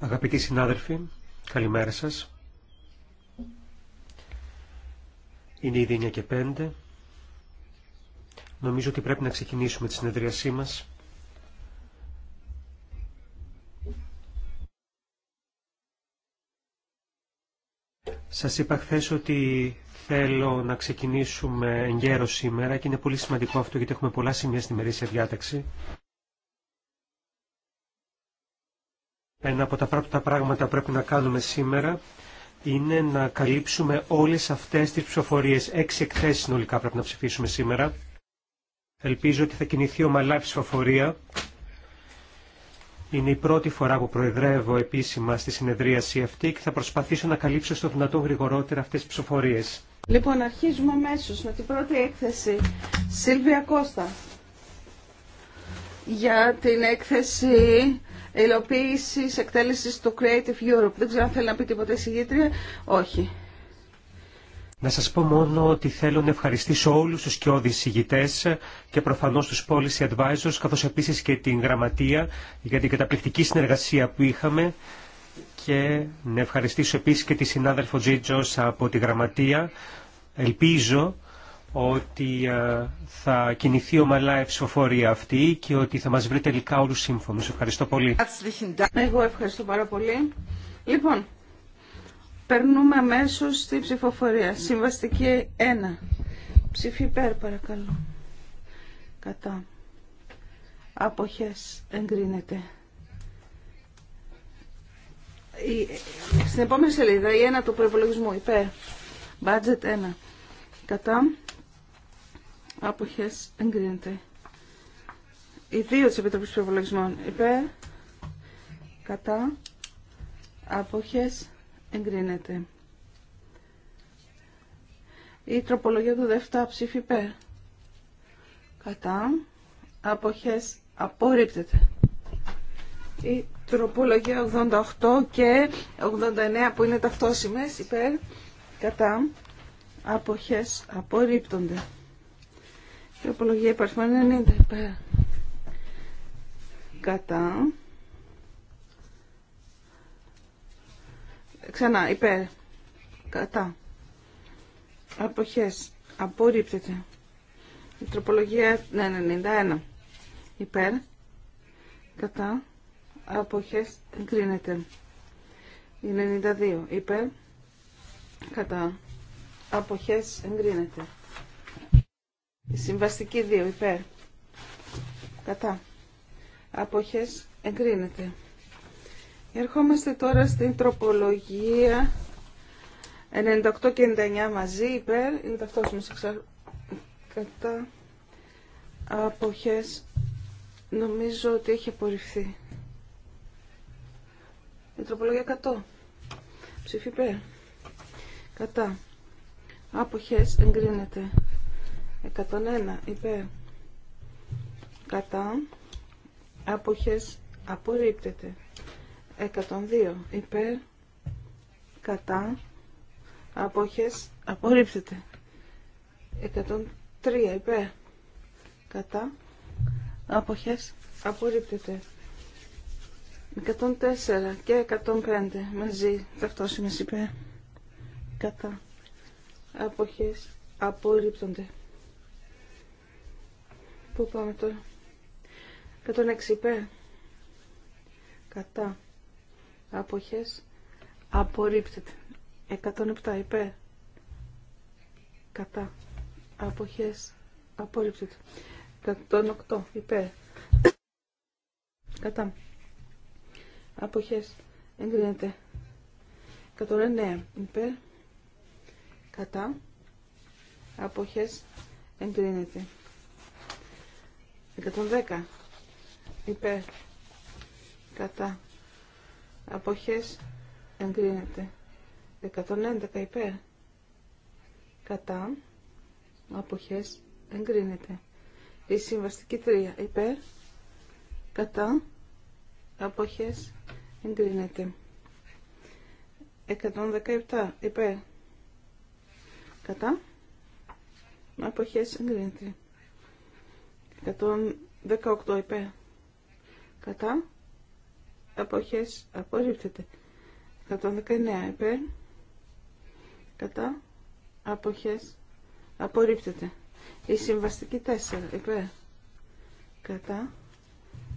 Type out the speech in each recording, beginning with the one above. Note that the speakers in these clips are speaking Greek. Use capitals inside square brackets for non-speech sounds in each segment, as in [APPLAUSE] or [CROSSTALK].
Αγαπητοί συνάδελφοι, καλημέρα σας. Είναι ήδη 9 και 5. Νομίζω ότι πρέπει να ξεκινήσουμε τη συνεδρίασή μας. Σας είπα χθε ότι θέλω να ξεκινήσουμε γέρο σήμερα και είναι πολύ σημαντικό αυτό γιατί έχουμε πολλά σημεία στη μερίσια διάταξη. Ένα από τα πρώτα πράγματα που πρέπει να κάνουμε σήμερα είναι να καλύψουμε όλες αυτές τις ψηφοφορίες. Έξι εκθέσεις συνολικά πρέπει να ψηφίσουμε σήμερα. Ελπίζω ότι θα κινηθεί ομαλά η ψηφοφορία. Είναι η πρώτη φορά που προεδρεύω επίσημα στη συνεδρίαση αυτή και θα προσπαθήσω να καλύψω στο δυνατόν γρηγορότερα αυτές τις ψηφοφορίες. Λοιπόν, αρχίζουμε αμέσω με την πρώτη έκθεση. Σίλβια Κώστα. Για την έκθεση υλοποίηση εκτέλεση του Creative Europe. Δεν ξέρω αν θέλει να πει τίποτα η συγγήτρια. Όχι. Να σας πω μόνο ότι θέλω να ευχαριστήσω όλους τους σκιώδεις συγητές και προφανώς τους policy advisors καθώς επίσης και την γραμματεία για την καταπληκτική συνεργασία που είχαμε και να ευχαριστήσω επίσης και τη συνάδελφο Τζίτζος από τη γραμματεία. Ελπίζω ότι ε, θα κινηθεί ομαλά η ψηφοφορία αυτή και ότι θα μας βρει τελικά όλους σύμφωνους. Ευχαριστώ πολύ. Εγώ ευχαριστώ πάρα πολύ. Λοιπόν, περνούμε αμέσω στη ψηφοφορία. Συμβαστική 1. Ψήφι υπέρ παρακαλώ. Κατά. Αποχές εγκρίνεται. Στην επόμενη σελίδα η 1 του προϋπολογισμού υπέρ. Budget 1. Κατά Αποχές εγκρίνεται. Οι δύο της Επιτροπής Προβολογισμών υπέρ, κατά, αποχές εγκρίνεται. Η τροπολογία του δεύτερα ψήφι υπέρ, κατά, αποχές απορρίπτεται. Η τροπολογία 88 και 89 που είναι ταυτόσιμες υπέρ, κατά, αποχές απορρίπτονται. Τροπολογία με 90 υπέρ. Κατά. Ξανά, υπέρ. Κατά. Αποχές. Απορρίπτεται. Η τροπολογία 91. Υπέρ. Κατά. Αποχές. Εγκρίνεται. Η 92. Υπέρ. Κατά. Αποχές. Εγκρίνεται. Συμβαστική 2 υπέρ. Κατά. Αποχές εγκρίνεται. Ερχόμαστε τώρα στην τροπολογία 98 και 99 μαζί υπέρ. Είναι μας εξα... Κατά. Αποχές νομίζω ότι έχει απορριφθεί. Η τροπολογία 100. Ψήφι υπέρ. Κατά. Άποχες εγκρίνεται. 101 υπέρ κατά αποχές απορρίπτεται 102 υπέρ κατά αποχές απορρίπτεται 103 υπέρ κατά αποχές απορρίπτεται 104 και 105 μαζί ταυτόσιμες υπέρ κατά αποχές απορρίπτονται Πού πάμε τώρα. 106 υπέρ. Κατά. Αποχές. Απορρίπτεται. 107 υπέρ. Κατά. Αποχές. Απορρίπτεται. 108 υπέρ. Κατά. Αποχές. Εγκρίνεται. 109 υπέρ. Κατά. Αποχές. Εγκρίνεται. 110 υπέρ κατά αποχές εγκρίνεται 111 υπέρ κατά αποχές εγκρίνεται η συμβαστική 3 υπέρ κατά αποχές εγκρίνεται 117 υπέρ κατά αποχές εγκρίνεται 118 υπέρ. Κατά. Αποχές απορρίπτεται. 119 υπέρ. Κατά. Αποχές απορρίπτεται. Η συμβαστική 4 υπέρ. Κατά.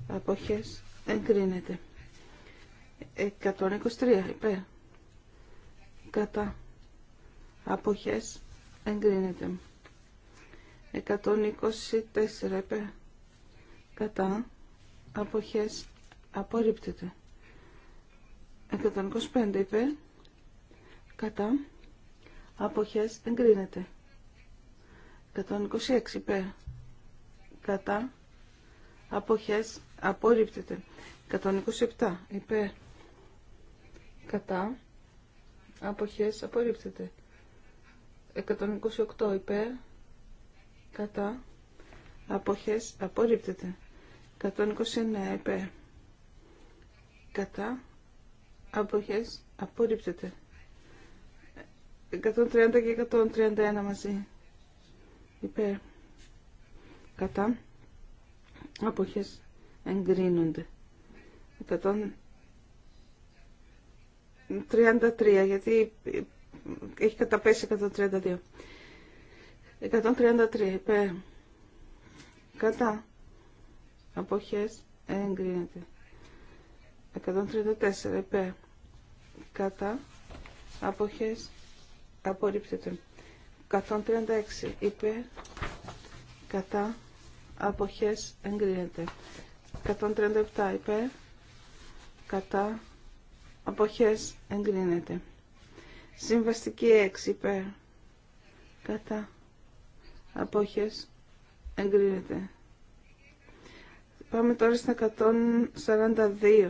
Αποχές εγκρίνεται. 123 υπέρ. Κατά. Αποχές εγκρίνεται. 124 επε κατά αποχές απορρίπτεται 125 επέ κατά αποχές εγκρίνεται 126 επέ κατά αποχές απορρίπτεται 127 επέ κατά αποχές απορρίπτεται 128 υπέρ κατά αποχές απορρίπτεται 129 υπέρ κατά αποχές απορρίπτεται 130 και 131 μαζί υπέρ κατά αποχές εγκρίνονται 133 γιατί έχει καταπέσει 132 133 υπέρ. Κατά. Αποχές εγκρίνεται. 134 υπέρ. Κατά. Αποχές απορρίπτεται. 136 υπέρ. Κατά. Αποχές εγκρίνεται. 137 υπέρ. Κατά. Αποχές εγκρίνεται. Συμβαστική 6 υπέρ. Κατά απόχες εγκρίνεται. Πάμε τώρα στα 142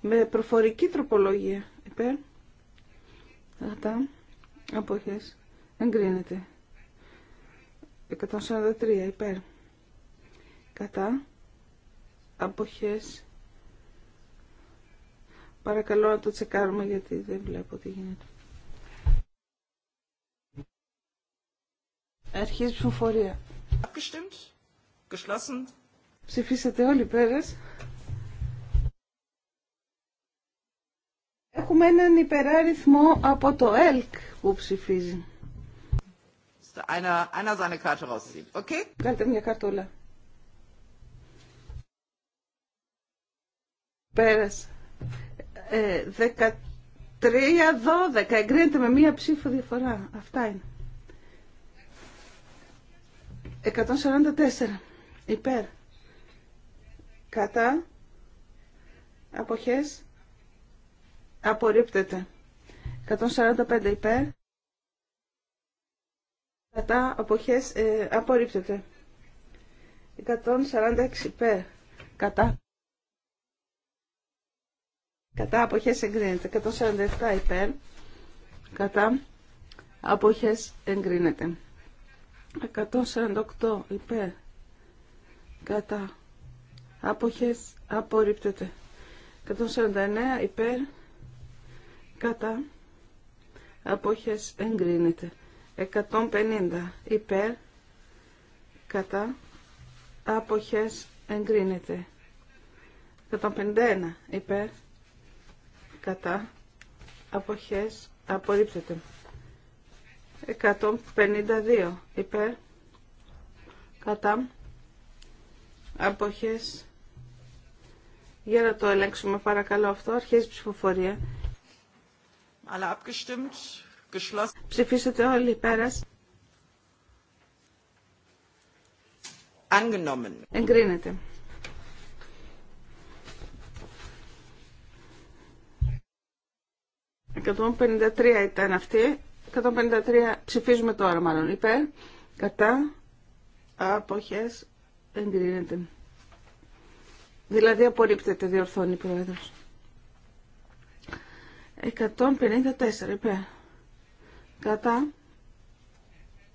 με προφορική τροπολογία υπέρ κατά απόχες εγκρίνεται. 143 υπέρ κατά αποχές παρακαλώ να το τσεκάρουμε γιατί δεν βλέπω τι γίνεται Αρχίζει ψηφοφορία. Ψηφίσατε όλοι πέρα. Έχουμε έναν υπεράριθμο από το ΕΛΚ που ψηφίζει. Einer, Κάντε μια καρτούλα. Πέρασε. 13-12. Εγκρίνεται με μία ψήφο διαφορά. Αυτά είναι. 144 υπέρ κατά αποχές απορρίπτεται 145 υπέρ κατά αποχές ε, απορρίπτεται 146 υπέρ κατά κατά αποχές εγκρίνεται 147 υπέρ κατά αποχές εγκρίνεται 148 υπέρ κατά άποχες απορρίπτεται 149 υπέρ κατά απόχες εγκρίνεται 150 υπέρ κατά απόχες εγκρίνεται 151 υπέρ κατά απόχες απορρίπτεται 152 υπέρ κατά αποχές για να το ελέγξουμε παρακαλώ αυτό αρχίζει η ψηφοφορία ψηφίσετε όλοι πέρας Angenommen. Εγκρίνεται. 153 ήταν αυτή. 153 ψηφίζουμε τώρα μάλλον υπέρ, κατά, αποχές, εγκρίνεται. Δηλαδή απορρίπτεται, διορθώνει η Πρόεδρος. 154 υπέρ, κατά,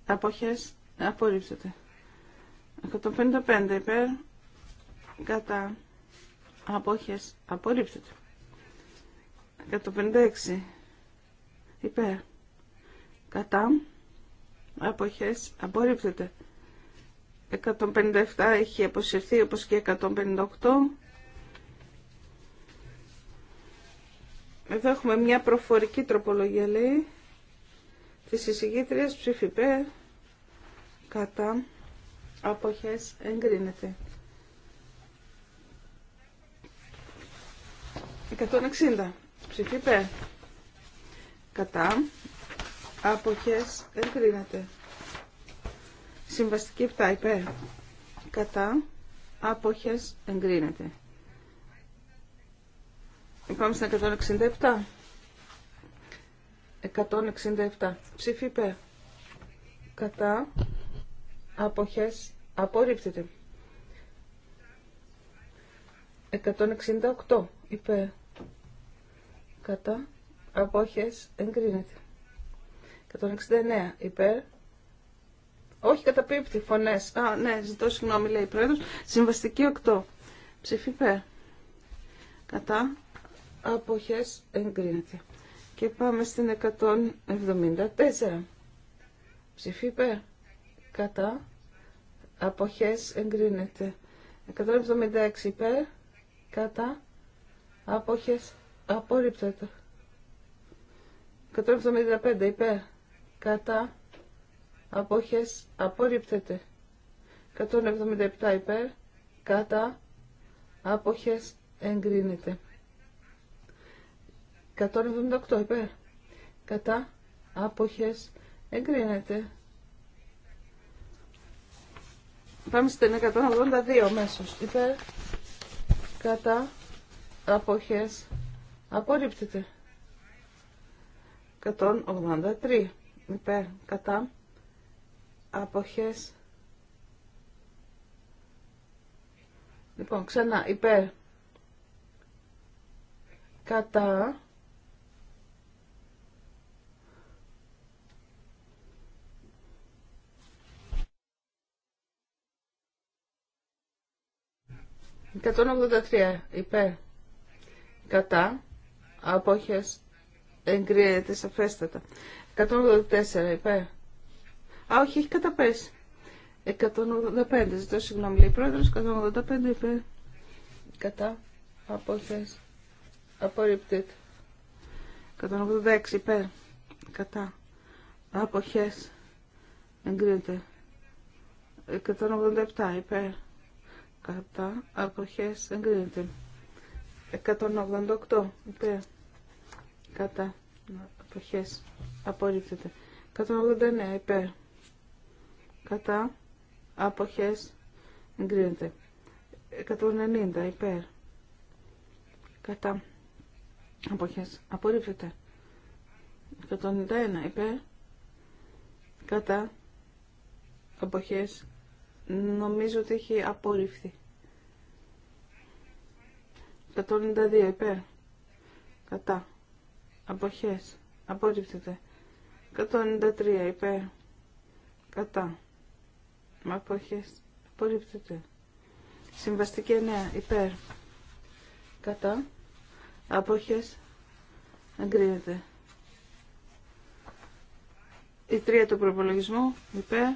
αποχές, απορρίπτεται. 155 υπέρ, κατά, αποχές, απορρίπτεται. 156 υπέρ κατά αποχές απορρίπτεται 157 έχει αποσυρθεί όπως και 158 εδώ έχουμε μια προφορική τροπολογία λέει της εισηγήτριας ψηφιπέ κατά αποχές εγκρίνεται 160 ψηφιπέ κατά Αποχές εγκρίνεται. Συμβαστική 7 Κατά. Αποχές εγκρίνεται. Πάμε στην 167. 167. Ψήφι υπέρ. Κατά. Αποχές απορρίπτεται. 168 Υπέ. Κατά. Απόχες εγκρίνεται. 169 υπέρ. Όχι καταπίπτει φωνές. Α, ναι, ζητώ συγγνώμη λέει η πρόεδρο. Συμβαστική 8. Ψήφι υπέρ. Κατά αποχές εγκρίνεται. Και πάμε στην 174. Ψήφι υπέρ. Κατά αποχές εγκρίνεται. 176 υπέρ. Κατά αποχές απορρίπτεται. 175 υπέρ κατά απόχες απορρίπτεται 177 υπέρ κατά απόχες εγκρίνεται 178 υπέρ κατά απόχες εγκρίνεται Πάμε στην 182 μέσος υπέρ κατά απόχες απορρίπτεται 183 υπέρ κατά αποχές λοιπόν ξανά υπέρ κατά Εκατόν υπέρ κατά απόχες εγκρίνεται σαφέστατα. 184 υπέρ. Α, όχι, έχει καταπέσει. 185, ζητώ συγγνώμη, λέει πρόεδρος, 185 υπέρ. Κατά, άποχε. απορρίπτεται. 186 υπέρ, κατά, αποχές, εγκρίνεται. 187 υπέρ, κατά, αποχές, εγκρίνεται. 188 υπέρ, κατά, Αποχές. Απορρίπτεται. 189 υπέρ. Κατά. Αποχές. Εγκρίνεται. 190 υπέρ. Κατά. Αποχές. Απορρίπτεται. 191 υπέρ. Κατά. Αποχές. Νομίζω ότι έχει απορριφθεί. 192 υπέρ. Κατά. Αποχές. Απορρίπτεται. 193 υπέρ. Κατά. Με αποχές. Απορρίπτεται. Συμβαστική 9 υπέρ. Κατά. Αποχές. Εγκρίνεται. Η 3 του προπολογισμού υπέρ.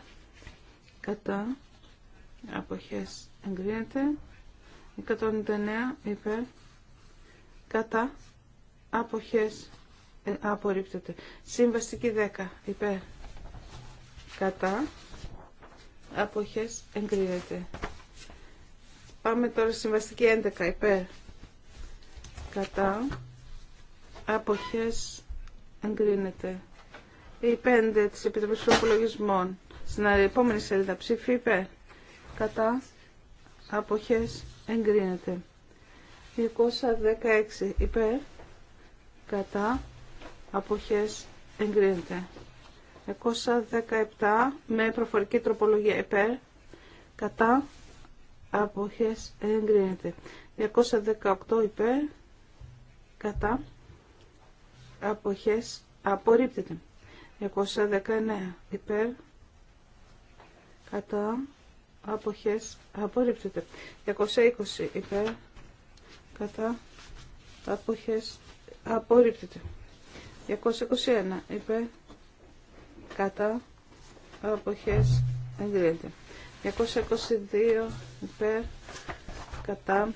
Κατά. Αποχές. Εγκρίνεται. 199 υπέρ. Κατά. Αποχές ε, απορρίπτεται. Συμβαστική 10 υπέρ κατά αποχές εγκρίνεται. Πάμε τώρα συμβαστική 11 υπέρ κατά αποχές εγκρίνεται. Η 5 της Επιτροπής Προπολογισμών στην επόμενη σελίδα ψήφι υπέρ κατά αποχές εγκρίνεται. 216 υπέρ κατά αποχές εγκρίνεται. 217 με προφορική τροπολογία υπέρ, κατά, αποχές εγκρίνεται. 218 υπέρ, κατά, αποχές απορρίπτεται. 219 υπέρ, κατά, αποχές απορρίπτεται. 220 υπέρ, κατά, αποχές απορρίπτεται. 221 είπε κατά αποχές εγκρίνεται. 222 υπέρ κατά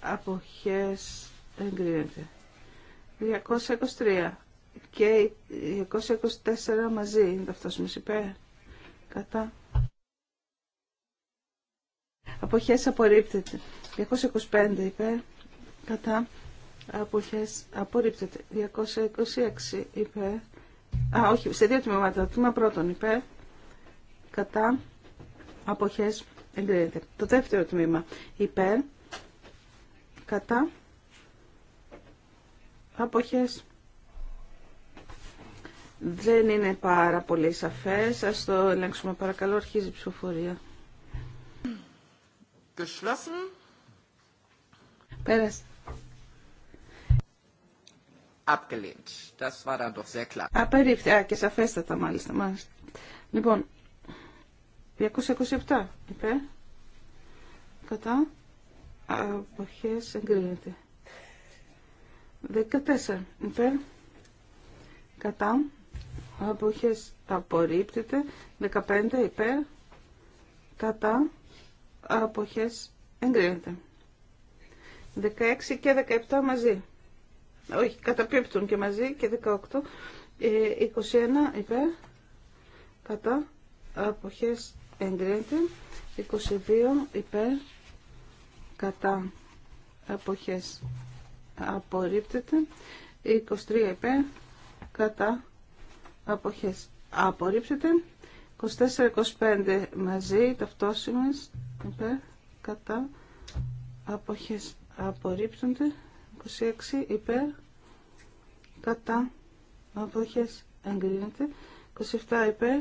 αποχές εγκρίνεται. 223 και 224 μαζί είναι μας υπέρ κατά αποχές απορρίπτεται. 225 υπέρ κατά αποχές απορρίπτεται. 226 υπέρ. Α, όχι, σε δύο τμήματα. Τμήμα πρώτον υπέρ. Κατά. Αποχές εγκρίνεται. Το δεύτερο τμήμα υπέρ. Κατά. Αποχές. Δεν είναι πάρα πολύ σαφές. Ας το ελέγξουμε παρακαλώ. Αρχίζει η ψηφοφορία. Geschlossen. Πέρασε abgelehnt. Das Απερίφθη. Α, και σαφέστατα μάλιστα. μάλιστα. Λοιπόν, 227 υπέρ. Κατά. Αποχές εγκρίνεται. 14 είπε. Κατά. Αποχές απορρίπτεται. 15 είπε. Κατά. Αποχές εγκρίνεται. 16 και 17 μαζί όχι, καταπίπτουν και μαζί και 18, 21 ε, υπέρ, κατά, αποχές εγκρίνεται, 22 υπέρ, κατά, αποχές απορρίπτεται, 23 υπέρ, κατά, αποχές απορρίπτεται, 24-25 μαζί, ταυτόσιμες, υπέρ, κατά, αποχές απορρίπτονται, 26 υπέρ κατά αποχές εγκρίνεται 27 υπέρ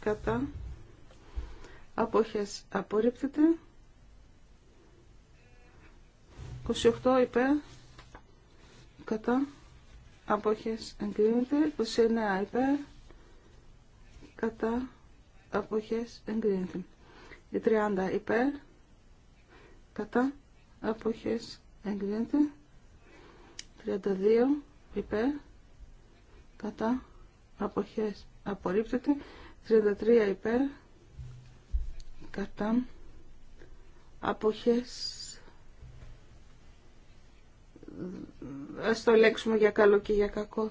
κατά αποχές απορρίπτεται 28 υπέρ κατά αποχές εγκρίνεται 29 υπέρ κατά αποχές εγκρίνεται 30 υπέρ κατά αποχές εγκρίνεται 32 υπέρ κατά αποχές απορρίπτεται 33 υπέρ κατά αποχές ας το λέξουμε για καλό και για κακό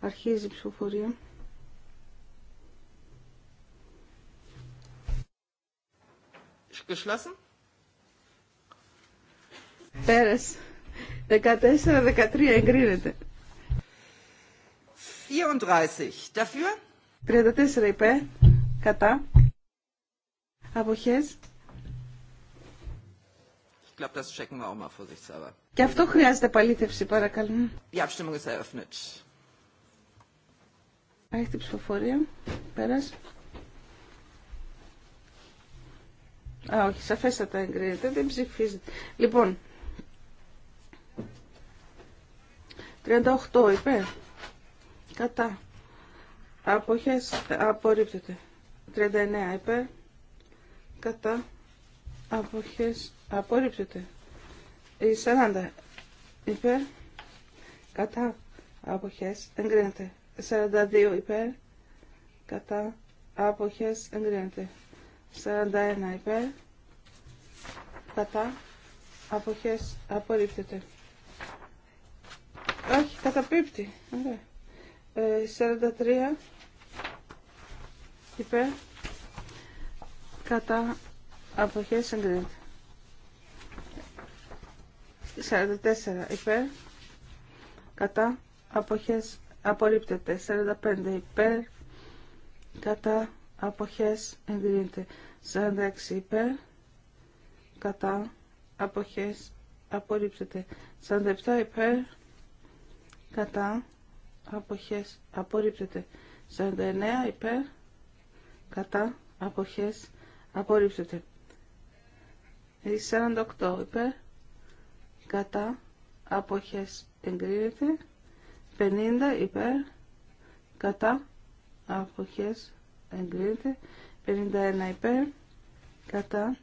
αρχίζει η ψηφοφορία Πέρας. 14-13 εγκρίνεται. 34. Dafür. 34 υπέρ. Κατά. Αποχές. Ich Και αυτό χρειάζεται παλήθευση, παρακαλώ. Η Abstimmung ist eröffnet. Έχει την ψηφοφορία. Πέρα. Α, όχι, σαφέστατα εγκρίνεται. Δεν ψηφίζεται. Λοιπόν, 38 είπε, Κατά. Αποχές απορρίπτεται. 39 υπέρ. Κατά. Αποχές απορρίπτεται. 40 είπε, Κατά. Αποχές εγκρίνεται. 42 είπε, Κατά. Αποχές εγκρίνεται. 41 είπε, Κατά. Αποχές απορρίπτεται. Όχι, καταπίπτει. Ε, 43 υπέρ κατά αποχέ εγκρίνεται. 44 υπέρ κατά αποχές απορρίπτεται. 45 υπέρ κατά αποχές εγκρίνεται. 46 υπέρ κατά αποχές απορρίπτεται. 47 υπέρ κατά αποχές απορρίπτεται 49 υπέρ κατά αποχές απορρίπτεται 48 υπέρ κατά αποχές εγκρίνεται 50 υπέρ κατά αποχές εγκρίνεται 51 υπέρ κατά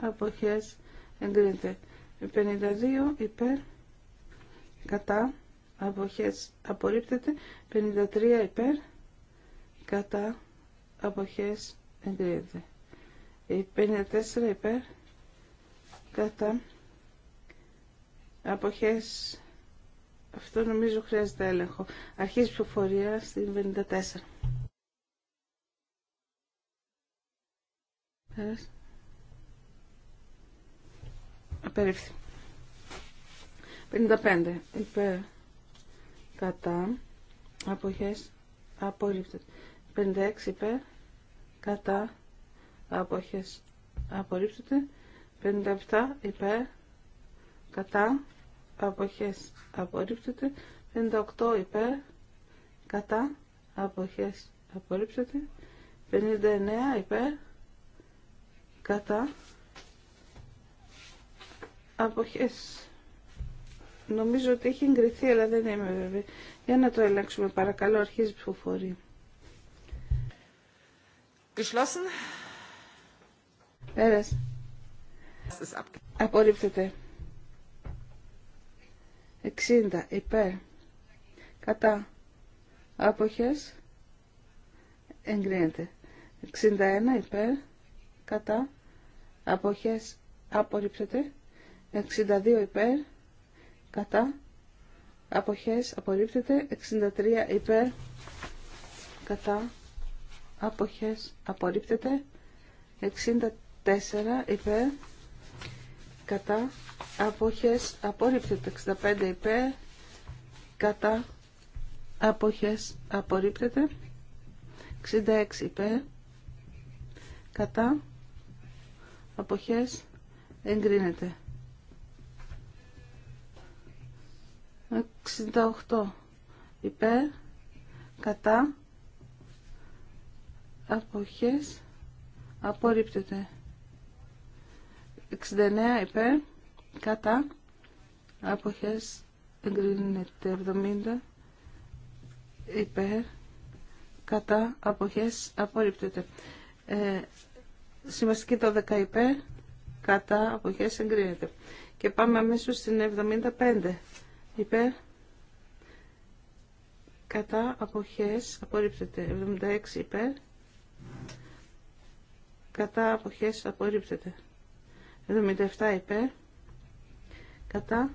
αποχές εγκρίνεται 52 υπέρ κατά αποχές απορρίπτεται 53 υπέρ κατά αποχές εγκρίνεται 54 υπέρ κατά αποχές αυτό νομίζω χρειάζεται έλεγχο αρχής ψηφοφορία στην 54 Απερίφθη. 55 υπέρ κατά αποχές απορρίπτεται 56 υπέρ κατά αποχές απορρίπτεται 57 υπέρ κατά αποχές απορρίπτεται 58 υπέρ κατά αποχές απορρίπτεται 59 υπέρ κατά αποχές Νομίζω ότι έχει εγκριθεί, αλλά δεν είμαι βέβαια. Για να το ελέγξουμε, παρακαλώ, αρχίζει η ψηφοφορία. Geschlossen. Πέρασε. Απορρίπτεται. 60 υπέρ. Κατά. Απόχε. Εγκρίνεται. 61 υπέρ. Κατά. απόχέ, Απορρίπτεται. 62 υπέρ κατά αποχές απορρίπτεται 63 υπέρ κατά αποχές απορρίπτεται 64 υπέρ κατά αποχές απορρίπτεται 65 υπέρ κατά αποχές απορρίπτεται 66 υπέρ κατά αποχές εγκρίνεται 68 υπέρ κατά αποχές απορρίπτεται 69 υπέρ κατά αποχές εγκρίνεται 70 υπέρ κατά αποχές απορρίπτεται ε, συμβαστική το 10 υπέρ κατά αποχές εγκρίνεται και πάμε αμέσως στην 75 υπέρ κατά αποχές απορρίπτεται 76 υπέρ κατά αποχές απορρίπτεται 77 υπέρ κατά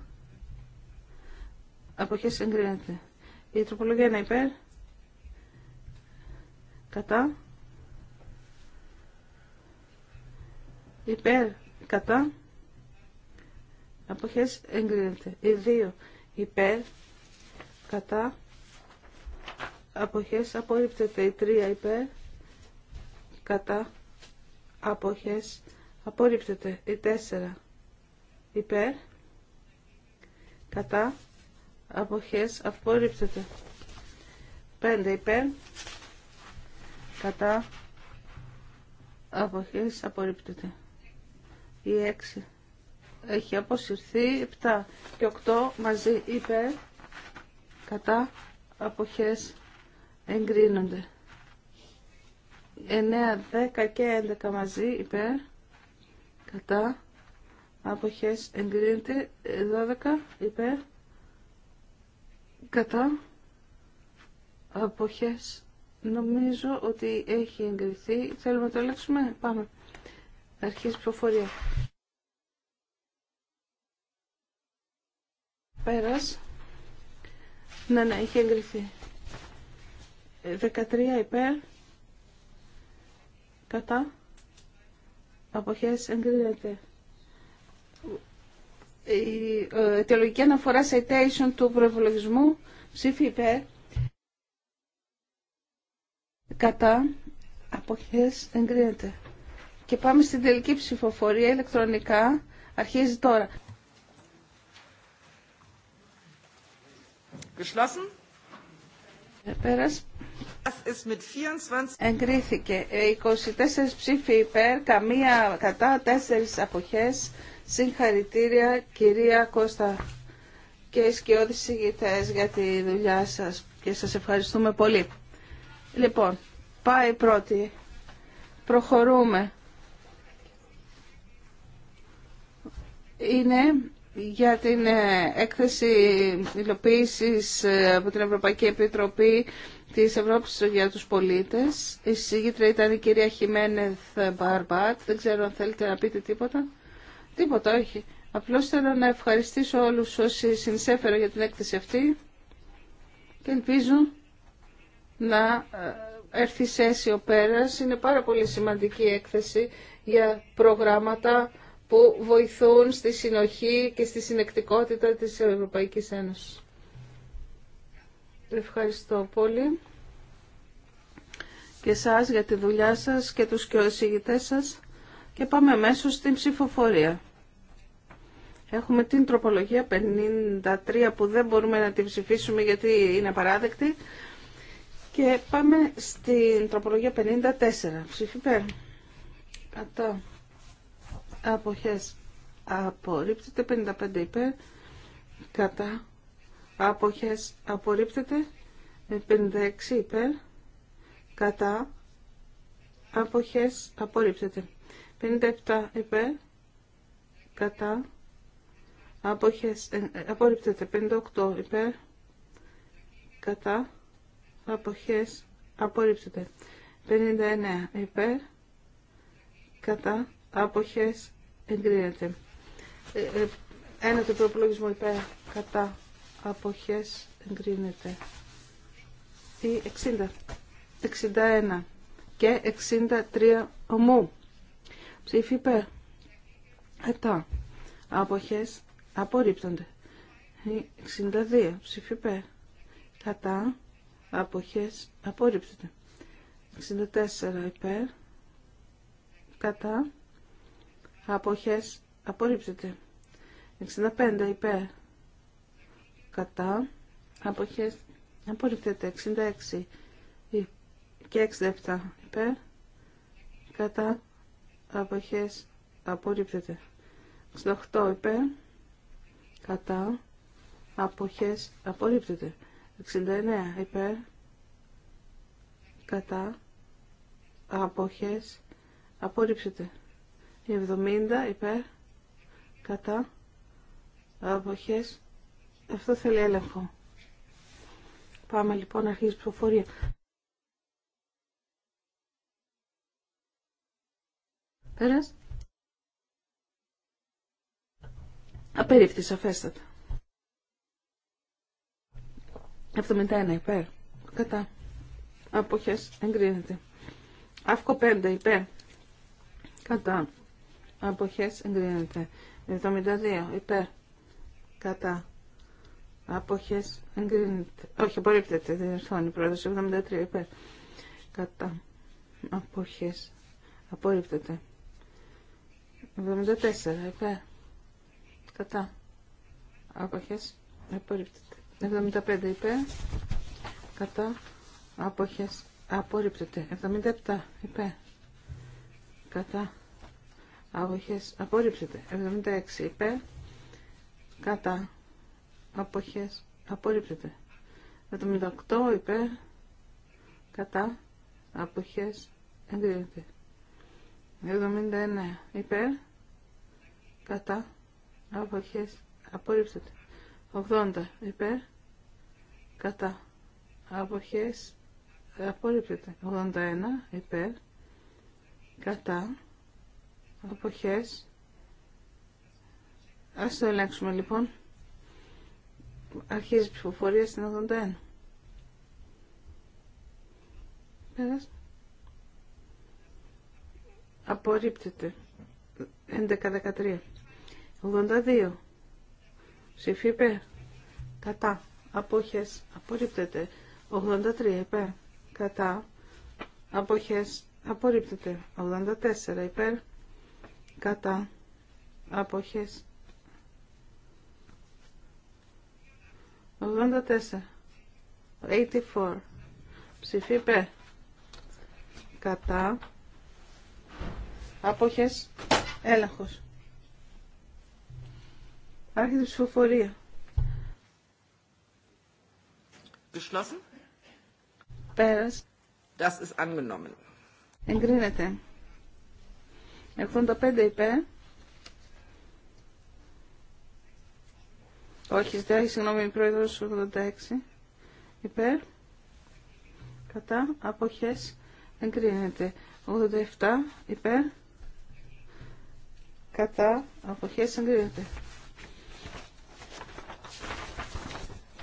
αποχές εγκρίνεται η τροπολογία είναι υπέρ κατά υπέρ κατά αποχές εγκρίνεται οι δύο υπέρ, κατά, αποχές απορρίπτεται η 3 υπέρ, κατά, αποχές απορρίπτεται η 4 υπέρ, κατά, αποχές απορρίπτεται 5 υπέρ, κατά, αποχές απορρίπτεται η 6 έχει αποσυρθεί 7 και 8 μαζί είπε, κατά αποχές εγκρίνονται 9, 10 και 11 μαζί υπέρ κατά αποχές εγκρίνεται 12 υπέρ κατά αποχές νομίζω ότι έχει εγκριθεί θέλουμε να το ελέγξουμε πάμε αρχής προφορία Πέρας. Ναι, ναι, είχε εγκριθεί. 13 υπέρ. Κατά. Αποχές εγκρίνεται. Η ε, αιτιολογική αναφορά citation του προεβολογισμού ψήφι υπέρ. Κατά. Αποχές εγκρίνεται. Και πάμε στην τελική ψηφοφορία ηλεκτρονικά. Αρχίζει τώρα. Geschlossen. Ε, Εγκρίθηκε 24 ε, ψήφοι υπέρ, καμία κατά, 4 αποχές. Συγχαρητήρια κυρία Κώστα και σκιώδης συγγητές για τη δουλειά σας και σας ευχαριστούμε πολύ. Λοιπόν, πάει πρώτη. Προχωρούμε. Είναι για την ε, έκθεση υλοποίησης ε, από την Ευρωπαϊκή Επιτροπή της Ευρώπης για τους πολίτες. Η συζήτρια ήταν η κυρία Χιμένεθ Μπαρμπάτ. Δεν ξέρω αν θέλετε να πείτε τίποτα. Τίποτα, όχι. Απλώς θέλω να ευχαριστήσω όλους όσοι συνεισέφεραν για την έκθεση αυτή και ελπίζω να ε, έρθει σε αίσιο Είναι πάρα πολύ σημαντική έκθεση για προγράμματα που βοηθούν στη συνοχή και στη συνεκτικότητα της Ευρωπαϊκής Ένωσης. Ευχαριστώ πολύ και σας για τη δουλειά σας και τους και σας και πάμε μέσω στην ψηφοφορία. Έχουμε την τροπολογία 53 που δεν μπορούμε να την ψηφίσουμε γιατί είναι απαράδεκτη και πάμε στην τροπολογία 54. Ψηφίπερ. Κατά αποχές απορρίπτεται 55 υπέρ κατά αποχές απορρίπτεται 56 υπέρ κατά αποχές απορρίπτεται 57 ε, ε, υπέρ κατά αποχές απορρίπτεται 58 υπέρ κατά αποχές απορρίπτεται 59 υπέρ κατά αποχές εγκρίνεται. Ε, ε, ένα το προπολογισμού υπέρ κατά αποχές εγκρίνεται. Ή 60, 61 και 63 ομού. Ψήφι υπέρ. Κατά. Αποχές απορρίπτονται. Ή 62 ψήφι υπέρ. Κατά. Αποχές απορρίπτονται. 64 υπέρ. Κατά αποχές απορρίψετε 65 υπέρ κατά αποχές απορρίψετε 66 και 67 υπέρ κατά αποχές απορρίπτεται 68 υπέρ κατά αποχές απορρίπτεται 69 υπέρ κατά αποχές απορρίπτεται 70 υπέρ κατά αποχές. Αυτό θέλει έλεγχο. Πάμε λοιπόν να αρχίσει η ψηφοφορία. Πέρας. Απερίφθη σαφέστατα. 71 υπέρ. Κατά. Αποχές εγκρίνεται. Αύκο 5 υπέρ. Κατά αποχές εγκρίνεται. 72 υπέρ κατά αποχές εγκρίνεται. Όχι, απορρίπτεται, η πρόεδρος. 73 υπέρ κατά αποχές απορρίπτεται. 74 υπέρ κατά αποχές απορρίπτεται. 75 υπέρ κατά αποχές απορρίπτεται. 77 υπέρ κατά αποχές απορρίψετε 76 υπέρ κατά αποχές απορρίψετε 78 υπέρ κατά αποχές εγκρίνεται 79 υπέρ κατά αποχές απορρίψετε 80 υπέρ κατά αποχές απορρίψετε 81 υπέρ κατά αποχές. Ας το ελέγξουμε λοιπόν. Αρχίζει η ψηφοφορία στην 81. Πέρας. Απορρίπτεται. 11-13. 82. Ψηφί υπέρ. Κατά. Απόχες. Απορρίπτεται. 83 υπέρ. Κατά. Απόχες. Απορρίπτεται. 84 υπέρ κατά αποχές 84 84 ψηφί κατά αποχές έλεγχος άρχεται ψηφοφορία geschlossen πέρας das ist angenommen εγκρίνεται 85 υπέρ. Όχι, ζητάει συγγνώμη, πρόεδρος 86 υπέρ. Κατά αποχές εγκρίνεται. 87 υπέρ. Κατά απόχέ εγκρίνεται.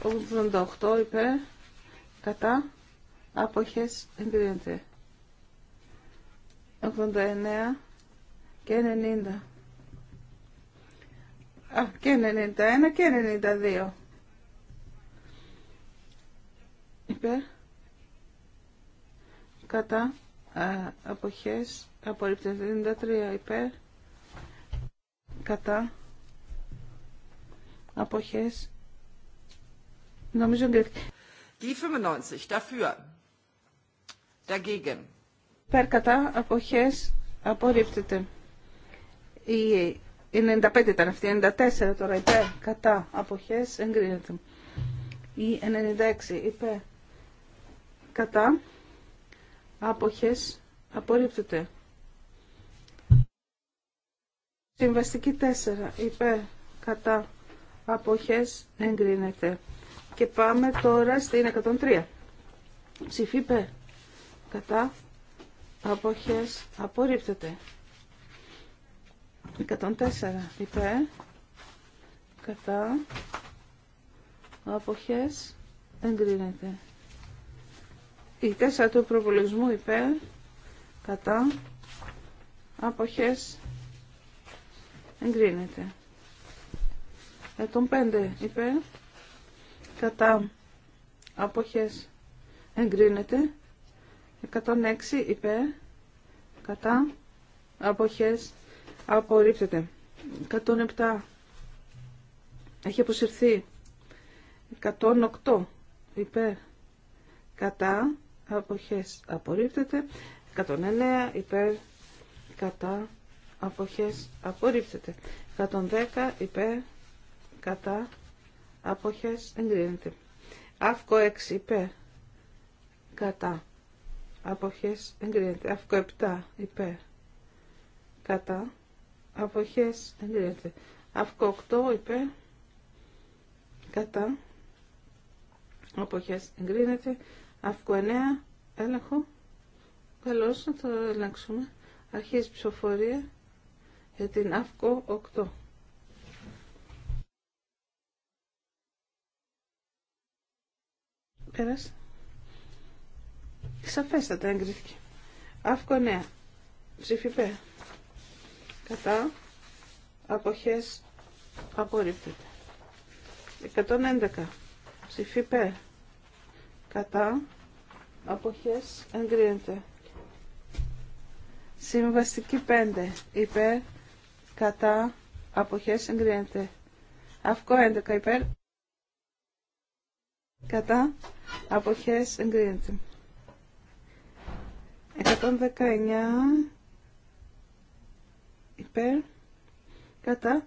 88 υπέρ. Κατά άποχέ εγκρίνεται. 89 και 90. Α, και 91 και 92. Υπέρ. Κατά. απόχέ, αποχές. Απορρίπτεται 93. Υπέρ. Κατά. Αποχές. Νομίζω και... Die 95. Dafür. Dagegen. Υπέρ κατά. Αποχές. Απορρίπτεται. Η 95 ήταν αυτή, 94 τώρα υπέρ, κατά, αποχές, εγκρίνεται. Η 96 είπε κατά, αποχές, απορρίπτεται. Συμβαστική 4 είπε κατά, αποχές, εγκρίνεται. Και πάμε τώρα στην 103. Ψηφί υπέρ, κατά, αποχές, απορρίπτεται. 104 είπε, κατά αποχές εγκρίνεται. Η 4 του προβολισμού υπέρ κατά αποχές εγκρίνεται. 105 είπε, κατά αποχές εγκρίνεται. 106 είπε, κατά αποχές Απορρίπτεται. 107. Έχει αποσυρθεί. 108. Υπέρ. Κατά. Αποχές. Απορρίπτεται. 109. Υπέρ. Κατά. Αποχές. Απορρίπτεται. 110. Υπέρ. Κατά. Αποχές. Εγκρίνεται. Αύκο 6. Υπέρ. Κατά. Αποχές. Εγκρίνεται. Αύκο 7. Υπέρ. Κατά αποχές εγκρίνεται. Αύκο 8 υπέρ κατά αποχές εγκρίνεται. Αύκο 9 έλεγχο. Καλώς να το ελέγξουμε. Αρχίζει ψηφοφορία για την ΑΦΚΟ 8. Πέρασε. Σαφέστατα εγκρίθηκε. ΑΦΚΟ 9. Ψηφιπέ κατά αποχές απορρίπτεται 111 ψηφί π. κατά αποχές εγκρίνεται συμβαστική 5 υπέρ κατά αποχές εγκρίνεται αυκό 11 υπέρ κατά αποχές εγκρίνεται 119 υπέρ κατά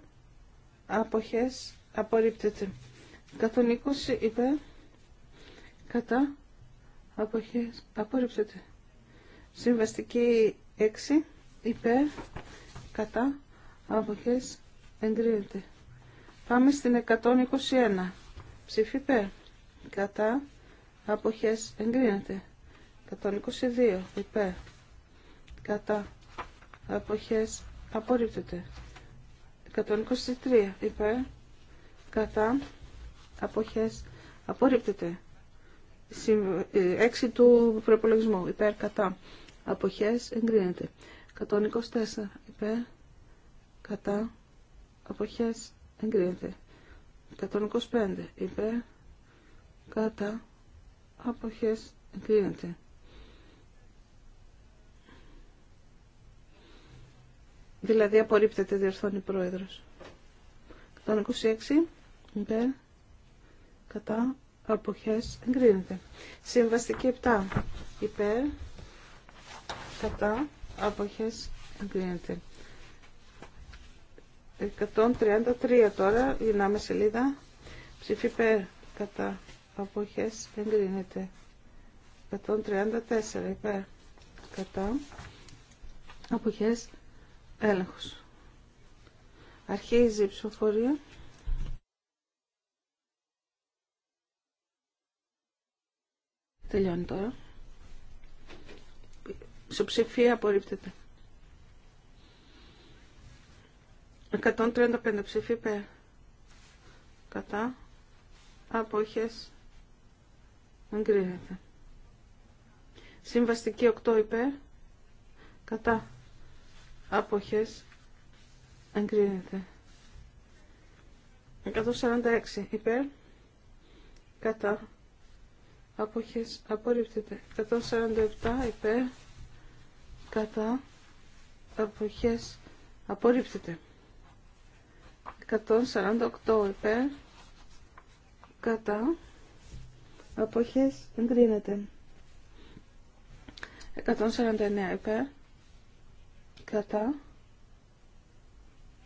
αποχές απορρίπτεται 120 υπέρ κατά αποχές απορρίπτεται συμβαστική 6 υπέρ κατά αποχές εγκρίνεται πάμε στην 121 ψήφι υπέρ κατά αποχές εγκρίνεται 122 υπέρ κατά αποχές απορρίπτεται. 123 είπε κατά αποχές απορρίπτεται. 6 ε, του προπολογισμού υπέρ κατά αποχές εγκρίνεται. 124 είπε κατά αποχές εγκρίνεται. 125 είπε κατά αποχές εγκρίνεται. Δηλαδή απορρίπτεται, διορθώνει πρόεδρος. 126 υπέρ κατά απόχέ, εγκρίνεται. Συμβαστική 7 υπέρ κατά άποχέ εγκρίνεται. 133 τώρα, γυρνάμε σελίδα. Ψήφι υπέρ κατά αποχές εγκρίνεται. 134 υπέρ κατά αποχές Έλεγχος. Αρχίζει η ψηφοφορία. Τελειώνει τώρα. ψηφία απορρίπτεται. 135 ψήφοι υπέρ. Κατά. Απόχες. Εγκρίνεται. Συμβαστική 8 υπέρ. Κατά. Αποχές. Εγκρίνεται. 146 υπέρ. Κατά. Αποχές. Απορρίπτεται. 147 υπέρ. Κατά. Αποχές. Απορρίπτεται. 148 υπέρ. Κατά. Αποχές. Εγκρίνεται. 149 υπέρ κατά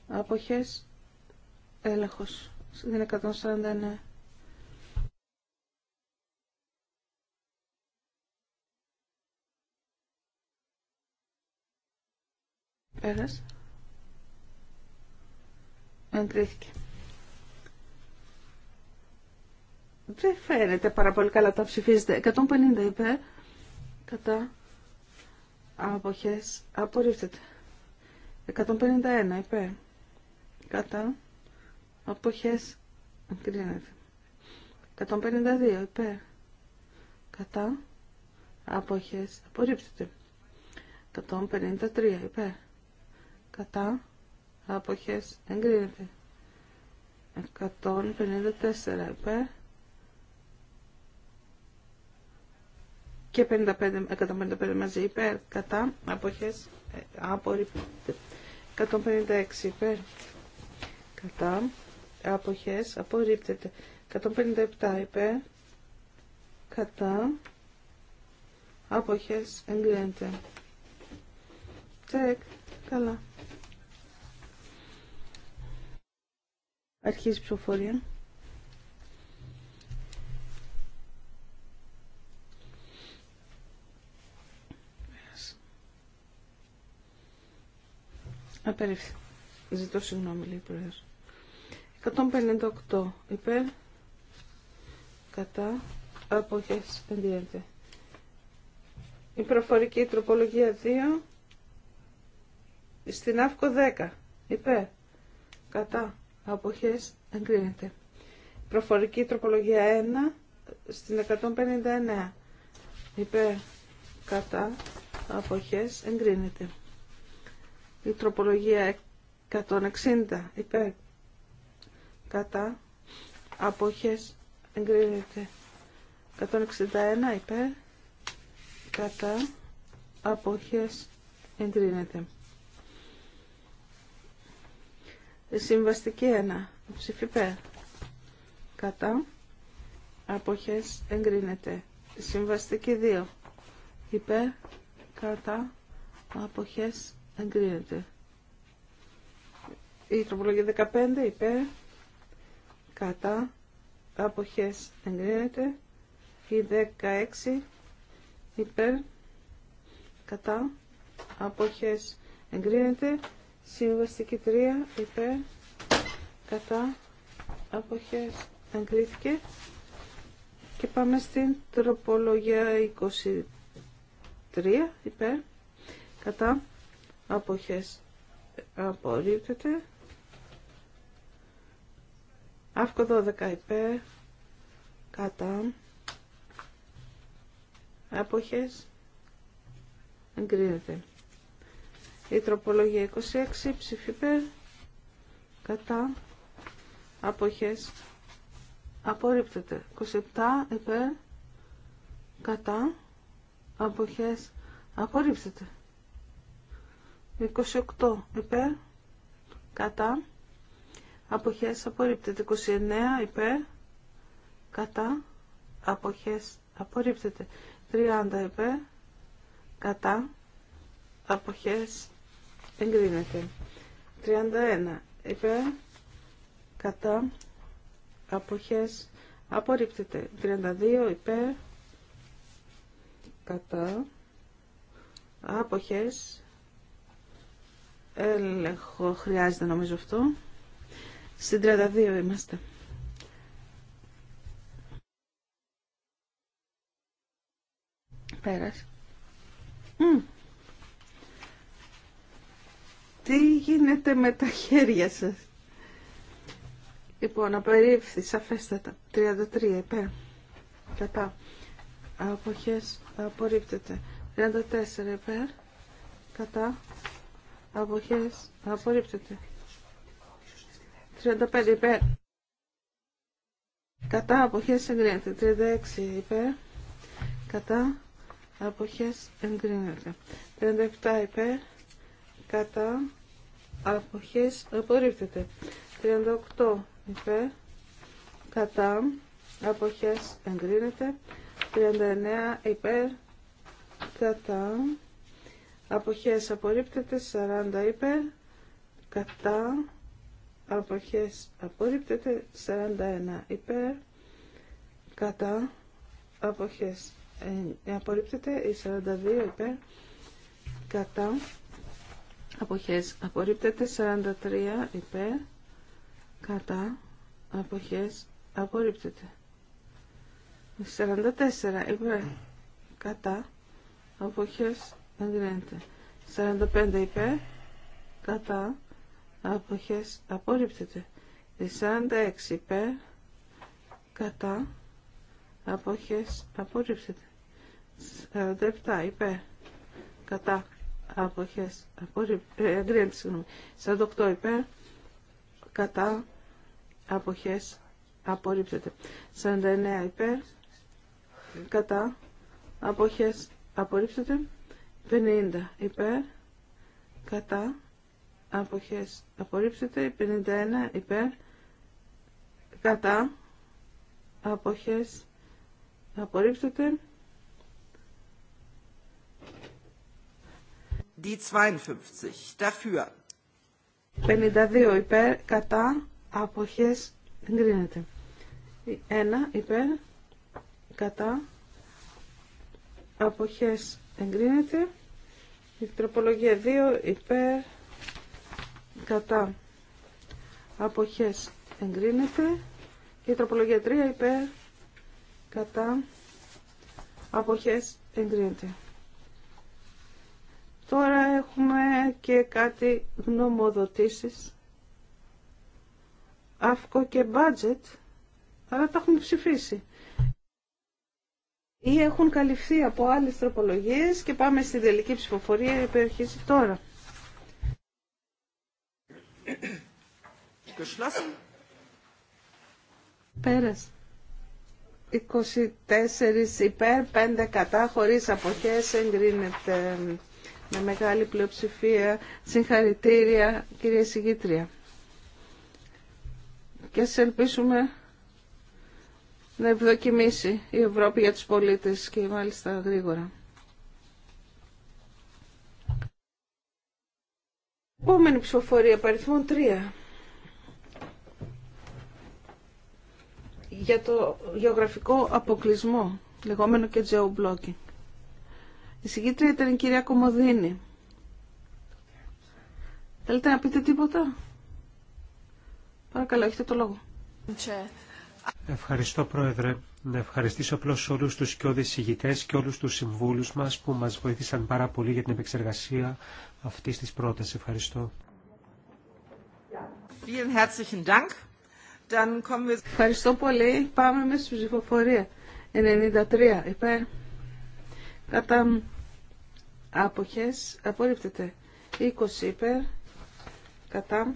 αποχές έλεγχος στην 149 πέρας εγκρίθηκε δεν φαίνεται πάρα πολύ καλά τα ψηφίζετε 150 είπε. κατά αποχές απορρίφτεται 151 υπέρ. Κατά. Αποχές. Εγκρίνεται. 152 υπέρ. Κατά. Αποχές. απορρίψετε. 153 υπέρ. Κατά. Αποχές. Εγκρίνεται. 154 υπέρ. Και 55, 155 μαζί υπέρ. Κατά. Αποχές απορρίπτεται. 156 υπέρ κατά αποχές απορρίπτεται. 157 υπέρ κατά αποχές εγκρίνεται. Τσεκ. Καλά. Αρχίζει η ψηφοφορία. Απερίφθη. Ζητώ συγγνώμη, λέει 158 υπέρ κατά αποχές ενδιέται. Η προφορική τροπολογία 2 στην ΑΦΚΟ 10 υπέρ κατά αποχές εγκρίνεται. προφορική τροπολογία 1 στην 159 υπέρ κατά αποχές εγκρίνεται. Η τροπολογία 160 υπέρ κατά αποχές εγκρίνεται. 161 υπέρ κατά αποχές εγκρίνεται. Συμβαστική 1. Ψήφι υπέρ. Κατά. Αποχές εγκρίνεται. Συμβαστική 2. Υπέρ. Κατά. Αποχές εγκρίνεται. Η τροπολογία 15 υπέρ, κατά, αποχές εγκρίνεται. Η 16 υπέρ, κατά, αποχές εγκρίνεται. Συμβαστική 3 υπέρ, κατά, αποχές εγκρίθηκε. Και πάμε στην τροπολογία 23 υπέρ, κατά, αποχές απορρίπτεται αύκο 12 υπέρ κατά αποχές εγκρίνεται η τροπολογία 26 ψηφιπε, κατά αποχές απορρίπτεται 27 υπέρ κατά αποχές απορρίπτεται 28 υπέρ, κατά, αποχές απορρίπτεται. 29 υπέρ, κατά, αποχές απορρίπτεται. 30 υπέρ, κατά, αποχές εγκρίνεται. 31 υπέρ, κατά, αποχές απορρίπτεται. 32 υπέρ, κατά, αποχές έλεγχο χρειάζεται νομίζω αυτό. Στην 32 είμαστε. Πέρασε. Τι γίνεται με τα χέρια σας. Λοιπόν, απερίφθη, σαφέστατα. 33, υπέρ. Κατά. Αποχές, απορρίπτεται. 34, υπέρ. Κατά. Αποχές. Απορρίπτεται. 35 υπέρ. Κατά αποχές εγκρίνεται. 36 υπέρ. Κατά αποχές εγκρίνεται. 37 υπέρ. Κατά αποχές απορρίπτεται. 38 υπέρ. Κατά αποχές εγκρίνεται. 39 υπέρ. Κατά αποχές απορρίπτεται 40 υπέρ κατά αποχές απορρίπτεται 41 υπέρ κατά αποχές ε, απορρίπτεται 42 υπέρ κατά αποχές απορρίπτεται 43 υπέρ κατά αποχές απορρίπτεται 44 υπέρ κατά αποχές εγκρίνεται. 45 υπε κατά, αποχές, απορρίπτεται. 46 υπέρ, κατά, αποχές, απορρίπτεται. 47 υπέρ, κατά, αποχές, απορρίπτεται. συγγνώμη. 48 υπέρ, κατά, αποχές, απορρίπτεται. 49 ε, υπέρ, κατά, αποχές, απορρίπτεται. 50 υπέρ, κατά, αποχές απορρίψετε, 51 υπέρ, κατά, αποχές απορρίψετε. Die 52 dafür. 52 υπέρ, κατά, αποχές εγκρίνεται. 1 υπέρ, κατά, αποχές εγκρίνεται. Η τροπολογία 2 υπέρ κατά αποχές εγκρίνεται. Η τροπολογία 3 υπέρ κατά αποχές εγκρίνεται. Τώρα έχουμε και κάτι γνωμοδοτήσεις. Αύκο και budget, αλλά τα έχουμε ψηφίσει ή έχουν καλυφθεί από άλλες τροπολογίες και πάμε στην τελική ψηφοφορία η οποία τροπολογιες και παμε στη τελικη ψηφοφορια που Πέρασε. 24 υπέρ, 5 κατά, χωρίς αποχές, εγκρίνεται με μεγάλη πλειοψηφία. Συγχαρητήρια, κυρία Συγγήτρια. Και σε ελπίσουμε να ευδοκιμήσει η Ευρώπη για τους πολίτες και μάλιστα γρήγορα. Επόμενη ψηφοφορία, παριθμόν 3. Για το γεωγραφικό αποκλεισμό, λεγόμενο και geo-blocking. Η συγκίτρια ήταν η κυρία Κομοδίνη. Θέλετε να πείτε τίποτα? Παρακαλώ, έχετε το λόγο. Ευχαριστώ Πρόεδρε. Να ευχαριστήσω απλώ όλου του κοιόδη ηγητέ και όλου του συμβούλου μα που μα βοήθησαν πάρα πολύ για την επεξεργασία αυτή τη πρόταση. Ευχαριστώ. Ευχαριστώ πολύ. Πάμε με στην ψηφοφορία. 93 υπέρ. Κατά αποχές απορρίπτεται. 20 υπέρ. Κατά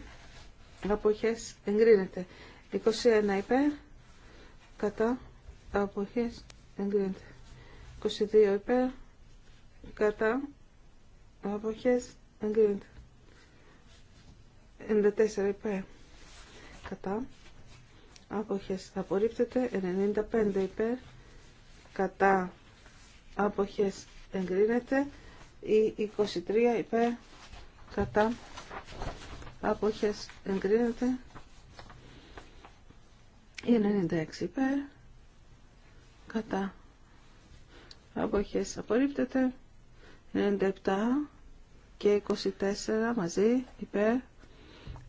αποχές εγκρίνεται. 21 υπέρ κατά αποχές εγκρίνεται 22 υπέρ κατά αποχές εγκρίνεται 94 υπέρ κατά αποχές απορρίπτεται 95 υπέρ κατά αποχές εγκρίνεται ή 23 υπέρ κατά αποχές εγκρίνεται 96 υπέρ. Κατά. Αποχές απορρίπτεται. 97 και 24 μαζί υπέρ.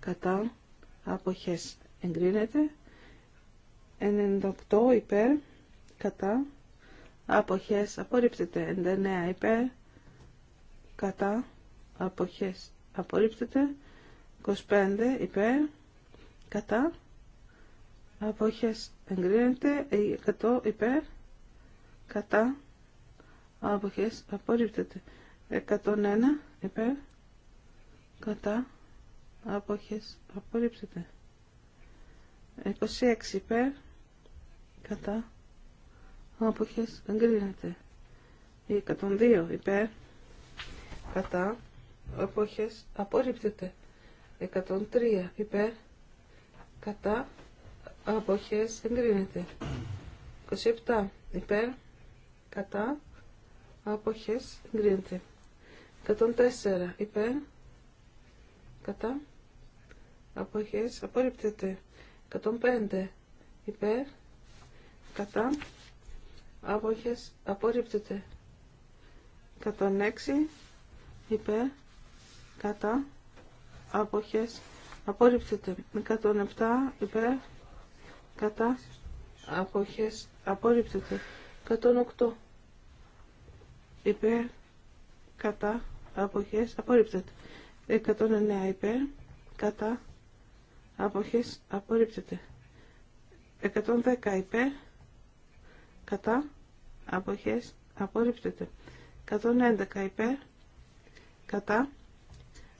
Κατά. Αποχές εγκρίνεται. 98 υπέρ. Κατά. Αποχές απορρίπτεται. 99 υπέρ. Κατά. Αποχές απορρίπτεται. 25 υπέρ. Κατά Αποχές εγκρίνεται 100 υπέρ. Κατά. Αποχές απορρίπτεται 101 υπέρ. Κατά. Αποχές απορρίπτεται 26 υπέρ. Κατά. Αποχές εγκρίνεται 102 υπέρ. Κατά. Αποχές απορρίπτεται 103 υπέρ. Κατά αποχές εγκρίνεται. 27 υπέρ κατά αποχές εγκρίνεται. 104 υπέρ κατά αποχές απορρίπτεται. 105 υπέρ κατά αποχές απορρίπτεται. 106 υπέρ κατά αποχές απορρίπτεται. 107 υπέρ κατά αποχές απορρίπτεται 108 υπέρ κατά αποχές απορρίπτεται 109 υπέρ κατά αποχές απορρίπτεται 110 υπέρ κατά αποχές απορρίπτεται 111 υπέρ κατά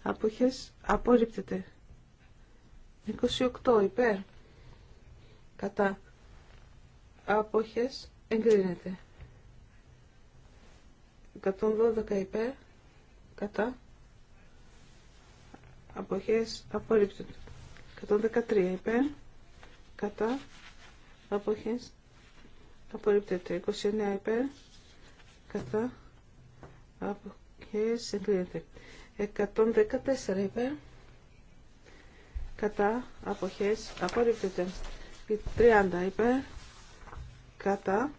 αποχές απορρίπτεται 28 υπέρ κατά άποχες εγκρίνεται 112 υπέρ κατά αποχές απορρίπτεται 113 υπέρ κατά αποχές απορρίπτεται 29 υπέρ κατά αποχές εγκρίνεται 114 υπέρ κατά αποχές απορρίπτεται 30 υπέρ κατά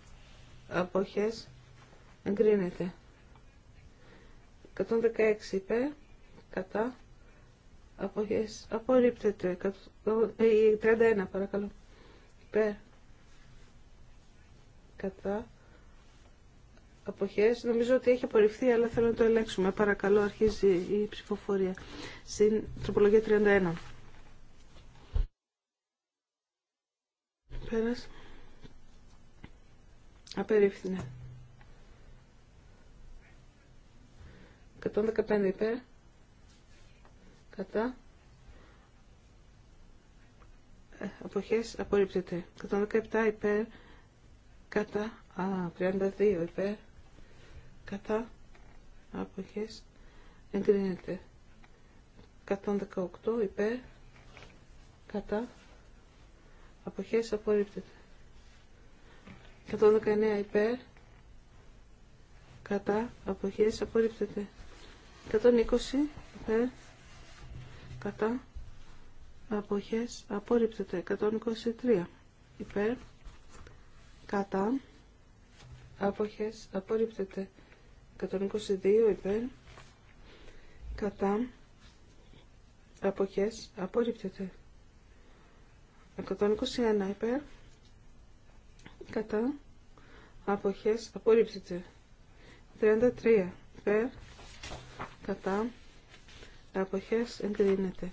αποχές εγκρίνεται 116 είπε κατά αποχές απορρίπτεται 31 ε, παρακαλώ υπέρ κατά αποχές νομίζω ότι έχει απορριφθεί αλλά θέλω να το ελέγξουμε παρακαλώ αρχίζει η ψηφοφορία στην τροπολογία 31 Πέρας. Απερίφθηνε. 115 υπέρ. Κατά. Ε, αποχές απορρίπτεται. 117 υπέρ. Κατά. Α, 32 υπέρ. Κατά. Αποχές. Εγκρίνεται. 118 υπέρ. Κατά αποχές απορρίπτεται. 119 υπέρ, κατά, αποχές απορρίπτεται. 120 υπέρ, κατά, αποχές απορρίπτεται. 123 υπέρ, κατά, αποχές απορρίπτεται. 122 υπέρ, κατά, αποχές απορρίπτεται. 121 υπέρ κατά αποχές απορρίπτεται 33 υπέρ κατά αποχές εγκρίνεται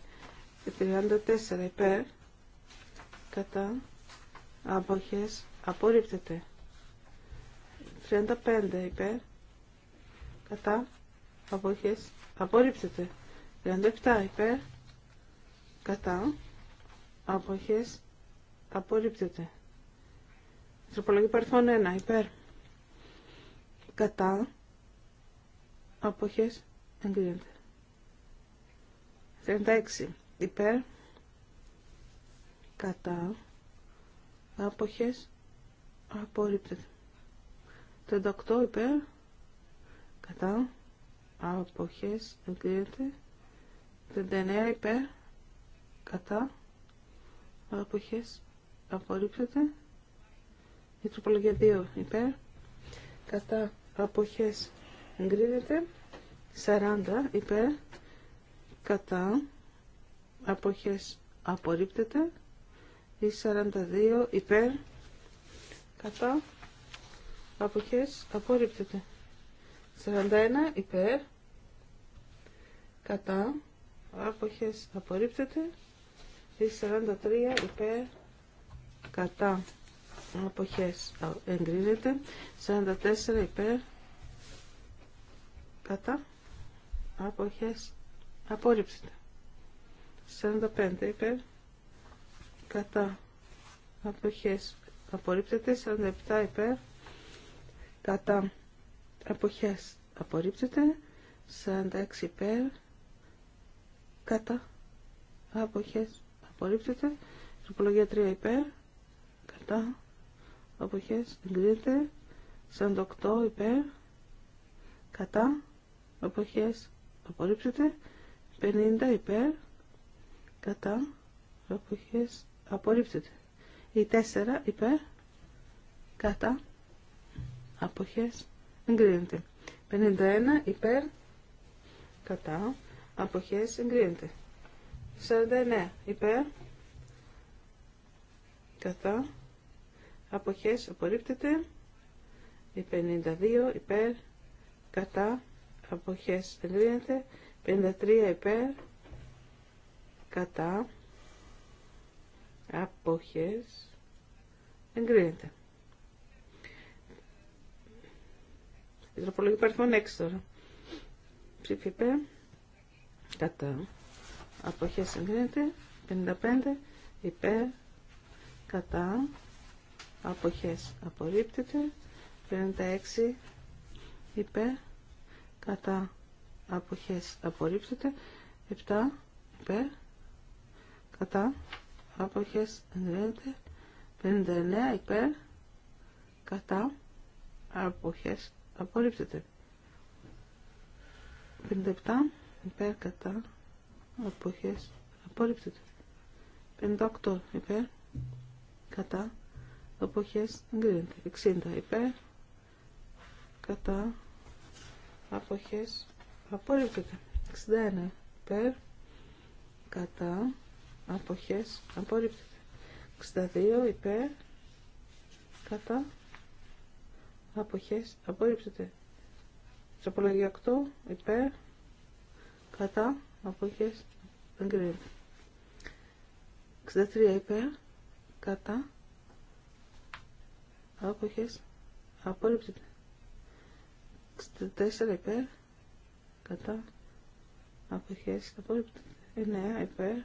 34 υπέρ κατά αποχές απορρίπτεται 35 υπέρ κατά αποχές απορρίπτεται 37 υπέρ κατά αποχές απορρίπτεται. Τροπολογή παρθών 1 υπέρ κατά αποχές εγκρίνεται. 36 υπέρ κατά άποχες απορρίπτεται. 38 υπέρ κατά άποχες εγκρίνεται. 39 υπέρ κατά αποχές απορρίπτεται η τροπολογία 2 υπέρ κατά αποχές εγκρίνεται 40 υπέρ κατά αποχές απορρίπτεται ή 42 υπέρ κατά αποχές απορρίπτεται 41 υπέρ κατά αποχές απορρίπτεται 43 υπέρ κατά αποχές εγκρίνεται 44 υπέρ κατά αποχές απόρριψεται 45 υπέρ κατά αποχές απορρίπτεται 47 υπέρ κατά αποχές απορρίπτεται 46 υπέρ κατά αποχές απορρίπτεται. Τροπολογία 3 υπέρ, κατά, αποχές, εγκρίνεται. 48 υπέρ, κατά, αποχές, απορρίπτεται. 50 υπέρ, κατά, αποχές, απορρίπτεται. Η 4 υπέρ, κατά, αποχές, εγκρίνεται. 51 υπέρ, κατά, αποχές, εγκρίνεται. 49 ναι. υπέρ κατά απόχέ απορρίπτεται 52 υπέρ κατά αποχέ εγκρίνεται 53 υπέρ κατά αποχές εγκρίνεται η τροπολογία παριθμών λοιπόν, 6 τώρα ψήφι υπέρ κατά αποχές συγκρίνεται 55 υπέρ κατά αποχές απορρίπτεται 56 υπέρ κατά αποχές απορρίπτεται 7 υπέρ κατά αποχές εγκρίνεται 59 υπέρ κατά αποχές απορρίπτεται 57 υπέρ κατά αποχές απορρίπτεται 58 υπέρ κατά αποχές εγκρίνεται 60 υπέρ κατά αποχές απορρίπτεται 61 υπέρ κατά αποχές απορρίπτεται 62 υπέρ κατά αποχές απορρίπτεται τροπολογία 8 υπέρ κατά αποχές εγκρίνεται 63 υπέρ κατά αποχές απόρριψη 64 υπέρ κατά αποχές απόρριψη 9 υπέρ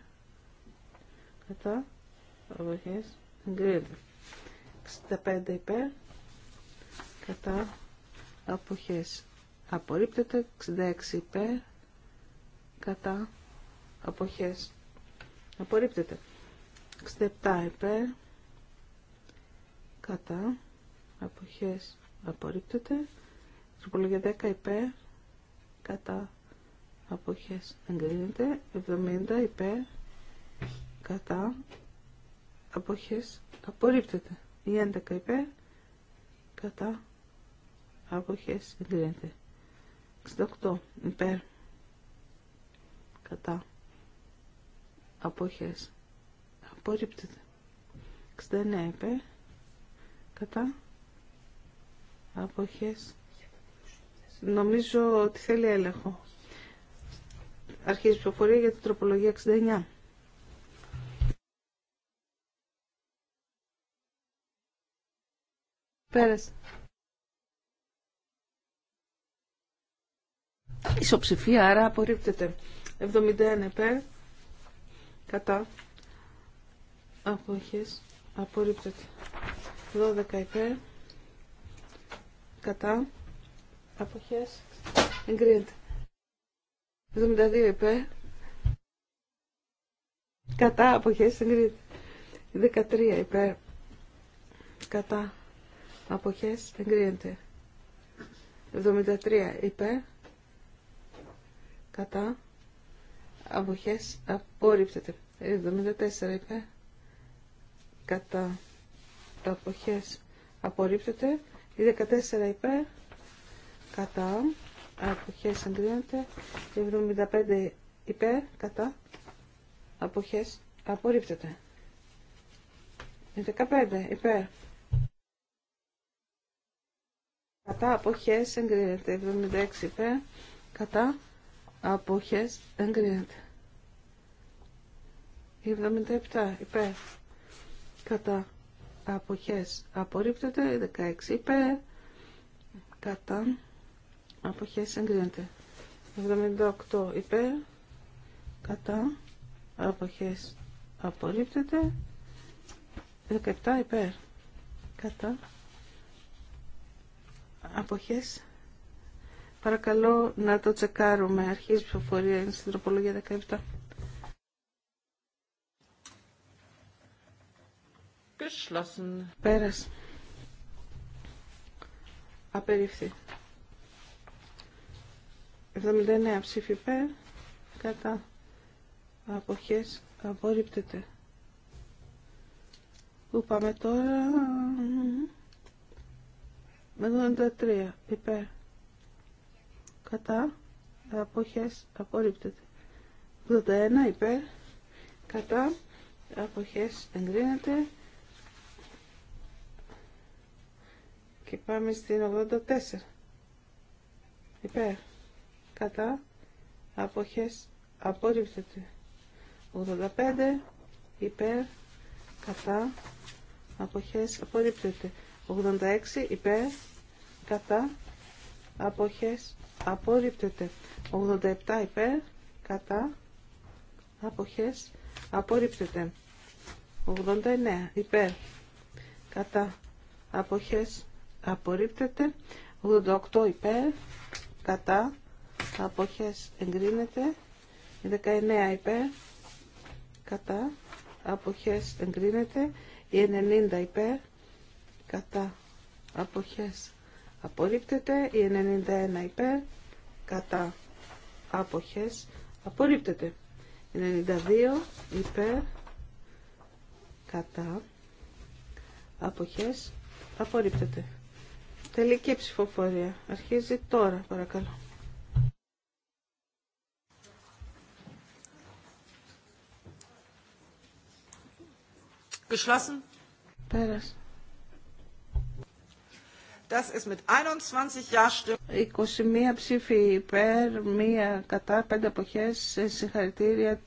κατά αποχές εγκρίνεται 65 υπέρ κατά αποχές απορρίπτεται 66 υπέρ κατά αποχές απορρίπτεται 67 υπέρ κατά αποχές απορρίπτεται τροπολογία 10 υπέρ κατά αποχές εγκρίνεται 70 υπέρ κατά αποχές απορρίπτεται η 11 υπέρ κατά αποχές εγκρίνεται 68 υπέρ κατά αποχές απορρίπτεται 69 είπε. κατά αποχές νομίζω ότι θέλει έλεγχο αρχίζει η ψηφοφορία για την τροπολογία 69 Πέρασε. Ισοψηφία, άρα απορρίπτεται. 71 υπέρ. Κατά. Αποχές. Απορρίπτεται. 12 υπέρ. Κατά. Αποχές. Εγκρίνεται. 72 υπέρ. Κατά. Αποχές. Εγκρίνεται. 13 υπέρ. Κατά. Αποχές. Εγκρίνεται. 73 υπέρ. Κατά αποχές απορρίπτεται 74 είπε, κατά αποχές απορρίπτεται 14 υπέρ κατά αποχές εγκρίνεται 75 είπε, κατά αποχές απορρίπτεται 15 υπέρ κατά αποχές εγκρίνεται 76 υπέρ κατά Αποχές εγκρίνεται. 77 υπέρ. Κατά. Αποχές απορρίπτεται. 16 υπέρ. Κατά. Αποχές εγκρίνεται. 78 υπέρ. Κατά. Αποχές απορρίπτεται. 17 υπέρ. Κατά. Αποχές Παρακαλώ να το τσεκάρουμε. Αρχίζει η ψηφοφορία, είναι στην τροπολογία 17. Geschlossen. Απερίφθη. 79 ψήφι υπέρ, κατά αποχές απορρίπτεται. Πού πάμε τώρα. 73 υπέρ κατά αποχές απορρίπτεται. 81 υπέρ κατά αποχές εγκρίνεται. Και πάμε στην 84. Υπέρ. Κατά. Αποχές. Απορρίπτεται. 85. Υπέρ. Κατά. Αποχές. Απορρίπτεται. 86. Υπέρ. Κατά αποχές απορρίπτεται 87 υπέρ κατά αποχές απορρίπτεται 89 υπέρ κατά αποχές απορρίπτεται 88 υπέρ κατά αποχές εγκρίνεται 19 υπέρ κατά αποχές εγκρίνεται 90 υπέρ κατά αποχές απορρίπτεται, η 91 υπέρ, κατά άποχες, απορρίπτεται, η 92 υπέρ, κατά άποχες, απορρίπτεται. Τελική ψηφοφορία. Αρχίζει τώρα, παρακαλώ. Geschlossen. Πέρασε. 21 ψήφοι υπέρ, μία κατά, 5 σε Συγχαρητήρια,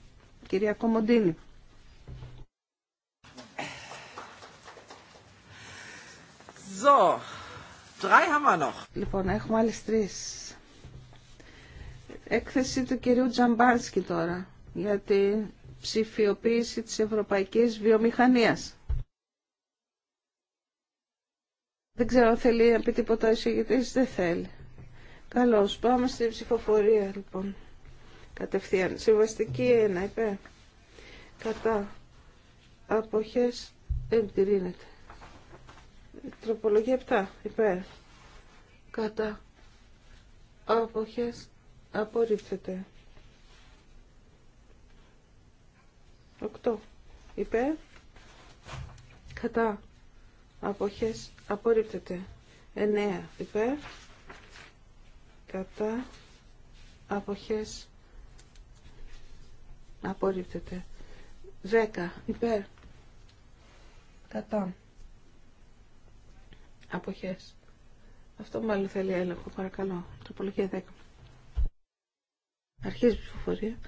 κυρία Κομοντίνη. Λοιπόν, έχουμε άλλες τρεις. Έκθεση του κυρίου Τζαμπάρσκι τώρα για την ψηφιοποίηση της ευρωπαϊκής βιομηχανίας. Δεν ξέρω αν θέλει να πει τίποτα ο εισηγητής. Δεν θέλει. Καλώς. Πάμε στην ψηφοφορία λοιπόν. Κατευθείαν. Συμβαστική 1 είπε. Κατά. Αποχές εντυρίνεται. Τροπολογία 7 είπε. Κατά. Αποχές απορρίπτεται. 8 υπέρ. Κατά αποχές απορρίπτεται 9 υπέρ κατά αποχές απορρίπτεται 10 υπέρ κατά αποχές αυτό μάλλον θέλει έλεγχο παρακαλώ τροπολογία 10 αρχίζει η ψηφοφορία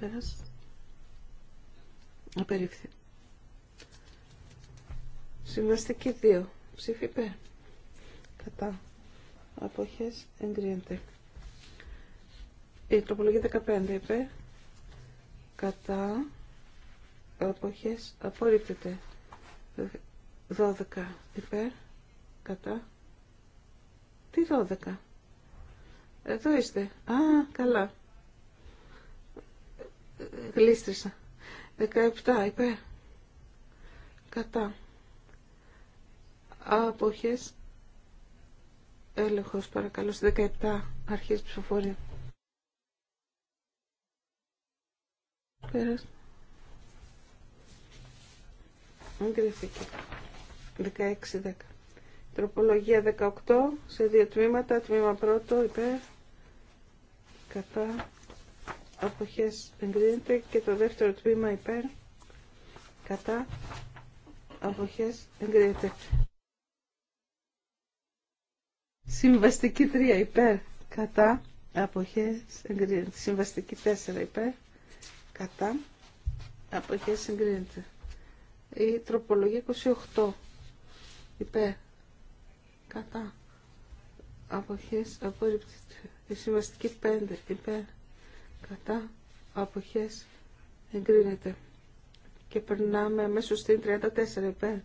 πέρασε απερίφθη Συμβαστική 2. Ψήφι υπέρ. Κατά. Αποχές εγκρίνεται. Η τροπολογία 15 είπε. Κατά. Αποχές απορρίπτεται. 12 υπέρ. Κατά. Τι 12. Εδώ είστε. Α, καλά. Γλίστρισα. 17 υπέρ. Κατά αποχές έλεγχος παρακαλώ στις 17 αρχές ψηφοφορία πέρας εγκριθήκε 16-10 τροπολογία 18 σε δύο τμήματα τμήμα πρώτο υπέρ κατά αποχές εγκρίνεται και το δεύτερο τμήμα υπέρ κατά αποχές εγκρίνεται Συμβαστική 3 υπέρ κατά αποχές εγκρίνεται. Συμβαστική 4 υπέρ κατά αποχές εγκρίνεται. Η τροπολογία 28 υπέρ κατά αποχές απορρίπτεται. Η συμβαστική 5 υπέρ κατά αποχές εγκρίνεται. Και περνάμε μέσω στην 34 υπέρ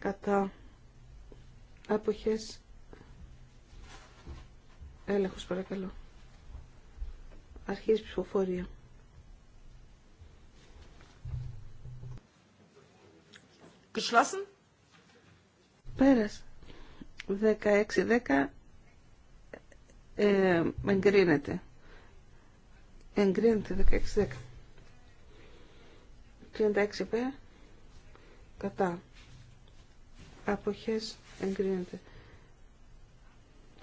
κατά αποχές Έλεγχος παρακαλώ. Αρχίζει ψηφοφορία. Geschlossen. Πέρας. 16-10 ε, εγκρίνεται. Εγκρίνεται 16-10. 36 πέρα. Κατά. Αποχές εγκρίνεται.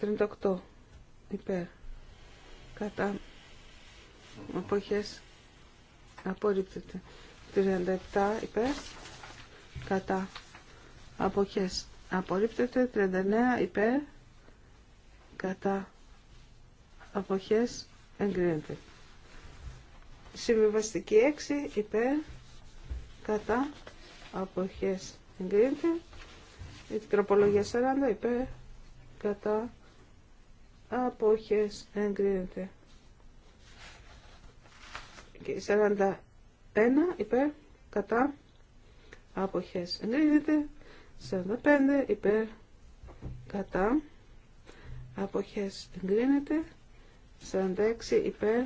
38 υπέρ κατά εποχές απορρίπτεται 37 υπέρ κατά αποχές απορρίπτεται 39 υπέρ κατά αποχές εγκρίνεται συμβιβαστική 6 υπέρ κατά αποχές εγκρίνεται η τροπολογία 40 υπέρ κατά αποχές εγκρίνεται. 41 υπέρ κατά αποχές εγκρίνεται. 45 υπέρ κατά αποχές εγκρίνεται. 46 υπέρ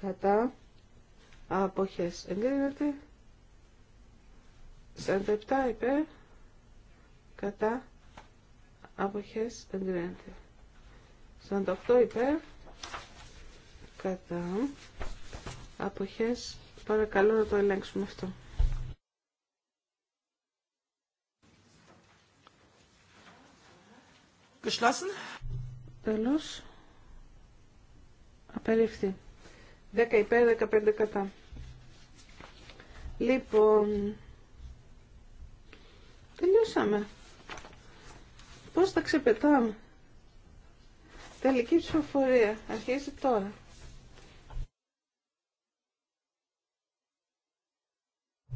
κατά αποχές εγκρίνεται. 47 υπέρ κατά αποχές εγκρίνεται. 48 υπέρ κατά αποχές παρακαλώ να το ελέγξουμε αυτό Geschlossen. Τέλος. Απερίφθη. 10 υπέρ, 15 κατά. Λοιπόν, τελειώσαμε. Πώς θα ξεπετάμε. Τελική ψηφοφορία. Αρχίζει τώρα.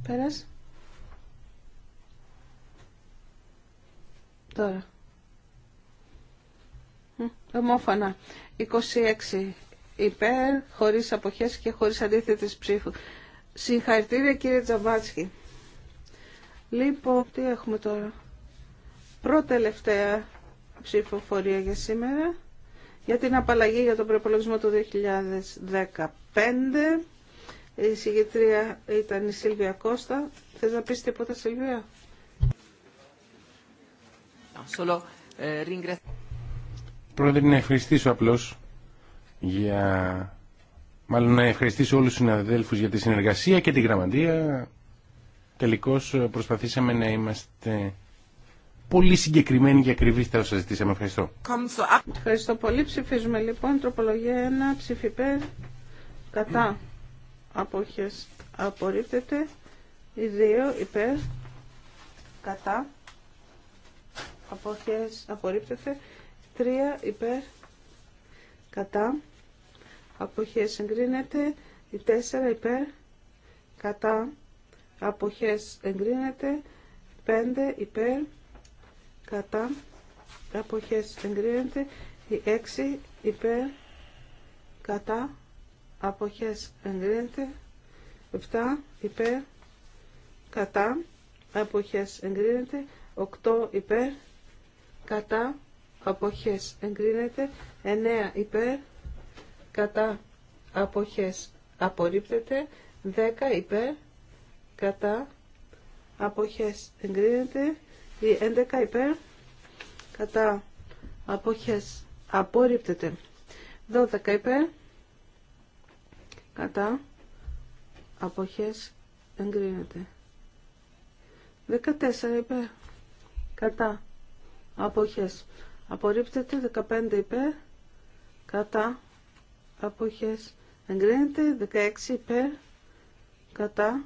Πέρας. Τώρα. Ομόφωνα. 26 υπέρ, χωρίς αποχές και χωρίς αντίθετες ψήφου. Συγχαρητήρια κύριε Τζαμπάτσκι. Λοιπόν, τι έχουμε τώρα. Πρώτη τελευταία ψηφοφορία για σήμερα για την απαλλαγή για τον προπολογισμό του 2015. Η συγκεκριά ήταν η Σίλβια Κώστα. Θες να πεις τίποτα, Σίλβια? Ε, Πρόεδρε, να ευχαριστήσω απλώς για... Μάλλον να ευχαριστήσω όλους τους συναδέλφους για τη συνεργασία και τη γραμματεία. Τελικώς ε, προσπαθήσαμε να είμαστε πολύ συγκεκριμένη και ακριβή να σας ζητήσαμε. Ευχαριστώ. Ευχαριστώ πολύ. Ψηφίζουμε λοιπόν τροπολογία 1, ψήφι υπέρ, κατά, αποχές, απορρίπτεται, η 2 υπέρ, κατά, αποχές, απορρίπτεται, 3 υπέρ, κατά, αποχές εγκρίνεται, η 4 υπέρ, κατά, αποχές εγκρίνεται, πέντε υπέρ, κατά απόχέ εγκρίνεται 6 υπέρ κατά αποχές εγκρίνεται 7 υπέρ κατά αποχές εγκρίνεται 8 υπέρ κατά αποχές εγκρίνεται 9 υπέρ κατά αποχές απορρίπτεται 10 υπέρ κατά αποχές εγκρίνεται η 11 υπέρ κατά αποχές απορρίπτεται. 12 υπέρ κατά αποχές εγκρίνεται. 14 υπέρ κατά αποχές απορρίπτεται. 15 υπέρ κατά αποχές εγκρίνεται. 16 υπέρ κατά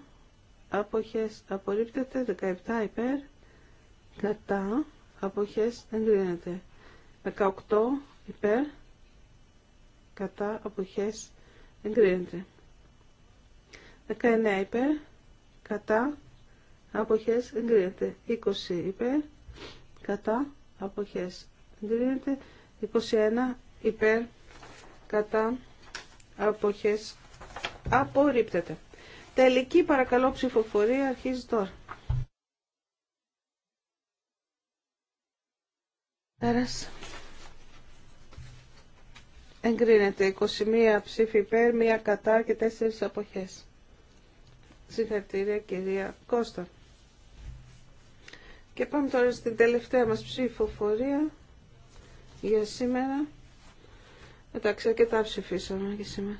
αποχές απορρίπτεται. 17 υπέρ κατά, αποχές εγκρίνεται. 18 υπέρ, κατά, αποχές εγκρίνεται. 19 υπέρ, κατά, αποχές εγκρίνεται. 20 υπέρ, κατά, αποχές εγκρίνεται. 21 υπέρ, κατά, αποχές απορρίπτεται. Τελική παρακαλώ ψηφοφορία αρχίζει τώρα. Πέρας. Εγκρίνεται 21 ψήφι υπέρ, 1 κατά και 4 αποχές. Συγχαρητήρια κυρία Κώστα. Και πάμε τώρα στην τελευταία μας ψηφοφορία για σήμερα. Εντάξει, αρκετά ψηφίσαμε για σήμερα.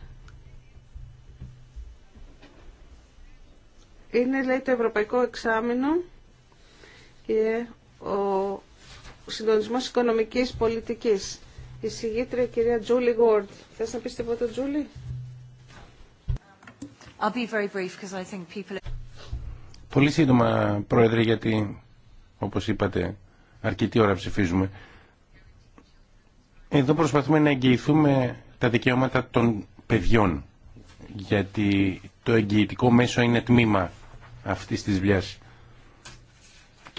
Είναι λέει το Ευρωπαϊκό Εξάμεινο και ο συντονισμό οικονομική πολιτική. Η συγγήτρια κυρία Τζούλι Γουόρντ. Θες να πει τίποτα Τζούλι? Πολύ σύντομα, Πρόεδρε, γιατί, όπως είπατε, αρκετή ώρα ψηφίζουμε. Εδώ προσπαθούμε να εγγυηθούμε τα δικαιώματα των παιδιών, γιατί το εγγυητικό μέσο είναι τμήμα αυτής της βιάση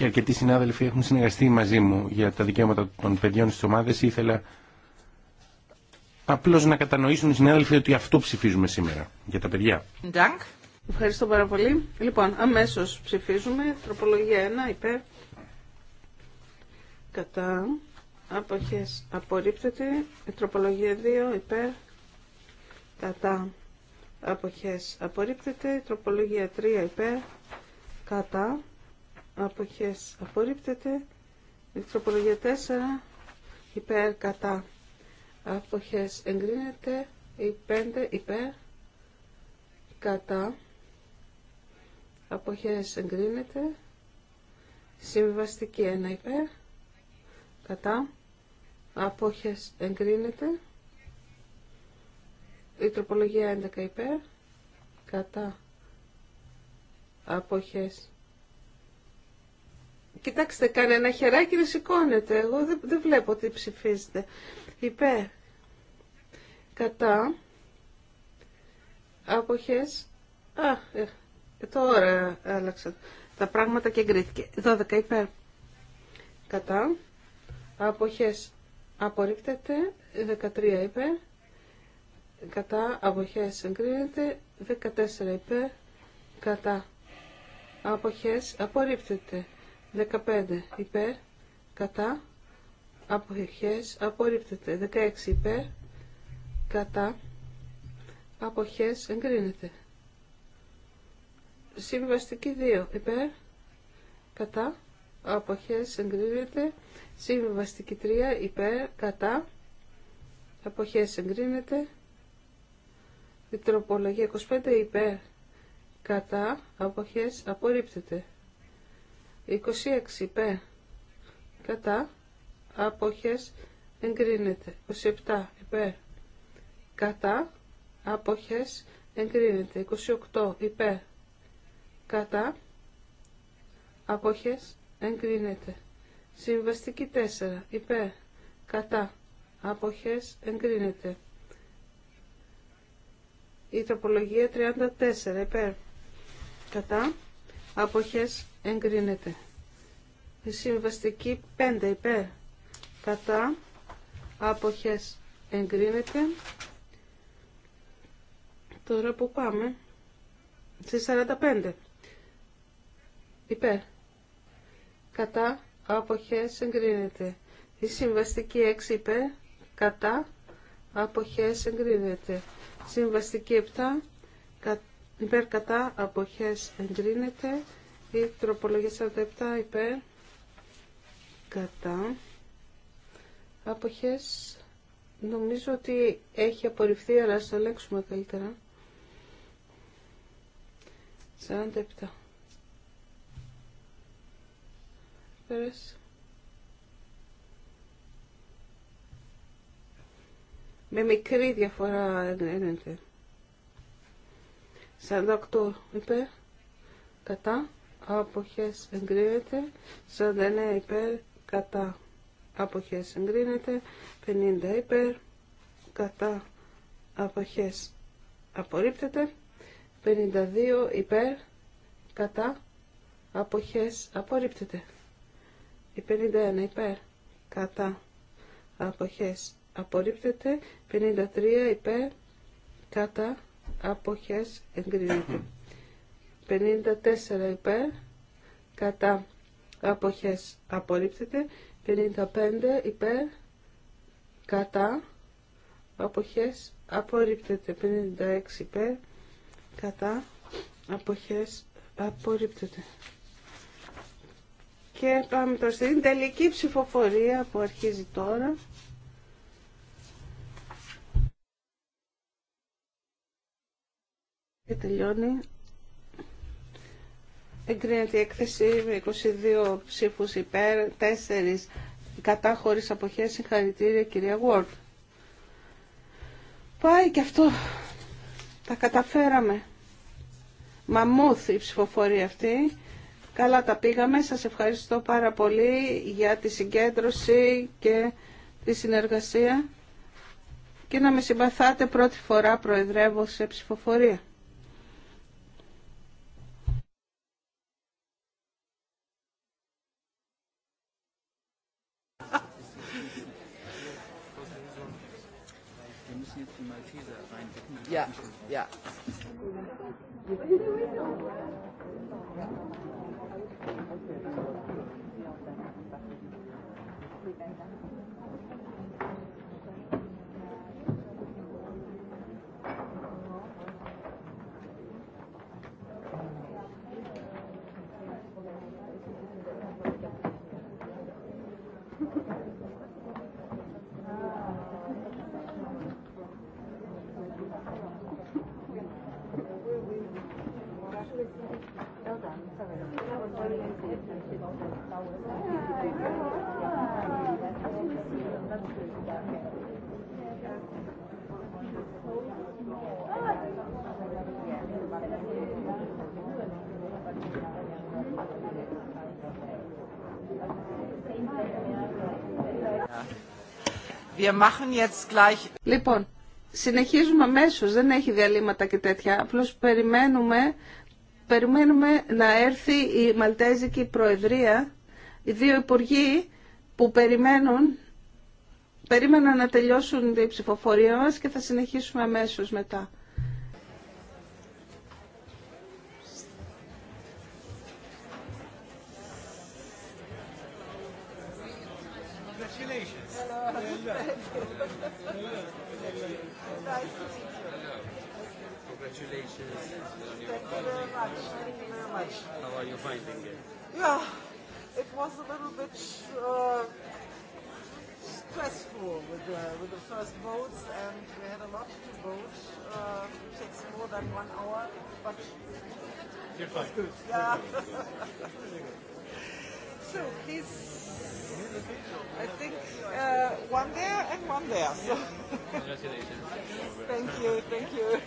και αρκετοί συνάδελφοι έχουν συνεργαστεί μαζί μου για τα δικαιώματα των παιδιών στις ομάδες. Ήθελα απλώς να κατανοήσουν οι συνάδελφοι ότι αυτό ψηφίζουμε σήμερα για τα παιδιά. Ευχαριστώ πάρα πολύ. Λοιπόν, αμέσως ψηφίζουμε. Τροπολογία 1, υπέρ. Κατά. Αποχές απορρίπτεται. Τροπολογία 2, υπέρ. Κατά. Αποχές απορρίπτεται. Τροπολογία 3, υπέρ. Κατά αποχές απορρίπτεται. Η 4 υπέρ κατά αποχές εγκρίνεται. Η 5 υπέρ κατά αποχές εγκρίνεται. Συμβαστική 1 υπέρ κατά αποχές εγκρίνεται. Η τροπολογία 11 υπέρ κατά αποχές Κοιτάξτε, ένα χεράκι να σηκώνεται. Εγώ δεν, βλέπω τι ψηφίζετε. Υπέ, Κατά. Άποχες. Α, ε, ε τώρα άλλαξα τα πράγματα και εγκρίθηκε. 12 υπέρ. Κατά. Αποχές απορρίπτεται. 13 υπέρ. Κατά. Αποχές εγκρίνεται. 14 υπέρ. Κατά. Αποχές απορρίπτεται. 15 υπέρ, κατά, αποχές, απορρίπτεται. 16 υπέρ, κατά, αποχές, εγκρίνεται. Συμβαστική 2 υπέρ, κατά, αποχές, εγκρίνεται. Συμβαστική 3 υπέρ, κατά, αποχές, εγκρίνεται. Η τροπολογία 25 υπέρ, κατά, αποχές, απορρίπτεται. 26 υπέρ κατά αποχές εγκρίνεται 27 υπέρ κατά αποχές εγκρίνεται 28 υπέρ κατά αποχές εγκρίνεται συμβαστική 4 υπέρ κατά αποχές εγκρίνεται η τροπολογία 34 υπέρ κατά αποχές εγκρίνεται. Η συμβαστική 5 υπέρ κατά αποχές εγκρίνεται. Τώρα που πάμε Σε 45 υπέρ κατά αποχές εγκρίνεται. Η συμβαστική 6 υπέρ κατά αποχές εγκρίνεται. Συμβαστική 7 υπέρ κατά αποχές εγκρίνεται η τροπολογία 47 υπέρ κατά αποχές νομίζω ότι έχει απορριφθεί αλλά ας το καλύτερα 47 με μικρή διαφορά ενέντε. 48 υπέρ κατά αποχές εγκρίνεται 49 υπέρ κατά αποχές εγκρίνεται 50 υπέρ κατά αποχές απορρίπτεται 52 υπέρ κατά αποχές απορρίπτεται 51 υπέρ κατά αποχές απορρίπτεται 53 υπέρ κατά αποχές εγκρίνεται. 54 υπέρ κατά αποχές απορρίπτεται. 55 υπέρ κατά αποχές απορρίπτεται. 56 υπέρ κατά αποχές απορρίπτεται. Και πάμε τώρα στην τελική ψηφοφορία που αρχίζει τώρα. τελειώνει. Εγκρίνεται η έκθεση με 22 ψήφου υπέρ, 4 κατά χωρί αποχέ. Συγχαρητήρια κυρία Γουόρτ. Πάει και αυτό. Τα καταφέραμε. Μαμούθ η ψηφοφορία αυτή. Καλά τα πήγαμε. Σας ευχαριστώ πάρα πολύ για τη συγκέντρωση και τη συνεργασία. Και να με συμπαθάτε πρώτη φορά προεδρεύω σε ψηφοφορία. Yeah, yeah. Λοιπόν, συνεχίζουμε αμέσω. δεν έχει διαλύματα και τέτοια. Απλώς περιμένουμε, περιμένουμε να έρθει η Μαλτέζικη Προεδρία, οι δύο υπουργοί που περιμένουν, περίμεναν να τελειώσουν την ψηφοφορία μα και θα συνεχίσουμε αμέσω μετά. it was a little bit uh, stressful with the, with the first votes, and we had a lot to vote. Uh, it takes more than one hour, but You're fine. good. Yeah. so please, I think uh, one there and one there. So. Congratulations. thank you, thank you.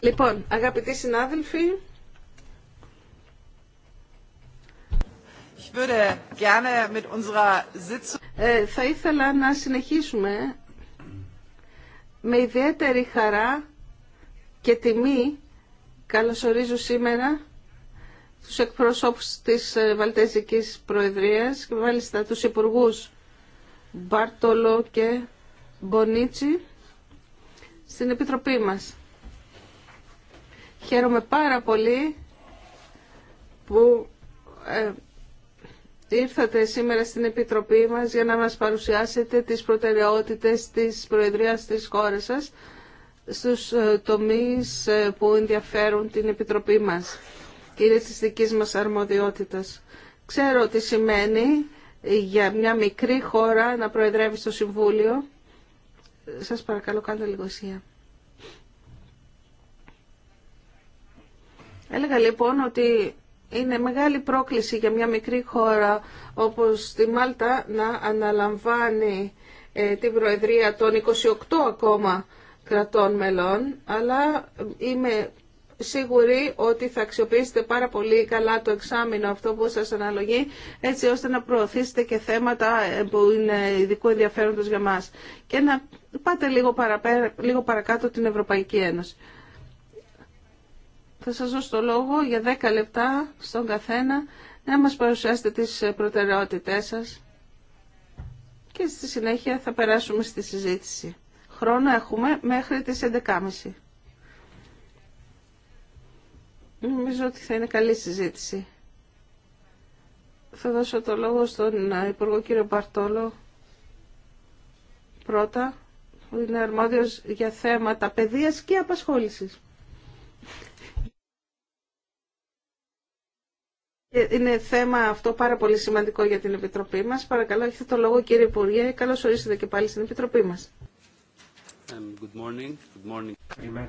Λοιπόν, αγαπητοί συνάδελφοι, ich würde gerne mit unserer ε, θα ήθελα να συνεχίσουμε με ιδιαίτερη χαρά και τιμή καλωσορίζω σήμερα τους εκπροσώπους της ε, Βαλτέζικης Προεδρίας και μάλιστα τους Υπουργούς Μπάρτολο και Μπονίτσι στην Επιτροπή μας. Χαίρομαι πάρα πολύ που ε, ήρθατε σήμερα στην Επιτροπή μας για να μας παρουσιάσετε τις προτεραιότητες της Προεδρίας της χώρας σας στους ε, τομείς ε, που ενδιαφέρουν την Επιτροπή μας και είναι της δικής μας αρμοδιότητας. Ξέρω τι σημαίνει για μια μικρή χώρα να προεδρεύει στο Συμβούλιο. Σας παρακαλώ κάντε λίγο Έλεγα λοιπόν ότι είναι μεγάλη πρόκληση για μια μικρή χώρα όπως τη Μάλτα να αναλαμβάνει ε, την Προεδρία των 28 ακόμα κρατών μελών, αλλά ε, είμαι σίγουρη ότι θα αξιοποιήσετε πάρα πολύ καλά το εξάμεινο αυτό που σας αναλογεί, έτσι ώστε να προωθήσετε και θέματα ε, που είναι ειδικού ενδιαφέροντος για μας και να πάτε λίγο, παραπέρα, λίγο παρακάτω την Ευρωπαϊκή Ένωση. Θα σας δώσω το λόγο για 10 λεπτά στον καθένα να μας παρουσιάσετε τις προτεραιότητές σας και στη συνέχεια θα περάσουμε στη συζήτηση. Χρόνο έχουμε μέχρι τις 11.30. Νομίζω ότι θα είναι καλή συζήτηση. Θα δώσω το λόγο στον Υπουργό κύριο Μπαρτόλο πρώτα, που είναι αρμόδιος για θέματα παιδείας και απασχόλησης. Ε, είναι θέμα αυτό πάρα πολύ σημαντικό για την Επιτροπή μας. Παρακαλώ, έχετε το λόγο κύριε Υπουργέ. Καλώς ορίσατε και πάλι στην Επιτροπή μας. Good morning. Good morning. Καλημέρα.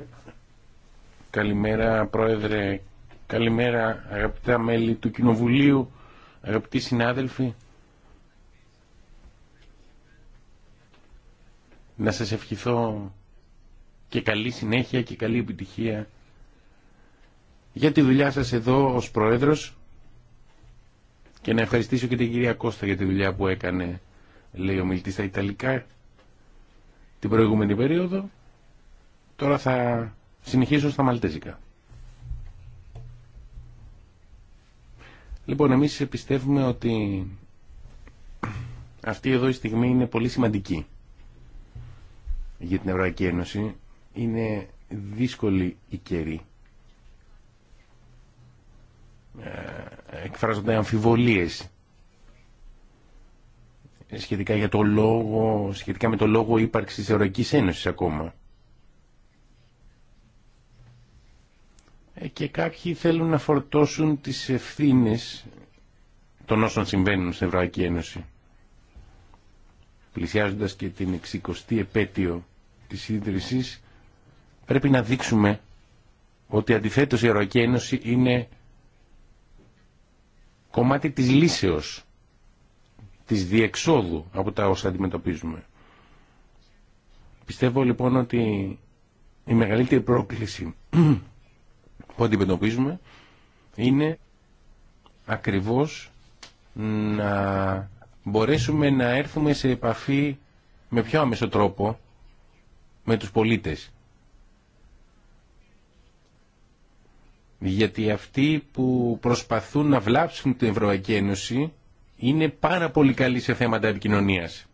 Καλημέρα Πρόεδρε, καλημέρα αγαπητά μέλη του Κοινοβουλίου, αγαπητοί συνάδελφοι. Να σας ευχηθώ και καλή συνέχεια και καλή επιτυχία για τη δουλειά σας εδώ ως Πρόεδρος και να ευχαριστήσω και την κυρία Κώστα για τη δουλειά που έκανε, λέει ο μιλητής στα Ιταλικά, την προηγούμενη περίοδο. Τώρα θα συνεχίσω στα Μαλτέζικα. Λοιπόν, εμείς πιστεύουμε ότι αυτή εδώ η στιγμή είναι πολύ σημαντική για την Ευρωπαϊκή Ένωση. Είναι δύσκολη η καιρή. Ε, εκφράζονται αμφιβολίες ε, σχετικά, για το λόγο, σχετικά με το λόγο ύπαρξης της Ευρωπαϊκής Ένωσης ακόμα. Ε, και κάποιοι θέλουν να φορτώσουν τις ευθύνες των όσων συμβαίνουν στην Ευρωπαϊκή Ένωση. Πλησιάζοντας και την 60η επέτειο της ίδρυσης, πρέπει να δείξουμε ότι αντιθέτως η Ευρωπαϊκή Ένωση είναι κομμάτι της λύσεως, της διεξόδου από τα όσα αντιμετωπίζουμε. Πιστεύω λοιπόν ότι η μεγαλύτερη πρόκληση [CLEARS THROAT] που αντιμετωπίζουμε είναι ακριβώς να μπορέσουμε να έρθουμε σε επαφή με πιο άμεσο τρόπο με τους πολίτες γιατί αυτοί που προσπαθούν να βλάψουν την Ευρωπαϊκή Ένωση είναι πάρα πολύ καλοί σε θέματα επικοινωνίας.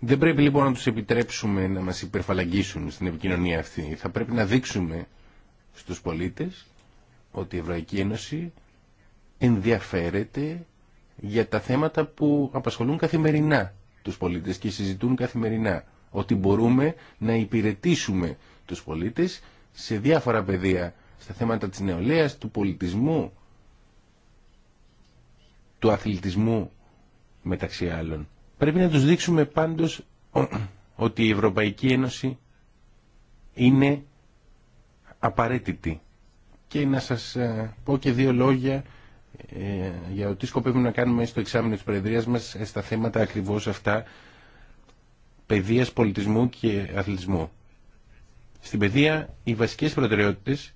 Δεν πρέπει λοιπόν να τους επιτρέψουμε να μας υπερφαλαγγίσουν στην επικοινωνία αυτή. Θα πρέπει να δείξουμε στους πολίτες ότι η Ευρωπαϊκή Ένωση ενδιαφέρεται για τα θέματα που απασχολούν καθημερινά τους πολίτες και συζητούν καθημερινά. Ότι μπορούμε να υπηρετήσουμε τους πολίτες σε διάφορα πεδία, στα θέματα της νεολαίας, του πολιτισμού, του αθλητισμού μεταξύ άλλων. Πρέπει να τους δείξουμε πάντως [CLEARS THROAT] ότι η Ευρωπαϊκή Ένωση είναι απαραίτητη. Και να σας ε, πω και δύο λόγια ε, για το τι σκοπεύουμε να κάνουμε στο εξάμεινο της Προεδρίας μας ε, στα θέματα ακριβώς αυτά παιδείας, πολιτισμού και αθλητισμού. Στην παιδεία οι βασικές προτεραιότητες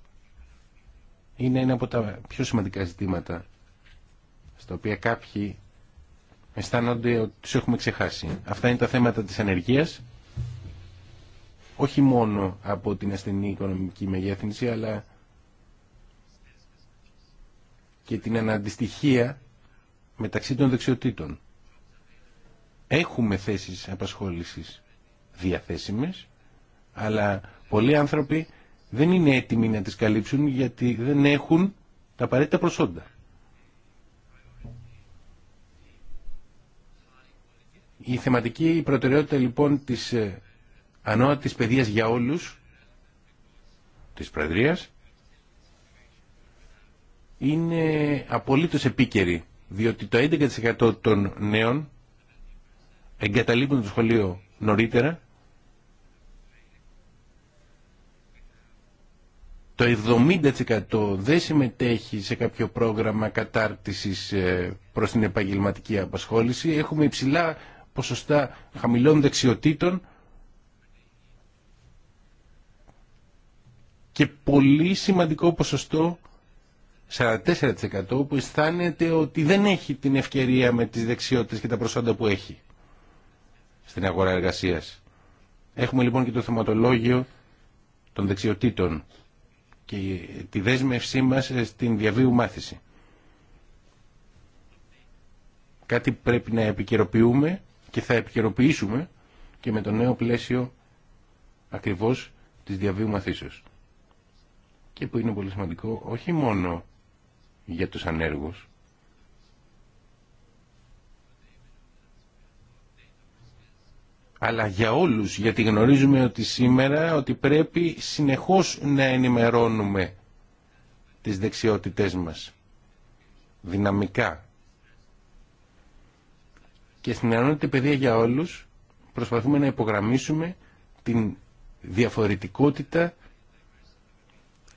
είναι ένα από τα πιο σημαντικά ζητήματα στα οποία κάποιοι αισθάνονται ότι τους έχουμε ξεχάσει. Αυτά είναι τα θέματα της ανεργίας, όχι μόνο από την ασθενή οικονομική μεγέθυνση, αλλά και την αναντιστοιχία μεταξύ των δεξιοτήτων. Έχουμε θέσεις απασχόλησης διαθέσιμες, αλλά Πολλοί άνθρωποι δεν είναι έτοιμοι να τις καλύψουν γιατί δεν έχουν τα απαραίτητα προσόντα. Η θεματική προτεραιότητα λοιπόν της ε, ανώτατης παιδείας για όλους της Προεδρίας είναι απολύτως επίκαιρη διότι το 11% των νέων εγκαταλείπουν το σχολείο νωρίτερα το 70% δεν συμμετέχει σε κάποιο πρόγραμμα κατάρτισης ε, προς την επαγγελματική απασχόληση. Έχουμε υψηλά ποσοστά χαμηλών δεξιοτήτων και πολύ σημαντικό ποσοστό 44% που αισθάνεται ότι δεν έχει την ευκαιρία με τις δεξιότητες και τα προσόντα που έχει στην αγορά εργασίας. Έχουμε λοιπόν και το θεματολόγιο των δεξιοτήτων και τη δέσμευσή μας ε, στην διαβίου μάθηση. Κάτι πρέπει να επικαιροποιούμε και θα επικαιροποιήσουμε και με το νέο πλαίσιο ακριβώς της διαβίου μαθήσεως. Και που είναι πολύ σημαντικό όχι μόνο για τους ανέργους, αλλά για όλους, γιατί γνωρίζουμε ότι σήμερα ότι πρέπει συνεχώς να ενημερώνουμε τις δεξιότητές μας δυναμικά. Και στην ενότητα παιδεία για όλους προσπαθούμε να υπογραμμίσουμε την διαφορετικότητα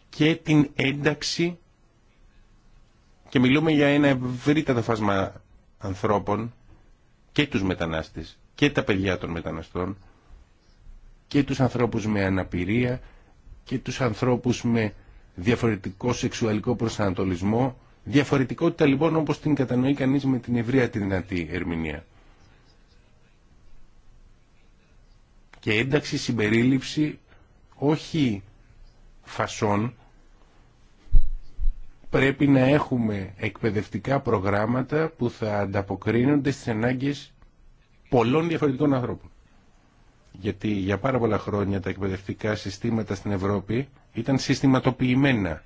και την ένταξη και μιλούμε για ένα ευρύτατο φάσμα ανθρώπων και τους μετανάστες και τα παιδιά των μεταναστών και τους ανθρώπους με αναπηρία και τους ανθρώπους με διαφορετικό σεξουαλικό προσανατολισμό. Διαφορετικότητα λοιπόν όπως την κατανοεί κανείς με την ευρεία τη δυνατή ερμηνεία. Και ένταξη συμπερίληψη όχι φασών πρέπει να έχουμε εκπαιδευτικά προγράμματα που θα ανταποκρίνονται στις ανάγκες πολλών διαφορετικών ανθρώπων. Γιατί για πάρα πολλά χρόνια τα εκπαιδευτικά συστήματα στην Ευρώπη ήταν συστηματοποιημένα.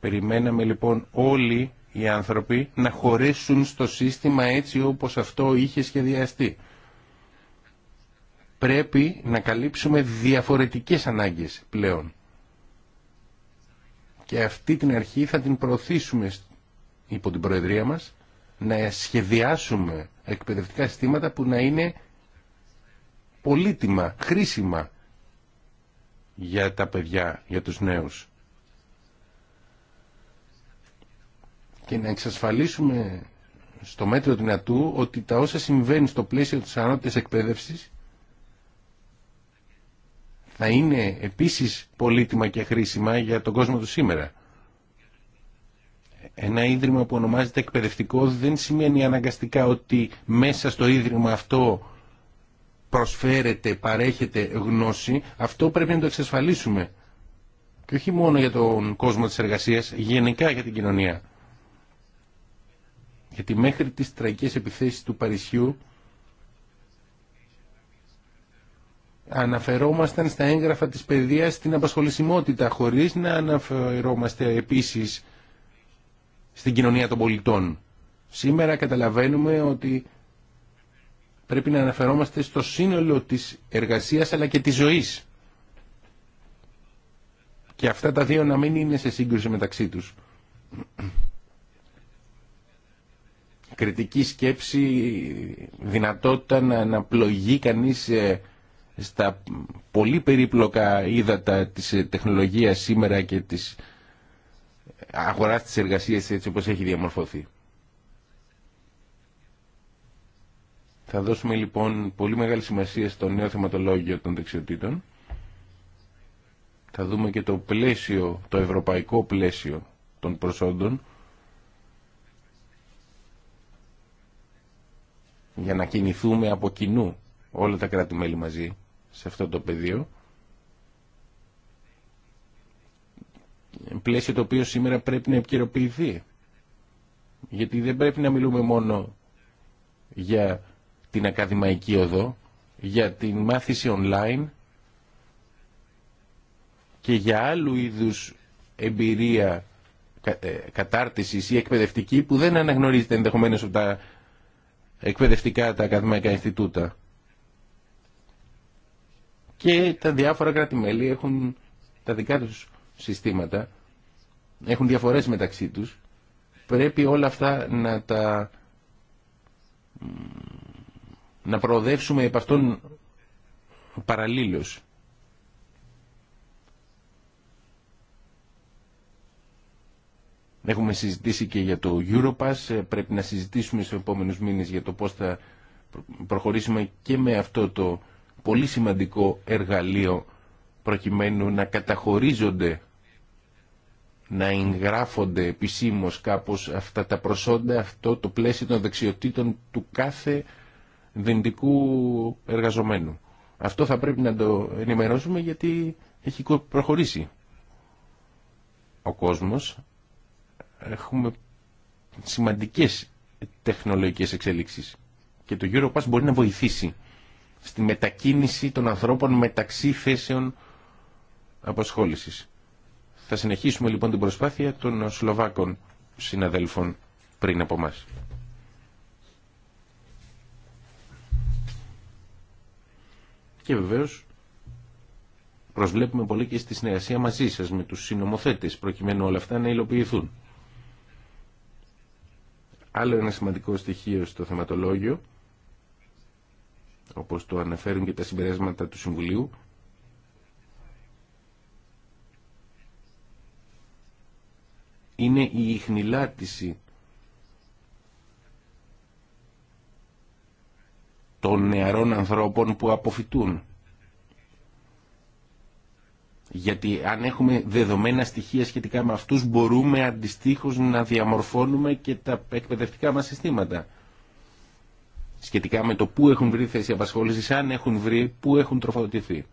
Περιμέναμε λοιπόν όλοι οι άνθρωποι να χωρέσουν στο σύστημα έτσι όπως αυτό είχε σχεδιαστεί. Πρέπει να καλύψουμε διαφορετικές ανάγκες πλέον. Και αυτή την αρχή θα την προωθήσουμε υπό την Προεδρία μας να σχεδιάσουμε εκπαιδευτικά συστήματα που να είναι πολύτιμα, χρήσιμα για τα παιδιά, για τους νέους. Και να εξασφαλίσουμε στο μέτρο δυνατού ότι τα όσα συμβαίνουν στο πλαίσιο της ανώτητας εκπαίδευσης θα είναι επίσης πολύτιμα και χρήσιμα για τον κόσμο του σήμερα. Ένα ίδρυμα που ονομάζεται εκπαιδευτικό δεν σημαίνει αναγκαστικά ότι μέσα στο ίδρυμα αυτό προσφέρεται, παρέχεται γνώση. Αυτό πρέπει να το εξασφαλίσουμε. Και όχι μόνο για τον κόσμο της εργασίας, γενικά για την κοινωνία. Γιατί μέχρι τις τραγικές επιθέσεις του Παρισιού αναφερόμασταν στα έγγραφα της παιδείας στην απασχολησιμότητα χωρίς να αναφερόμαστε επίσης στην κοινωνία των πολιτών. Σήμερα καταλαβαίνουμε ότι πρέπει να αναφερόμαστε στο σύνολο της εργασίας αλλά και της ζωής. Και αυτά τα δύο να μην είναι σε σύγκρουση μεταξύ τους. Κριτική σκέψη, δυνατότητα να, να κανείς ε, στα πολύ περίπλοκα ύδατα της ε, τεχνολογίας σήμερα και της αγορά τι εργασίες έτσι όπω έχει διαμορφωθεί. Θα δώσουμε λοιπόν πολύ μεγάλη σημασία στο νέο θεματολόγιο των δεξιοτήτων. Θα δούμε και το πλαίσιο, το ευρωπαϊκό πλαίσιο των προσόντων για να κινηθούμε από κοινού όλα τα κράτη-μέλη μαζί σε αυτό το πεδίο. πλαίσιο το οποίο σήμερα πρέπει να επικαιροποιηθεί. Γιατί δεν πρέπει να μιλούμε μόνο για την ακαδημαϊκή οδό, για την μάθηση online και για άλλου είδους εμπειρία ε, κατάρτισης ή εκπαιδευτική που δεν αναγνωρίζεται ενδεχομένως από τα εκπαιδευτικά τα ακαδημαϊκά Ινστιτούτα. Και τα διάφορα κράτη-μέλη έχουν τα δικά τους συστήματα έχουν διαφορές μεταξύ τους. Πρέπει όλα αυτά να τα να προοδεύσουμε επ' αυτόν παραλλήλως. Έχουμε συζητήσει και για το Europass, ε, πρέπει να συζητήσουμε στους επόμενους μήνες για το πώς θα προχωρήσουμε και με αυτό το πολύ σημαντικό εργαλείο προκειμένου να καταχωρίζονται, να εγγράφονται επισήμως κάπως αυτά τα προσόντα, αυτό το πλαίσιο των δεξιοτήτων του κάθε δυντικού εργαζομένου. Αυτό θα πρέπει να το ενημερώσουμε γιατί έχει προχωρήσει ο κόσμος. Έχουμε σημαντικές τεχνολογικές εξελίξεις και το Europass μπορεί να βοηθήσει στη μετακίνηση των ανθρώπων μεταξύ θέσεων απασχόλησης. Θα συνεχίσουμε λοιπόν την προσπάθεια των Σλοβάκων συναδέλφων πριν από μας. Και βεβαίως προσβλέπουμε πολύ και στη συνεργασία μαζί σας με τους συνομοθέτες προκειμένου όλα αυτά να υλοποιηθούν. Άλλο ένα σημαντικό στοιχείο στο θεματολόγιο όπως το αναφέρουν και τα συμπεράσματα του Συμβουλίου είναι η ιχνηλάτηση των νεαρών ανθρώπων που αποφυτούν. Γιατί αν έχουμε δεδομένα στοιχεία σχετικά με αυτούς μπορούμε αντιστοίχως να διαμορφώνουμε και τα εκπαιδευτικά μας συστήματα. Σχετικά με το πού έχουν βρει θέση απασχόλησης, αν έχουν βρει, πού έχουν τροφοδοτηθεί.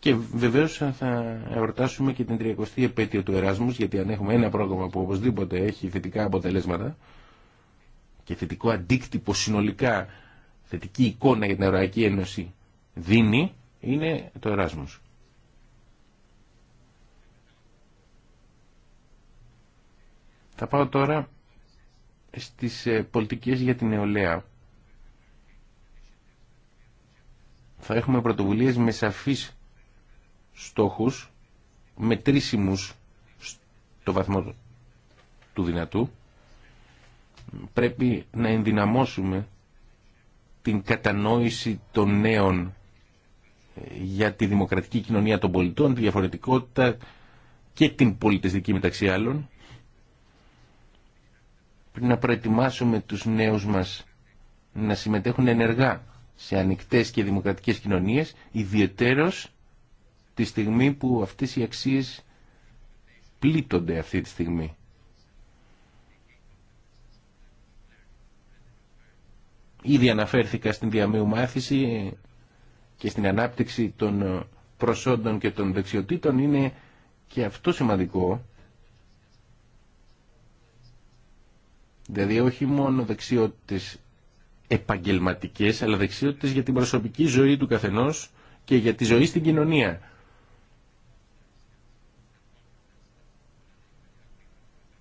Και βεβαίω θα εορτάσουμε και την 30η επέτειο του Εράσμου, γιατί αν έχουμε ένα πρόγραμμα που οπωσδήποτε έχει θετικά αποτελέσματα και θετικό αντίκτυπο συνολικά, θετική εικόνα για την Ευρωπαϊκή Ένωση δίνει, είναι το Εράσμου. Θα πάω τώρα στις ε, πολιτικές για την νεολαία. Θα έχουμε πρωτοβουλίες με σαφείς στόχους μετρήσιμους στο βαθμό του δυνατού. Πρέπει να ενδυναμώσουμε την κατανόηση των νέων ε, για τη δημοκρατική κοινωνία των πολιτών, τη διαφορετικότητα και την πολιτιστική μεταξύ άλλων. Πρέπει να προετοιμάσουμε τους νέους μας να συμμετέχουν ενεργά σε ανοιχτές και δημοκρατικές κοινωνίες, ιδιαιτέρως τη στιγμή που αυτές οι αξίες πλήττονται αυτή τη στιγμή. Ήδη αναφέρθηκα στην διαμείου μάθηση και στην ανάπτυξη των προσόντων και των δεξιοτήτων είναι και αυτό σημαντικό. Δηλαδή όχι μόνο δεξιότητες επαγγελματικές αλλά δεξιότητες για την προσωπική ζωή του καθενός και για τη ζωή στην κοινωνία.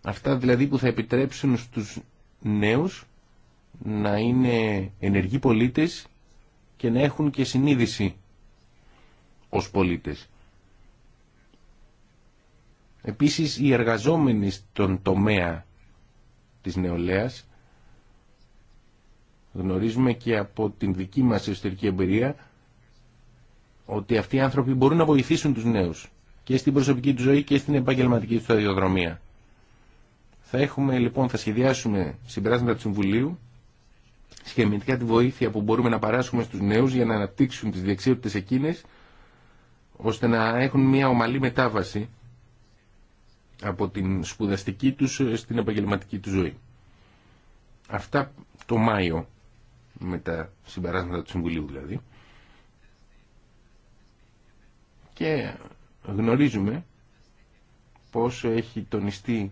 Αυτά δηλαδή που θα επιτρέψουν στους νέους να είναι ενεργοί πολίτες και να έχουν και συνείδηση ως πολίτες. Επίσης οι εργαζόμενοι στον τομέα της νεολαίας γνωρίζουμε και από την δική μας εσωτερική εμπειρία ότι αυτοί οι άνθρωποι μπορούν να βοηθήσουν τους νέους και στην προσωπική του ζωή και στην επαγγελματική του αδειοδρομία. Θα έχουμε λοιπόν, θα σχεδιάσουμε συμπεράσματα του Συμβουλίου σχεδιαστικά τη βοήθεια που μπορούμε να παράσουμε στους νέους για να αναπτύξουν τις δεξιότητες εκείνες ώστε να έχουν μια ομαλή μετάβαση από την σπουδαστική τους στην επαγγελματική του ζωή. Αυτά το Μάιο με τα συμπεράσματα του Συμβουλίου δηλαδή. Και γνωρίζουμε πώς έχει τονιστεί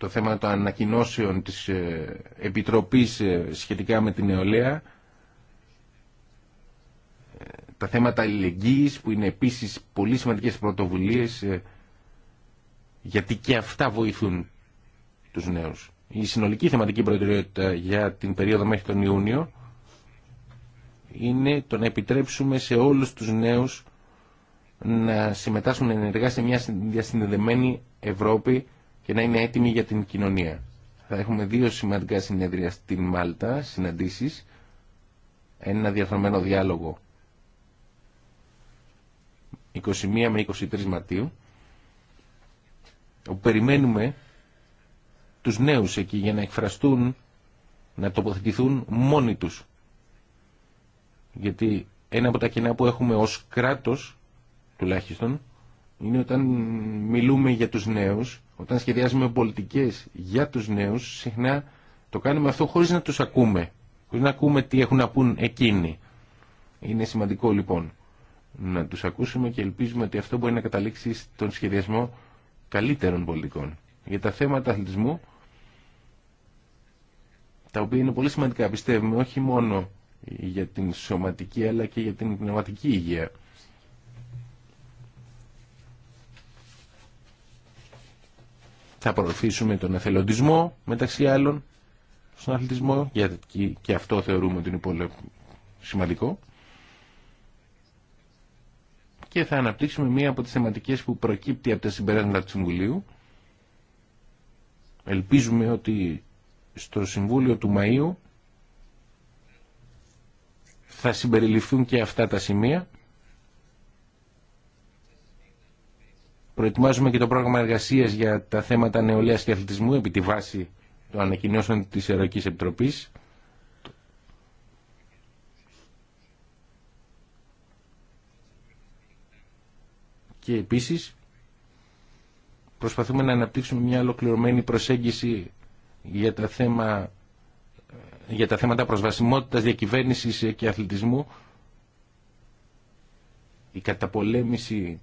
το θέμα των ανακοινώσεων της ε, Επιτροπής ε, σχετικά με την νεολαία, ε, τα θέματα αλληλεγγύης που είναι επίσης πολύ σημαντικές πρωτοβουλίες γιατί και αυτά βοηθούν τους νέους. Η συνολική θεματική προτεραιότητα για την περίοδο μέχρι τον Ιούνιο είναι το να επιτρέψουμε σε όλους τους νέους να συμμετάσχουν ενεργά σε μια διασυνδεδεμένη Ευρώπη και να είναι έτοιμοι για την κοινωνία. Θα έχουμε δύο σημαντικά συνέδρια στη Μάλτα, συναντήσεις, ένα διαφραμένο διάλογο 21 με 23 Μαρτίου, όπου περιμένουμε τους νέους εκεί για να εκφραστούν, να τοποθετηθούν μόνοι τους. Γιατί ένα από τα κοινά που έχουμε ως κράτος, τουλάχιστον, είναι όταν μιλούμε για τους νέους, όταν σχεδιάζουμε πολιτικές για τους νέους, συχνά το κάνουμε αυτό χωρίς να τους ακούμε, χωρίς να ακούμε τι έχουν να πούν εκείνοι. Είναι σημαντικό λοιπόν να τους ακούσουμε και ελπίζουμε ότι αυτό μπορεί να καταλήξει στον σχεδιασμό καλύτερων πολιτικών. Για τα θέματα αθλητισμού, τα οποία είναι πολύ σημαντικά πιστεύουμε, όχι μόνο για την σωματική αλλά και για την πνευματική υγεία. Θα προωθήσουμε τον εθελοντισμό μεταξύ άλλων στον αθλητισμό γιατί και αυτό θεωρούμε ότι είναι πολύ σημαντικό και θα αναπτύξουμε μία από τις θεματικές που προκύπτει από τα συμπεράσματα του Συμβουλίου. Ελπίζουμε ότι στο Συμβούλιο του Μαΐου θα συμπεριληφθούν και αυτά τα σημεία Προετοιμάζουμε και το πρόγραμμα εργασία για τα θέματα νεολαία και αθλητισμού επί τη βάση των ανακοινώσεων τη Ευρωπαϊκή Επιτροπή. Και επίση, προσπαθούμε να αναπτύξουμε μια ολοκληρωμένη προσέγγιση για τα, θέμα, για τα θέματα προσβασιμότητας, διακυβέρνησης και αθλητισμού. Η καταπολέμηση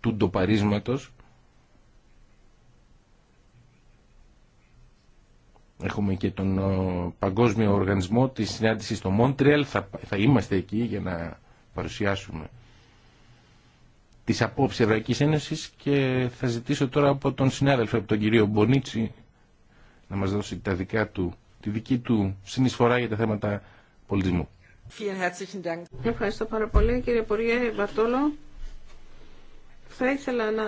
του ντοπαρίσματος. Έχουμε και τον Παγκόσμιο Οργανισμό της συνάντηση στο Μόντριελ. Θα, θα είμαστε εκεί για να παρουσιάσουμε τις απόψεις Ευρωπαϊκής Ένωσης και θα ζητήσω τώρα από τον συνάδελφο, από τον κύριο Μπονίτσι, να μας δώσει τα δικά του, τη δική του συνεισφορά για τα θέματα πολιτισμού. Ευχαριστώ πάρα πολύ κύριε Υπουργέ Βαρτόλο. Θα ήθελα να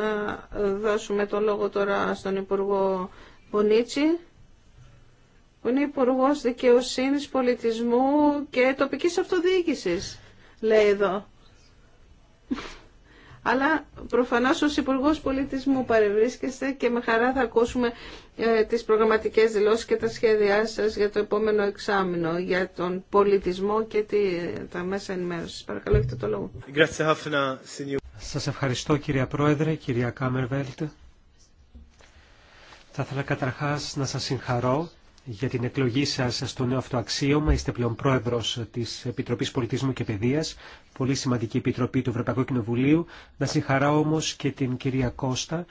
δώσουμε το λόγο τώρα στον Υπουργό Μπονίτσι, που είναι Υπουργό Δικαιοσύνης, Πολιτισμού και Τοπικής Αυτοδιοίκησης, λέει εδώ. Αλλά προφανώς ως Υπουργός Πολιτισμού παρευρίσκεστε και με χαρά θα ακούσουμε ε, τις προγραμματικές δηλώσεις και τα σχέδιά σας για το επόμενο εξάμεινο για τον πολιτισμό και τα μέσα ενημέρωσης. Παρακαλώ, έχετε το λόγο. Σας ευχαριστώ κυρία Πρόεδρε, κυρία Κάμερβελτ. Θα ήθελα καταρχάς να σας συγχαρώ για την εκλογή σας στο νέο αυτό αξίωμα. Είστε πλέον πρόεδρος της Επιτροπής Πολιτισμού και Παιδείας, πολύ σημαντική επιτροπή του Ευρωπαϊκού Κοινοβουλίου. Να συγχαρώ όμως και την κυρία Κώστα,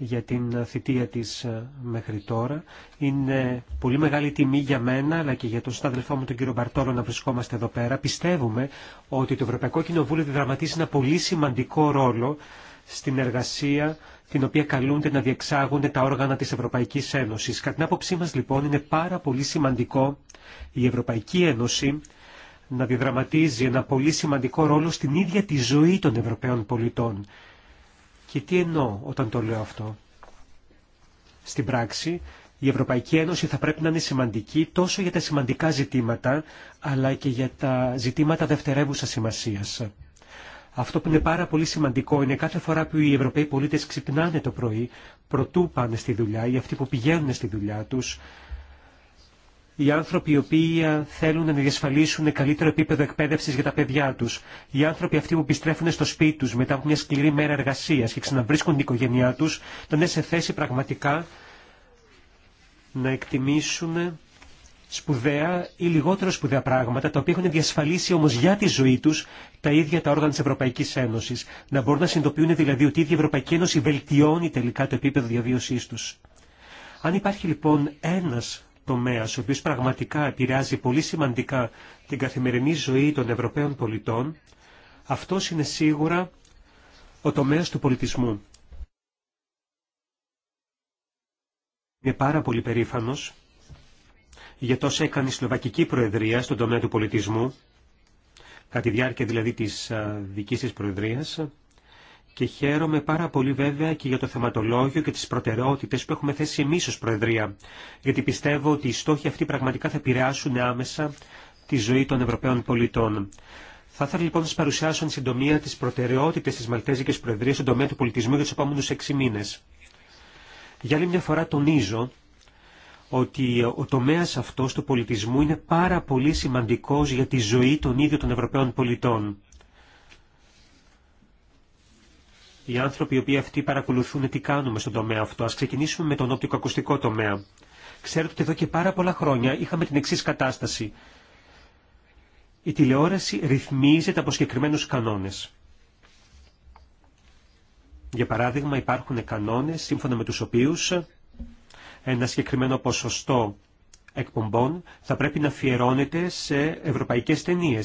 για την θητεία της ε, μέχρι τώρα. Είναι πολύ μεγάλη τιμή για μένα αλλά και για τον συνάδελφό μου τον κύριο Μπαρτόλο να βρισκόμαστε εδώ πέρα. Πιστεύουμε ότι το Ευρωπαϊκό Κοινοβούλιο διδραματίζει ένα πολύ σημαντικό ρόλο στην εργασία την οποία καλούνται να διεξάγουν τα όργανα της Ευρωπαϊκής Ένωσης. Κατά την άποψή μας λοιπόν είναι πάρα πολύ σημαντικό η Ευρωπαϊκή Ένωση να διδραματίζει ένα πολύ σημαντικό ρόλο στην ίδια τη ζωή των Ευρωπαίων πολιτών. Και τι εννοώ όταν το λέω αυτό. Στην πράξη, η Ευρωπαϊκή Ένωση θα πρέπει να είναι σημαντική τόσο για τα σημαντικά ζητήματα, αλλά και για τα ζητήματα δευτερεύουσα σημασία. Αυτό που είναι πάρα πολύ σημαντικό είναι κάθε φορά που οι Ευρωπαίοι πολίτες ξυπνάνε το πρωί, πρωτού πάνε στη δουλειά ή αυτοί που πηγαίνουν στη δουλειά τους, οι άνθρωποι οι οποίοι ε, θέλουν να διασφαλίσουν καλύτερο επίπεδο εκπαίδευση για τα παιδιά του, οι άνθρωποι αυτοί που επιστρέφουν στο σπίτι του μετά από μια σκληρή μέρα εργασία και ξαναβρίσκουν την οικογένειά του, να είναι σε θέση πραγματικά να εκτιμήσουν σπουδαία ή λιγότερο σπουδαία πράγματα, τα οποία έχουν διασφαλίσει όμω για τη ζωή του τα ίδια τα όργανα τη Ευρωπαϊκή Ένωση. Να μπορούν να συνειδητοποιούν δηλαδή ότι η ίδια η Ευρωπαϊκή Ένωση βελτιώνει τελικά το επίπεδο διαβίωσή του. Αν υπάρχει λοιπόν ένας τομέας, ο οποίος πραγματικά επηρεάζει πολύ σημαντικά την καθημερινή ζωή των Ευρωπαίων πολιτών, αυτός είναι σίγουρα ο τομέας του πολιτισμού. Είμαι πάρα πολύ περήφανος για τόσα έκανε η Σλοβακική Προεδρία στον τομέα του πολιτισμού, κατά τη διάρκεια δηλαδή της δικής της Προεδρίας, και χαίρομαι πάρα πολύ βέβαια και για το θεματολόγιο και τις προτεραιότητες που έχουμε θέσει εμείς ως Προεδρία, γιατί πιστεύω ότι οι στόχοι αυτοί πραγματικά θα επηρεάσουν άμεσα τη ζωή των Ευρωπαίων πολιτών. Θα ήθελα λοιπόν να σα παρουσιάσω εν συντομία τι προτεραιότητε τη Μαλτέζικη Προεδρία στον τομέα του πολιτισμού για του επόμενου έξι μήνε. Για άλλη μια φορά τονίζω ότι ο τομέα αυτό του πολιτισμού είναι πάρα πολύ σημαντικό για τη ζωή των ίδιων των Ευρωπαίων πολιτών. οι άνθρωποι οι οποίοι αυτοί παρακολουθούν τι κάνουμε στον τομέα αυτό. Ας ξεκινήσουμε με τον οπτικοακουστικό τομέα. Ξέρετε ότι εδώ και πάρα πολλά χρόνια είχαμε την εξή κατάσταση. Η τηλεόραση ρυθμίζεται από συγκεκριμένου κανόνες. Για παράδειγμα υπάρχουν κανόνες σύμφωνα με τους οποίους ένα συγκεκριμένο ποσοστό εκπομπών θα πρέπει να αφιερώνεται σε ευρωπαϊκές ταινίε.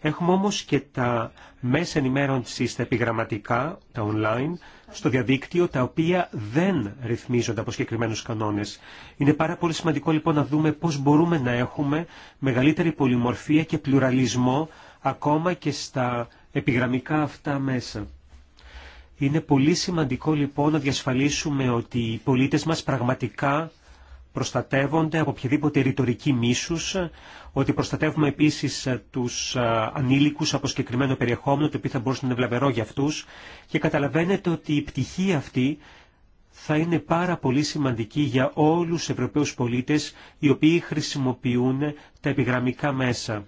Έχουμε όμως και τα μέσα ενημέρωση στα επιγραμματικά, τα online, στο διαδίκτυο, τα οποία δεν ρυθμίζονται από συγκεκριμένους κανόνες. Είναι πάρα πολύ σημαντικό λοιπόν να δούμε πώς μπορούμε να έχουμε μεγαλύτερη πολυμορφία και πλουραλισμό ακόμα και στα επιγραμμικά αυτά μέσα. Είναι πολύ σημαντικό λοιπόν να διασφαλίσουμε ότι οι πολίτες μας πραγματικά προστατεύονται από οποιαδήποτε ρητορική μίσους, ότι προστατεύουμε επίσης τους ανήλικους από συγκεκριμένο περιεχόμενο, το οποίο θα μπορούσε να είναι βλαβερό για αυτούς και καταλαβαίνετε ότι η πτυχή αυτή θα είναι πάρα πολύ σημαντική για όλους τους Ευρωπαίους πολίτες οι οποίοι χρησιμοποιούν τα επιγραμμικά μέσα.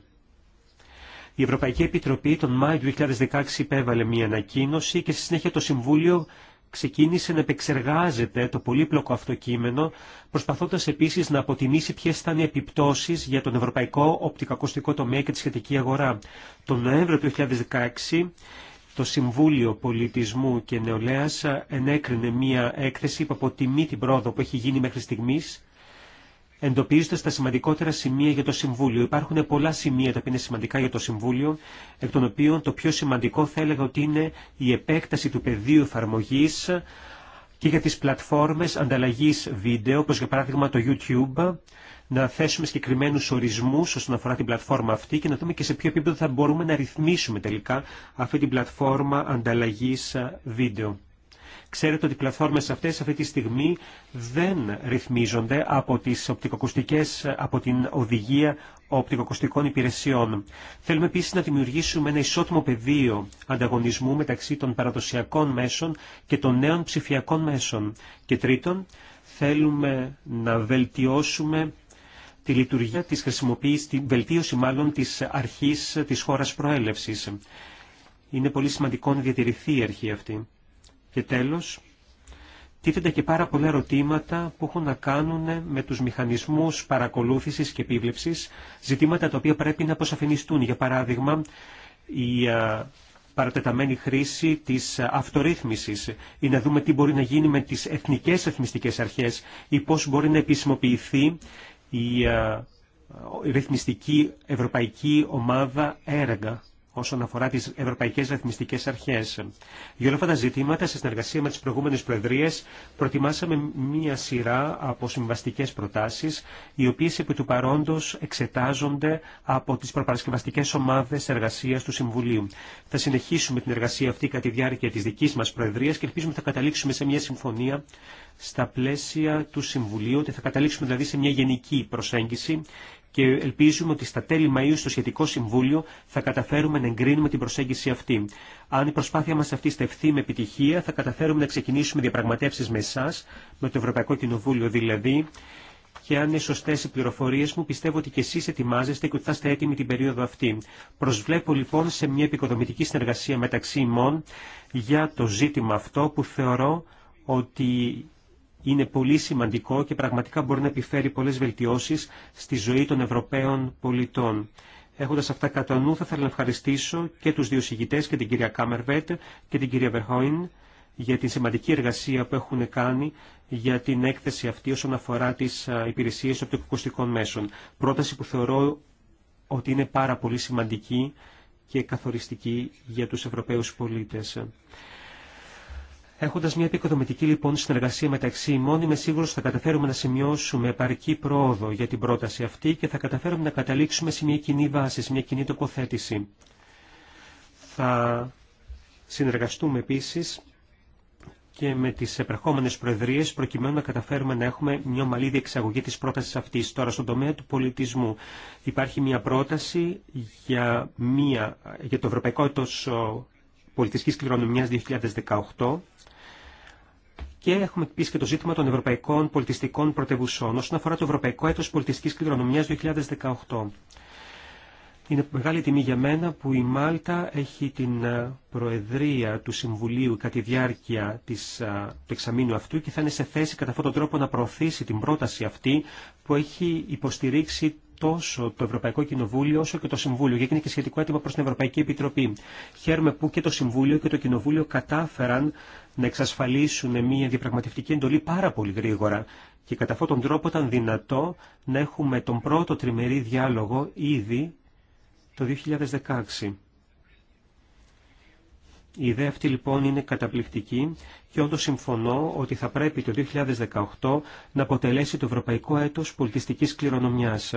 Η Ευρωπαϊκή Επιτροπή τον Μάιο 2016 υπέβαλε μια ανακοίνωση και στη συνέχεια το Συμβούλιο ξεκίνησε να επεξεργάζεται το πολύπλοκο αυτό κείμενο, προσπαθώντας επίσης να αποτιμήσει ποιες ήταν οι επιπτώσεις για τον ευρωπαϊκό οπτικακοστικό τομέα και τη σχετική αγορά. Τον Νοέμβριο του 2016 το Συμβούλιο Πολιτισμού και Νεολαίας ενέκρινε μία έκθεση που αποτιμεί την πρόοδο που έχει γίνει μέχρι στιγμής εντοπίζονται στα σημαντικότερα σημεία για το Συμβούλιο. Υπάρχουν πολλά σημεία τα οποία είναι σημαντικά για το Συμβούλιο, εκ των οποίων το πιο σημαντικό θα έλεγα ότι είναι η επέκταση του πεδίου εφαρμογή και για τις πλατφόρμες ανταλλαγής βίντεο, όπως για παράδειγμα το YouTube, να θέσουμε συγκεκριμένου ορισμούς όσον αφορά την πλατφόρμα αυτή και να δούμε και σε ποιο επίπεδο θα μπορούμε να ρυθμίσουμε τελικά αυτή την πλατφόρμα ανταλλαγής ε, βίντεο. Ξέρετε ότι οι πλατφόρμες αυτές αυτή τη στιγμή δεν ρυθμίζονται από, τις οπτικοκουστικές, από την οδηγία οπτικοκουστικών υπηρεσιών. Θέλουμε επίσης να δημιουργήσουμε ένα ισότιμο πεδίο ανταγωνισμού μεταξύ των παραδοσιακών μέσων και των νέων ψηφιακών μέσων. Και τρίτον, θέλουμε να βελτιώσουμε τη λειτουργία της χρησιμοποίησης, τη βελτίωση μάλλον της αρχής της χώρας προέλευσης. Είναι πολύ σημαντικό να διατηρηθεί η αρχή αυτή. Και τέλος, τίθενται και πάρα πολλά ερωτήματα που έχουν να κάνουν με τους μηχανισμούς παρακολούθησης και επίβλεψης, ζητήματα τα οποία πρέπει να αποσαφινιστούν. Για παράδειγμα, η παρατεταμένη χρήση της αυτορύθμισης ή να δούμε τι μπορεί να γίνει με τις εθνικές εθνιστικές ρυθμιστικές μπορεί να επισημοποιηθεί η ρυθμιστική ευρωπαϊκή ομάδα έργα όσον αφορά τι ευρωπαϊκέ ρυθμιστικέ αρχέ. Για όλα αυτά τα ζητήματα, σε συνεργασία με τι προηγούμενε Προεδρίε, προετοιμάσαμε μία σειρά από συμβαστικέ προτάσει, οι οποίε επί του παρόντο εξετάζονται από τι προπαρασκευαστικέ ομάδε εργασία του Συμβουλίου. Θα συνεχίσουμε την εργασία αυτή κατά τη διάρκεια τη δική μα Προεδρία και ελπίζουμε ότι θα καταλήξουμε σε μία συμφωνία στα πλαίσια του Συμβουλίου, ότι θα καταλήξουμε δηλαδή σε μια γενική προσέγγιση και ελπίζουμε ότι στα τέλη Μαΐου στο σχετικό συμβούλιο θα καταφέρουμε να εγκρίνουμε την προσέγγιση αυτή. Αν η προσπάθεια μας αυτή στεφθεί με επιτυχία, θα καταφέρουμε να ξεκινήσουμε διαπραγματεύσεις με εσά, με το Ευρωπαϊκό Κοινοβούλιο δηλαδή, και αν είναι σωστέ οι πληροφορίε μου, πιστεύω ότι και εσεί ετοιμάζεστε και ότι θα είστε έτοιμοι την περίοδο αυτή. Προσβλέπω λοιπόν σε μια επικοδομητική συνεργασία μεταξύ ημών για το ζήτημα αυτό που θεωρώ ότι είναι πολύ σημαντικό και πραγματικά μπορεί να επιφέρει πολλές βελτιώσεις στη ζωή των Ευρωπαίων πολιτών. Έχοντας αυτά κατά νου θα ήθελα να ευχαριστήσω και τους δύο συγητές και την κυρία Κάμερβέτ και την κυρία Βερχόιν για την σημαντική εργασία που έχουν κάνει για την έκθεση αυτή όσον αφορά τις υπηρεσίες οπτικοκουστικών μέσων. Πρόταση που θεωρώ ότι είναι πάρα πολύ σημαντική και καθοριστική για τους Ευρωπαίους πολίτες. Έχοντα μια επικοδομητική λοιπόν συνεργασία μεταξύ ημών, είμαι σίγουρο ότι θα καταφέρουμε να σημειώσουμε επαρκή πρόοδο για την πρόταση αυτή και θα καταφέρουμε να καταλήξουμε σε μια κοινή βάση, σε μια κοινή τοποθέτηση. Θα συνεργαστούμε επίση και με τι επερχόμενε προεδρίε προκειμένου να καταφέρουμε να έχουμε μια ομαλή διεξαγωγή τη πρόταση αυτή. Τώρα, στον τομέα του πολιτισμού υπάρχει μια πρόταση για, μια, για το Ευρωπαϊκό Έτο πολιτιστική κληρονομία 2018 και έχουμε επίση και το ζήτημα των ευρωπαϊκών πολιτιστικών πρωτευουσών όσον αφορά το Ευρωπαϊκό Έτος Πολιτιστικής Κληρονομιάς 2018. Είναι μεγάλη τιμή για μένα που η Μάλτα έχει την ε, προεδρία του Συμβουλίου κατά τη διάρκεια της, ε, του εξαμήνου αυτού και θα είναι σε θέση κατά αυτόν τον τρόπο να προωθήσει την πρόταση αυτή που έχει υποστηρίξει τόσο το Ευρωπαϊκό Κοινοβούλιο όσο και το Συμβούλιο. γιατί είναι και σχετικό έτοιμο προ την Ευρωπαϊκή Επιτροπή. Χαίρομαι που και το Συμβούλιο και το Κοινοβούλιο κατάφεραν να εξασφαλίσουν μια διαπραγματευτική εντολή πάρα πολύ γρήγορα. Και κατά αυτόν τον τρόπο ήταν δυνατό να έχουμε τον πρώτο τριμερή διάλογο ήδη το 2016. Η ιδέα αυτή λοιπόν είναι καταπληκτική και όντως συμφωνώ ότι θα πρέπει το 2018 να αποτελέσει το Ευρωπαϊκό Έτος Πολιτιστικής Κληρονομιάς.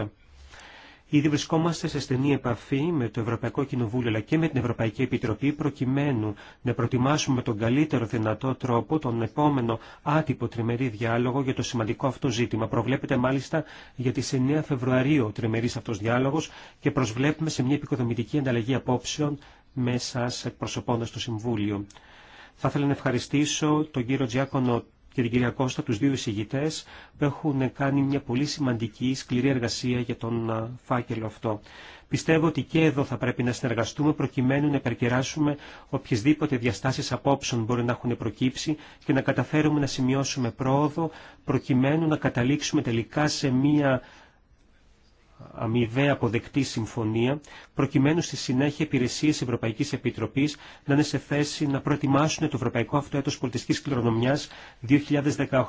Ήδη βρισκόμαστε σε στενή επαφή με το Ευρωπαϊκό Κοινοβούλιο αλλά και με την Ευρωπαϊκή Επιτροπή προκειμένου να προτιμάσουμε τον καλύτερο δυνατό τρόπο τον επόμενο άτυπο τριμερή διάλογο για το σημαντικό αυτό ζήτημα. Προβλέπεται μάλιστα για τις 9 Φεβρουαρίου ο τριμερής αυτός διάλογος και προσβλέπουμε σε μια επικοδομητική ανταλλαγή απόψεων μέσα σε εκπροσωπώντας το Συμβούλιο. Θα ήθελα να ευχαριστήσω τον κύριο Τζιάκονο και την κυρία Κώστα, τους δύο εισηγητές που έχουν κάνει μια πολύ σημαντική σκληρή εργασία για τον φάκελο αυτό. Πιστεύω ότι και εδώ θα πρέπει να συνεργαστούμε προκειμένου να υπερκεράσουμε οποιασδήποτε διαστάσεις απόψεων μπορεί να έχουν προκύψει και να καταφέρουμε να σημειώσουμε πρόοδο προκειμένου να καταλήξουμε τελικά σε μια αμοιβαία αποδεκτή συμφωνία, προκειμένου στη συνέχεια υπηρεσίε Ευρωπαϊκή Επιτροπή να είναι σε θέση να προετοιμάσουν το Ευρωπαϊκό Αυτό Έτο Πολιτιστική Κληρονομιά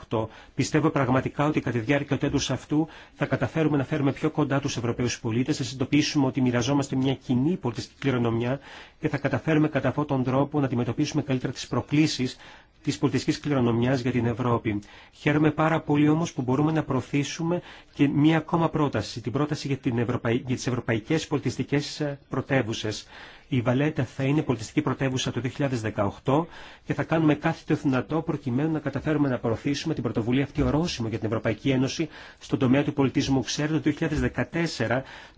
2018. Πιστεύω πραγματικά ότι κατά τη διάρκεια του έτου αυτού θα καταφέρουμε να φέρουμε πιο κοντά του Ευρωπαίου πολίτε, να συνειδητοποιήσουμε ότι μοιραζόμαστε μια κοινή πολιτιστική κληρονομιά και θα καταφέρουμε κατά αυτόν τον τρόπο να αντιμετωπίσουμε καλύτερα τι προκλήσει Τη πολιτιστική κληρονομιά για την Ευρώπη. Χαίρομαι πάρα πολύ όμω που μπορούμε να προωθήσουμε και μία ακόμα πρόταση, την πρόταση για, την Ευρωπαϊ... για τις ευρωπαϊκές πολιτιστικές ε, πρωτεύουσες. Η Βαλέτα θα είναι πολιτιστική πρωτεύουσα το 2018 και θα κάνουμε κάθε το δυνατό προκειμένου να καταφέρουμε να προωθήσουμε την πρωτοβουλία αυτή ορόσημο για την Ευρωπαϊκή Ένωση στον τομέα του πολιτισμού. Ξέρω το 2014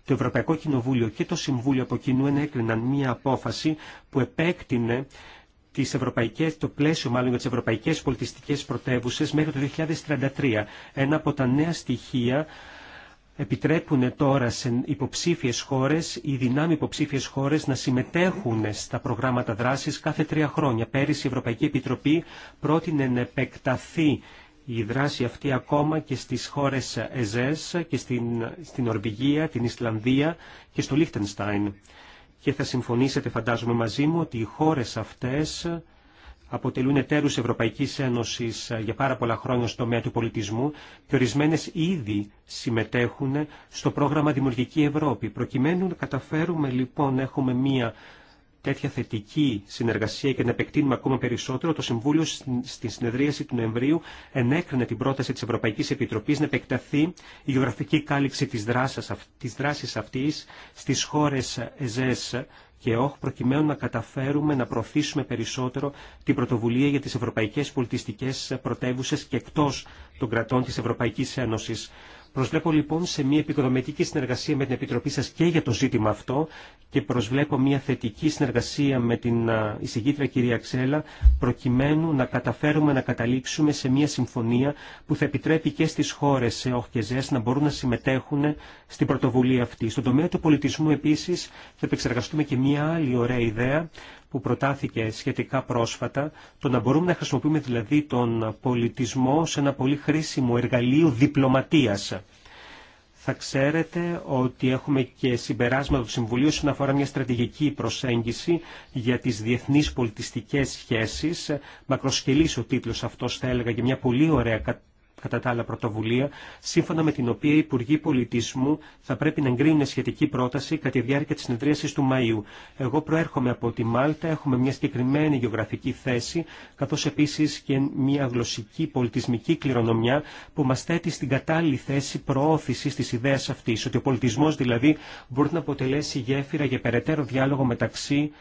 το Ευρωπαϊκό Κοινοβούλιο και το Συμβούλιο από κοινού ενέκριναν μία απόφαση που επέκτηνε τις ευρωπαϊκές, το πλαίσιο μάλλον για τις ευρωπαϊκές πολιτιστικές πρωτεύουσες μέχρι το 2033. Ένα από τα νέα στοιχεία επιτρέπουν τώρα σε υποψήφιες χώρες ή δυνάμει υποψήφιες χώρες να συμμετέχουν στα προγράμματα δράσης κάθε τρία χρόνια. Πέρυσι η Ευρωπαϊκή Επιτροπή πρότεινε να επεκταθεί η δράση αυτή ακόμα και στις χώρες ΕΖΕΣ και στην, στην Ορβηγία, την Ισλανδία και στο Λίχτενστάιν και θα συμφωνήσετε φαντάζομαι μαζί μου ότι οι χώρες αυτές αποτελούν εταίρους Ευρωπαϊκής Ένωσης ε, για πάρα πολλά χρόνια στο τομέα του πολιτισμού και ορισμένες ήδη συμμετέχουν στο πρόγραμμα Δημιουργική Ευρώπη. Προκειμένου να καταφέρουμε λοιπόν να έχουμε μία τέτοια θετική συνεργασία και να επεκτείνουμε ακόμα περισσότερο, το Συμβούλιο στη συνεδρίαση του Νοεμβρίου ενέκρινε την πρόταση της Ευρωπαϊκής Επιτροπής να επεκταθεί η γεωγραφική κάλυψη της δράσης, της δράσης αυτής στις χώρες ΕΖΕΣ και ΟΧ προκειμένου να καταφέρουμε να προωθήσουμε περισσότερο την πρωτοβουλία για τις ευρωπαϊκές πολιτιστικές πρωτεύουσες και εκτός των κρατών της Ευρωπαϊκής Ένωσης. Προσβλέπω λοιπόν σε μια επικοδομητική συνεργασία με την Επιτροπή σας και για το ζήτημα αυτό και προσβλέπω μια θετική συνεργασία με την εισηγήτρια κυρία Ξέλα προκειμένου να καταφέρουμε να καταλήξουμε σε μια συμφωνία που θα επιτρέπει και στις χώρες σε ΟΧΚΕΖΕΣ να μπορούν να συμμετέχουν στην πρωτοβουλία αυτή. Στον τομέα του πολιτισμού επίσης θα επεξεργαστούμε και μια άλλη ωραία ιδέα που προτάθηκε σχετικά πρόσφατα, το να μπορούμε να χρησιμοποιούμε δηλαδή τον πολιτισμό σε ένα πολύ χρήσιμο εργαλείο διπλωματίας. Θα ξέρετε ότι έχουμε και συμπεράσματα του Συμβουλίου όσον αφορά μια στρατηγική προσέγγιση για τις διεθνείς πολιτιστικές σχέσεις. Μακροσκελής ο τίτλος αυτός θα έλεγα και μια πολύ ωραία κατά τα άλλα πρωτοβουλία, σύμφωνα με την οποία οι Υπουργοί Πολιτισμού θα πρέπει να εγκρίνουν σχετική πρόταση κατά τη διάρκεια τη συνεδρίαση του Μαΐου. Εγώ προέρχομαι από τη Μάλτα, έχουμε μια συγκεκριμένη γεωγραφική θέση, καθώ επίση και μια γλωσσική πολιτισμική κληρονομιά που μα θέτει στην κατάλληλη θέση προώθηση τη ιδέα αυτή. Ότι ο πολιτισμό δηλαδή μπορεί να αποτελέσει γέφυρα για περαιτέρω διάλογο μεταξύ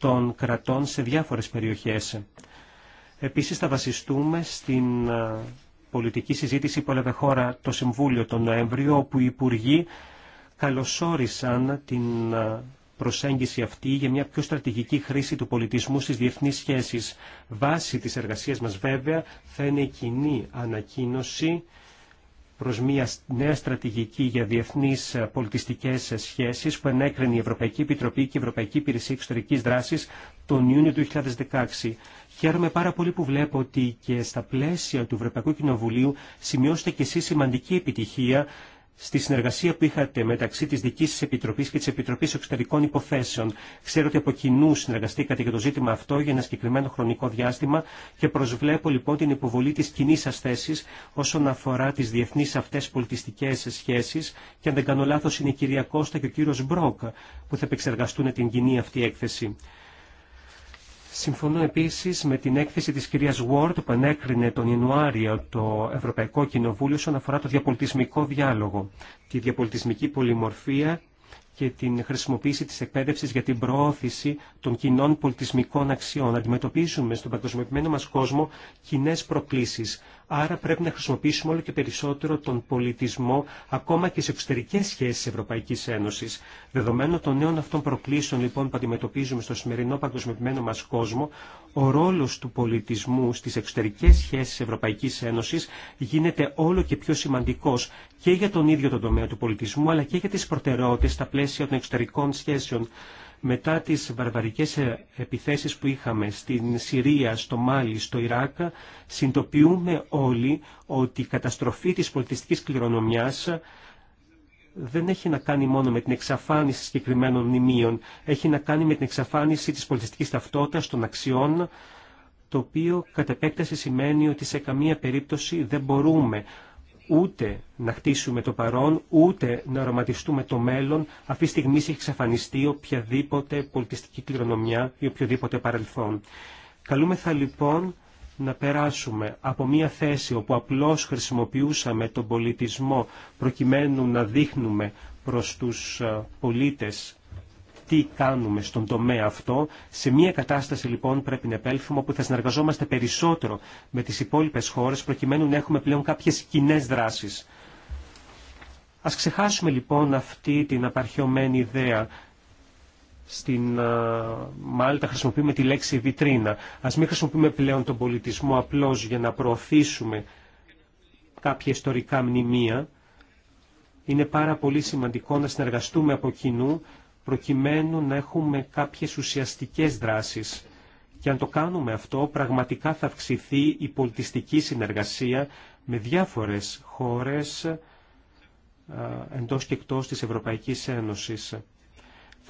των κρατών σε διάφορες περιοχές. Επίσης θα βασιστούμε στην πολιτική συζήτηση που έλαβε χώρα το Συμβούλιο τον Νοέμβριο, όπου οι Υπουργοί καλωσόρισαν την προσέγγιση αυτή για μια πιο στρατηγική χρήση του πολιτισμού στις διεθνείς σχέσεις. Βάση της εργασίας μας βέβαια θα είναι η κοινή ανακοίνωση προς μια νέα στρατηγική για διεθνείς ε, πολιτιστικές ε, σχέσεις που ενέκρινε η Ευρωπαϊκή Επιτροπή και η Ευρωπαϊκή Υπηρεσία Εξωτερικής Δράσης τον Ιούνιο του 2016. Χαίρομαι πάρα πολύ που βλέπω ότι και στα πλαίσια του Ευρωπαϊκού Κοινοβουλίου σημειώσετε και εσείς σημαντική επιτυχία στη συνεργασία που είχατε μεταξύ της δικής σας Επιτροπής και της Επιτροπής Εξωτερικών Υποθέσεων. Ξέρω ότι από κοινού συνεργαστήκατε για το ζήτημα αυτό για ένα συγκεκριμένο χρονικό διάστημα και προσβλέπω λοιπόν την υποβολή της κοινή σα θέση όσον αφορά τις διεθνείς αυτές πολιτιστικές σχέσεις και αν δεν κάνω λάθος είναι η κυρία Κώστα και ο κύριος Μπρόκ που θα επεξεργαστούν την κοινή αυτή έκθεση. Συμφωνώ επίσης με την έκθεση της κυρίας Ward που ανέκρινε τον Ιανουάριο το Ευρωπαϊκό Κοινοβούλιο όσον αφορά το διαπολιτισμικό διάλογο, τη διαπολιτισμική πολυμορφία και την χρησιμοποίηση της εκπαίδευσης για την προώθηση των κοινών πολιτισμικών αξιών. Αντιμετωπίζουμε στον παγκοσμιοποιημένο μας κόσμο κοινέ προκλήσεις. Άρα πρέπει να χρησιμοποιήσουμε όλο και περισσότερο τον πολιτισμό ακόμα και σε εξωτερικές σχέσεις Ευρωπαϊκής Ένωσης. Δεδομένου των νέων αυτών προκλήσεων λοιπόν που αντιμετωπίζουμε στο σημερινό παγκοσμιοποιημένο μας κόσμο, ο ρόλος του πολιτισμού στις εξωτερικές σχέσεις Ευρωπαϊκής Ένωσης γίνεται όλο και πιο σημαντικός και για τον ίδιο τον τομέα του πολιτισμού αλλά και για τις προτεραιότητες στα πλαίσια των εξωτερικών σχέσεων μετά τις βαρβαρικές ε, επιθέσεις που είχαμε στην Συρία, στο Μάλι, στο Ιράκ, συντοποιούμε όλοι ότι η καταστροφή της πολιτιστικής κληρονομιάς δεν έχει να κάνει μόνο με την εξαφάνιση συγκεκριμένων μνημείων, έχει να κάνει με την εξαφάνιση της πολιτιστικής ταυτότητας, των αξιών, το οποίο κατ' επέκταση σημαίνει ότι σε καμία περίπτωση δεν μπορούμε ούτε να χτίσουμε το παρόν, ούτε να αρωματιστούμε το μέλλον. Αυτή τη στιγμή έχει εξαφανιστεί οποιαδήποτε πολιτιστική κληρονομιά ή οποιοδήποτε παρελθόν. Καλούμεθα λοιπόν να περάσουμε από μια θέση όπου απλώς χρησιμοποιούσαμε τον πολιτισμό προκειμένου να δείχνουμε προς τους ε, πολίτες τι κάνουμε στον τομέα αυτό. Σε μια κατάσταση λοιπόν πρέπει να επέλθουμε όπου θα συνεργαζόμαστε περισσότερο με τις υπόλοιπες χώρες προκειμένου να έχουμε πλέον κάποιες κοινέ δράσεις. Ας ξεχάσουμε λοιπόν αυτή την απαρχαιωμένη ιδέα στην Μάλτα χρησιμοποιούμε τη λέξη βιτρίνα. Ας μην χρησιμοποιούμε πλέον τον πολιτισμό απλώς για να προωθήσουμε κάποια ιστορικά μνημεία. Είναι πάρα πολύ σημαντικό να συνεργαστούμε από κοινού προκειμένου να έχουμε κάποιες ουσιαστικές δράσεις. Και αν το κάνουμε αυτό, πραγματικά θα αυξηθεί η πολιτιστική συνεργασία με διάφορες χώρες εντός και εκτός της Ευρωπαϊκής Ένωσης.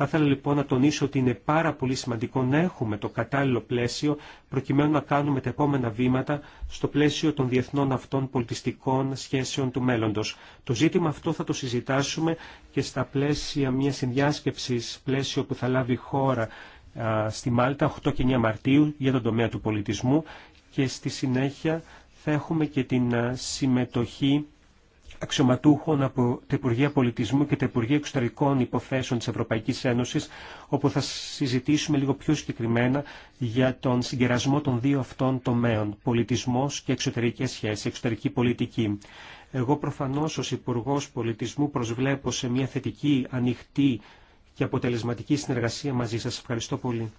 Θα ήθελα λοιπόν να τονίσω ότι είναι πάρα πολύ σημαντικό να έχουμε το κατάλληλο πλαίσιο προκειμένου να κάνουμε τα επόμενα βήματα στο πλαίσιο των διεθνών αυτών πολιτιστικών σχέσεων του μέλλοντος. Το ζήτημα αυτό θα το συζητάσουμε και στα πλαίσια μιας συνδιάσκεψης πλαίσιο που θα λάβει η χώρα στη Μάλτα 8 και 9 Μαρτίου για τον τομέα του πολιτισμού και στη συνέχεια θα έχουμε και την συμμετοχή αξιωματούχων από την Υπουργεία Πολιτισμού και την Υπουργεία Εξωτερικών Υποθέσεων της Ευρωπαϊκής Ένωσης, όπου θα συζητήσουμε λίγο πιο συγκεκριμένα για τον συγκερασμό των δύο αυτών τομέων, πολιτισμός και εξωτερικές σχέσεις, εξωτερική πολιτική. Εγώ προφανώς ως υπουργό Πολιτισμού προσβλέπω σε μια θετική, ανοιχτή και αποτελεσματική συνεργασία μαζί σας. Ευχαριστώ πολύ.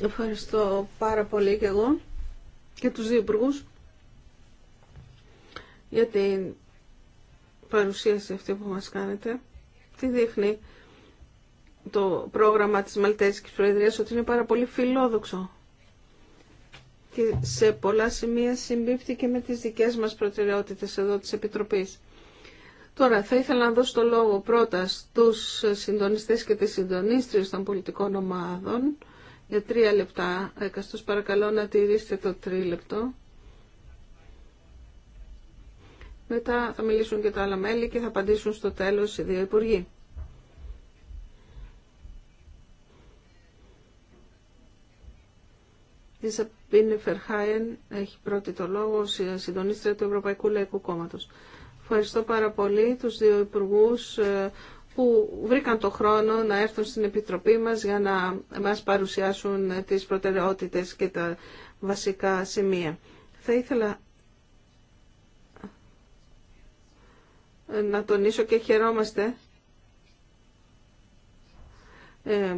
Ευχαριστώ πάρα πολύ και εγώ και τους δύο υπουργού για την παρουσίαση αυτή που μας κάνετε. Τι δείχνει το πρόγραμμα της Μαλτέζικης Προεδρίας ότι είναι πάρα πολύ φιλόδοξο και σε πολλά σημεία συμπίπτει και με τις δικές μας προτεραιότητες εδώ της Επιτροπής. Τώρα θα ήθελα να δώσω το λόγο πρώτα στους συντονιστές και τις συντονίστριες των πολιτικών ομάδων για τρία λεπτά. Εκαστός παρακαλώ να τηρήσετε το τρίλεπτο. Μετά θα μιλήσουν και τα άλλα μέλη και θα απαντήσουν στο τέλος οι δύο υπουργοί. Η Σαπίνε Φερχάιεν έχει πρώτη το λόγο, συντονίστρια του Ευρωπαϊκού Λαϊκού Κόμματος. Ευχαριστώ πάρα πολύ τους δύο υπουργούς ε, που βρήκαν το χρόνο να έρθουν στην Επιτροπή μας για να μας παρουσιάσουν τις προτεραιότητες και τα βασικά σημεία. Θα ήθελα να τονίσω και χαιρόμαστε ε,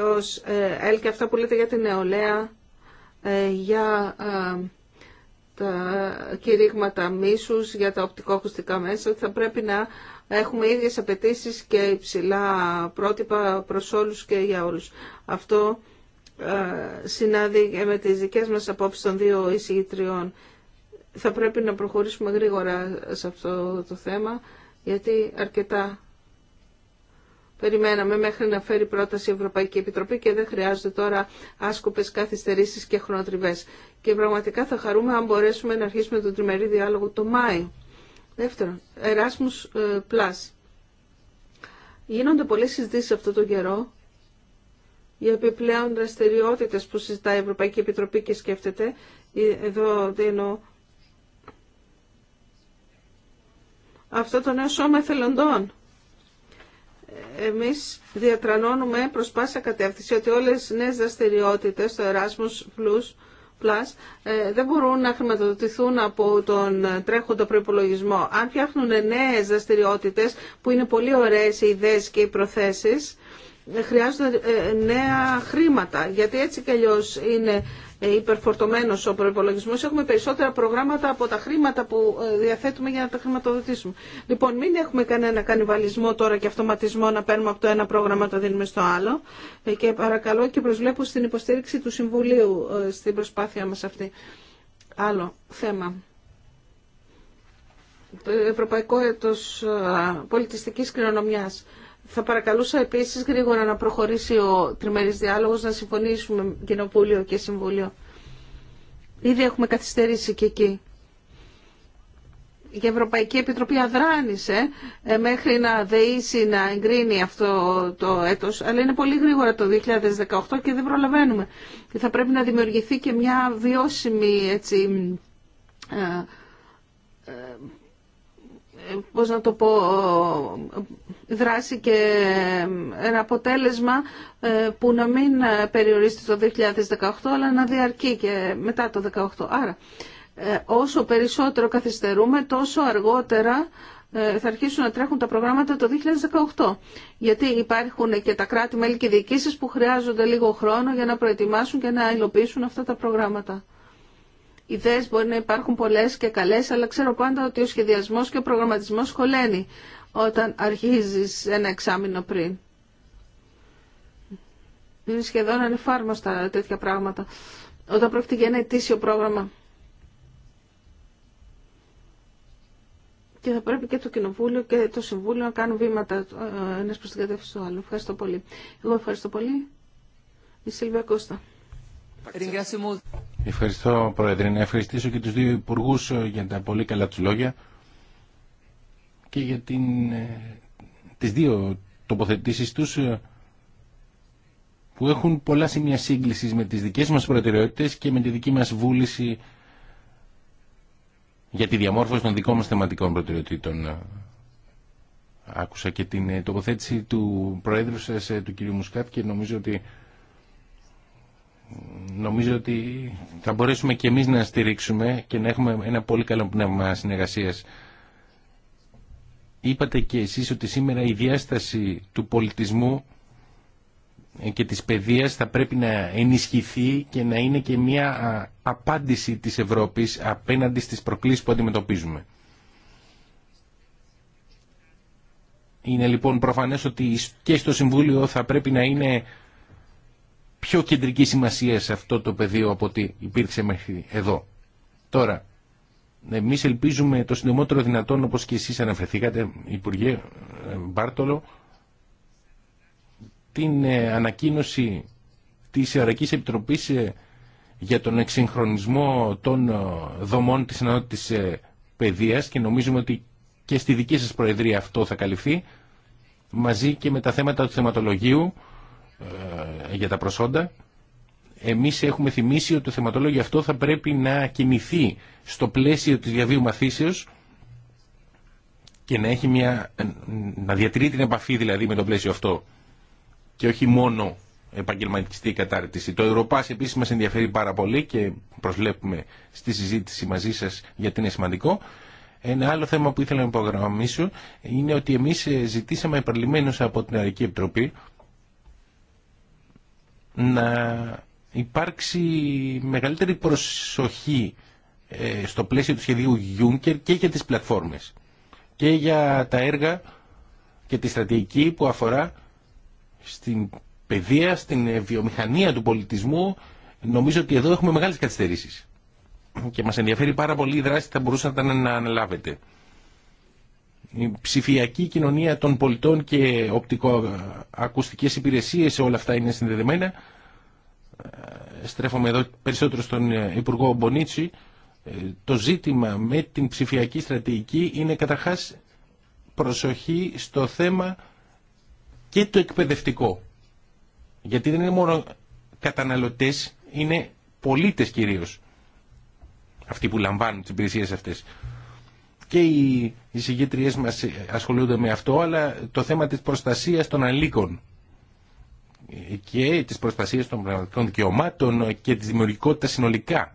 ως ε, και αυτά που λέτε για την νεολαία, ε, για ε, τα κηρύγματα μίσους, για τα οπτικοακουστικά μέσα, θα πρέπει να έχουμε ίδιες απαιτήσει και υψηλά πρότυπα προς όλους και για όλους. Αυτό ε, συνάδει με τις δικές μας απόψεις των δύο εισηγητριών. Θα πρέπει να προχωρήσουμε γρήγορα σε αυτό το θέμα, γιατί αρκετά περιμέναμε μέχρι να φέρει πρόταση η Ευρωπαϊκή Επιτροπή και δεν χρειάζονται τώρα άσκοπες καθυστερήσεις και χρονοτριβές. Και πραγματικά θα χαρούμε αν μπορέσουμε να αρχίσουμε τον τριμερή διάλογο το Μάιο. Δεύτερον, Erasmus ε, Plus. Γίνονται πολλές συζητήσεις αυτό τον καιρό για επιπλέον δραστηριότητε που συζητά η Ευρωπαϊκή Επιτροπή και σκέφτεται. Ε, εδώ δίνω αυτό το νέο σώμα εθελοντών. Εμείς διατρανώνουμε προς πάσα κατεύθυνση ότι όλες οι νέες δραστηριότητες στο Erasmus Plus ε, δεν μπορούν να χρηματοδοτηθούν από τον τρέχοντο προπολογισμό. Αν φτιάχνουν νέες δραστηριότητε που είναι πολύ ωραίες οι ιδέες και οι προθέσεις, ε, χρειάζονται ε, νέα χρήματα, γιατί έτσι κι είναι ε, υπερφορτωμένος ο προπολογισμό Έχουμε περισσότερα προγράμματα από τα χρήματα που ε, διαθέτουμε για να τα χρηματοδοτήσουμε. Λοιπόν, μην έχουμε κανένα κανιβαλισμό τώρα και αυτοματισμό να παίρνουμε από το ένα πρόγραμμα το δίνουμε στο άλλο. Ε, και παρακαλώ και προσβλέπω στην υποστήριξη του Συμβουλίου στην προσπάθειά μας αυτή. Άλλο θέμα. Το Ευρωπαϊκό Έτος Πολιτιστικής Κληρονομιάς. Θα παρακαλούσα επίσης γρήγορα να προχωρήσει ο τριμερής διάλογος, να συμφωνήσουμε κοινοβούλιο και συμβούλιο. Ήδη έχουμε καθυστερήσει και εκεί. Η Ευρωπαϊκή Επιτροπή αδράνησε ε, μέχρι να δεήσει, να εγκρίνει αυτό το έτος, αλλά είναι πολύ γρήγορα το 2018 και δεν προλαβαίνουμε. Και θα πρέπει να δημιουργηθεί και μια βιώσιμη έτσι, ε, ε, πώς να το πω, δράση και ένα αποτέλεσμα ε, που να μην περιορίζεται το 2018 αλλά να διαρκεί και μετά το 2018. Άρα ε, όσο περισσότερο καθυστερούμε τόσο αργότερα ε, θα αρχίσουν να τρέχουν τα προγράμματα το 2018. Γιατί υπάρχουν και τα κράτη-μέλη και διοικήσεις που χρειάζονται λίγο χρόνο για να προετοιμάσουν και να υλοποιήσουν αυτά τα προγράμματα ιδέες μπορεί να υπάρχουν πολλές και καλές, αλλά ξέρω πάντα ότι ο σχεδιασμός και ο προγραμματισμός χωλαίνει όταν αρχίζεις ένα εξάμεινο πριν. Είναι σχεδόν ανεφάρμοστα τέτοια πράγματα. Όταν πρόκειται για ένα ετήσιο πρόγραμμα. Και θα πρέπει και το Κοινοβούλιο και το Συμβούλιο να κάνουν βήματα ε, ένας προς την κατεύθυνση του άλλου. Ευχαριστώ πολύ. Εγώ ευχαριστώ πολύ. Η Σίλβια Κώστα. Ευχαριστώ Πρόεδρε. Να ευχαριστήσω και τους δύο υπουργού ε, για τα πολύ καλά τους λόγια και για την, ε, τις δύο τοποθετήσεις τους ε, που έχουν πολλά σημεία σύγκληση με τις δικές μας προτεραιότητες και με τη δική μας βούληση για τη διαμόρφωση των δικών μας θεματικών προτεραιοτήτων. Άκουσα και την τοποθέτηση του Προέδρου σας, του κ. Μουσκάτ, και νομίζω ότι νομίζω ότι θα μπορέσουμε και εμείς να στηρίξουμε και να έχουμε ένα πολύ καλό πνεύμα συνεργασίας. Είπατε και εσείς ότι σήμερα η διάσταση του πολιτισμού ε, και της παιδείας θα πρέπει να ενισχυθεί και να είναι και μια απάντηση της Ευρώπης απέναντι στις προκλήσεις που αντιμετωπίζουμε. Είναι λοιπόν προφανές ότι και στο Συμβούλιο θα πρέπει να είναι πιο κεντρική σημασία σε αυτό το πεδίο από ό,τι υπήρξε μέχρι εδώ. Τώρα, εμεί ελπίζουμε το συντομότερο δυνατόν, όπω και εσεί αναφερθήκατε, Υπουργέ ε, Μπάρτολο, την ε, ανακοίνωση τη Ιεραρχικής Επιτροπής ε, για τον εξυγχρονισμό των δομών της ενότητας παιδείας και νομίζουμε ότι και στη δική σας Προεδρία αυτό θα καλυφθεί μαζί και με τα θέματα του θεματολογίου ε, για τα προσόντα. Εμείς έχουμε θυμίσει ότι το θεματολόγιο αυτό θα πρέπει να κινηθεί στο πλαίσιο της διαβίου μαθήσεως και να, έχει μια, να διατηρεί την επαφή δηλαδή με το πλαίσιο αυτό και όχι μόνο επαγγελματική κατάρτιση. Το Ευρωπάς επίσης μας ενδιαφέρει πάρα πολύ και προσλέπουμε στη συζήτηση μαζί σας γιατί είναι σημαντικό. Ένα άλλο θέμα που ήθελα να υπογραμμίσω είναι ότι εμείς ζητήσαμε επαρλημένως από την Αρική Επιτροπή να υπάρξει μεγαλύτερη προσοχή ε, στο πλαίσιο του σχεδίου Juncker και για τις πλατφόρμες και για τα έργα και τη στρατηγική που αφορά στην παιδεία, στην ε, βιομηχανία του πολιτισμού. Νομίζω ότι εδώ έχουμε μεγάλες καθυστερήσεις και μας ενδιαφέρει πάρα πολύ η δράση που θα μπορούσατε να αναλάβετε. Η ψηφιακή κοινωνία των πολιτών και οπτικοακουστικές υπηρεσίες, όλα αυτά είναι συνδεδεμένα στρέφομαι εδώ περισσότερο στον ε, Υπουργό Μπονίτσι, ε, το ζήτημα με την ψηφιακή στρατηγική είναι καταρχάς προσοχή στο θέμα και το εκπαιδευτικό. Γιατί δεν είναι μόνο καταναλωτές, είναι πολίτες κυρίως αυτοί που λαμβάνουν τις υπηρεσίε αυτές. Και οι εισηγήτριές μας ασχολούνται με αυτό, αλλά το θέμα της προστασίας των αλήκων και της προστασίες των πραγματικών δικαιωμάτων και τη δημιουργικότητα συνολικά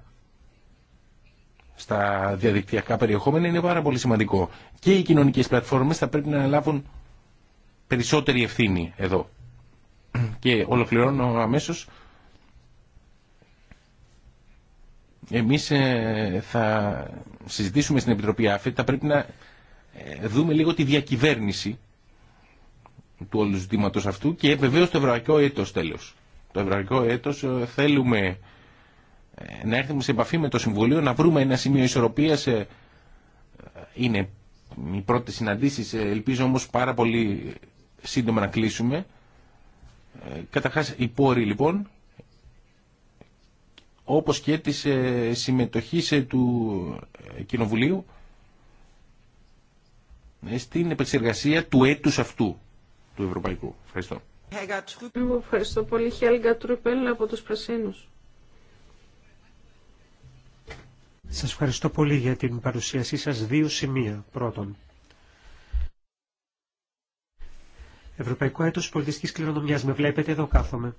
στα διαδικτυακά περιεχόμενα είναι πάρα πολύ σημαντικό. Και οι κοινωνικές πλατφόρμες θα πρέπει να λάβουν περισσότερη ευθύνη εδώ. Και ολοκληρώνω αμέσως. Εμείς ε, θα συζητήσουμε στην Επιτροπή ΑΦΕ, θα πρέπει να ε, δούμε λίγο τη διακυβέρνηση του όλου ζητήματο αυτού και βεβαίω το ευρωπαϊκό έτος τέλο. Το ευρωπαϊκό έτος ε, θέλουμε ε, να έρθουμε σε επαφή με το Συμβουλίο, να βρούμε ένα σημείο ισορροπίας. Ε, είναι οι πρώτε συναντήσει. ελπίζω όμως πάρα πολύ σύντομα να κλείσουμε. Καταρχά, οι πόροι λοιπόν, όπως και τη συμμετοχή του Κοινοβουλίου στην επεξεργασία του έτους αυτού του Ευρωπαϊκού. Ευχαριστώ. Εγώ ευχαριστώ πολύ, Χέλγα Τρουπέλ, από τους Πρασίνους. Σας ευχαριστώ πολύ για την παρουσίασή σας. Δύο σημεία. Πρώτον, Ευρωπαϊκό Έτος Πολιτιστικής Κληρονομιάς. Με βλέπετε, εδώ κάθομαι.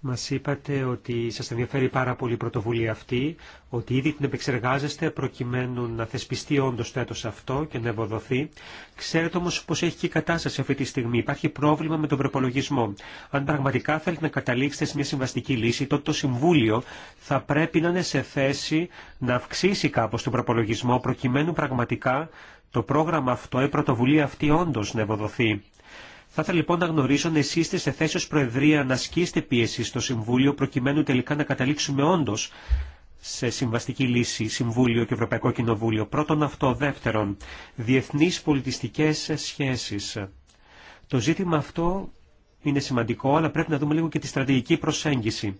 Μας είπατε ότι σας ενδιαφέρει πάρα πολύ η πρωτοβουλία αυτή, ότι ήδη την επεξεργάζεστε προκειμένου να θεσπιστεί όντω το αυτό και να ευοδοθεί. Ξέρετε όμως πως έχει και η κατάσταση αυτή τη στιγμή. Υπάρχει πρόβλημα με τον προπολογισμό. Αν πραγματικά θέλετε να καταλήξετε σε μια συμβαστική λύση, τότε το Συμβούλιο θα πρέπει να είναι σε θέση να αυξήσει κάπως τον προπολογισμό προκειμένου πραγματικά το πρόγραμμα αυτό, η πρωτοβουλία αυτή όντω να ευοδοθεί. Θα ήθελα λοιπόν να γνωρίσω αν εσεί είστε σε θέση ω Προεδρία να ασκήσετε πίεση στο Συμβούλιο προκειμένου τελικά να καταλήξουμε όντω σε συμβαστική λύση Συμβούλιο και Ευρωπαϊκό Κοινοβούλιο. Πρώτον αυτό. Δεύτερον, διεθνείς πολιτιστικέ σχέσεις. Το ζήτημα αυτό είναι σημαντικό, αλλά πρέπει να δούμε λίγο και τη στρατηγική προσέγγιση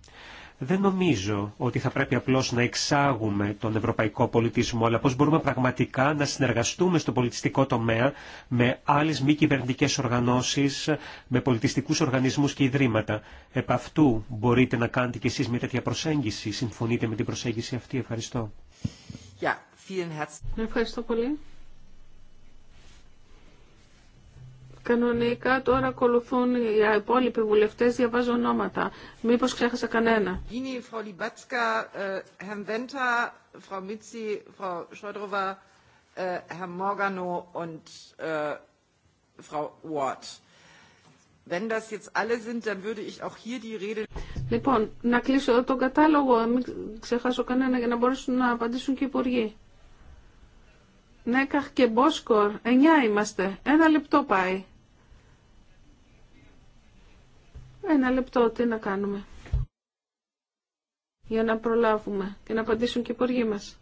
δεν νομίζω ότι θα πρέπει απλώς να εξάγουμε τον ευρωπαϊκό πολιτισμό, αλλά πώς μπορούμε πραγματικά να συνεργαστούμε στο πολιτιστικό τομέα με άλλες μη κυβερνητικέ οργανώσεις, με πολιτιστικούς οργανισμούς και ιδρύματα. Επ' αυτού μπορείτε να κάνετε κι εσείς μια τέτοια προσέγγιση. Συμφωνείτε με την προσέγγιση αυτή. Ευχαριστώ. Ευχαριστώ πολύ. Κανονικά τώρα ακολουθούν οι υπόλοιποι βουλευτέ, διαβάζω ονόματα. Μήπω ξέχασα κανένα. Λοιπόν, να κλείσω τον κατάλογο, μην ξεχάσω κανένα για να μπορέσουν να απαντήσουν και οι υπουργοί. Νέκαχ και Μπόσκορ, εννιά είμαστε. Ένα λεπτό πάει. Ένα λεπτό, τι να κάνουμε. Για να προλάβουμε και να απαντήσουν και οι υπουργοί μας.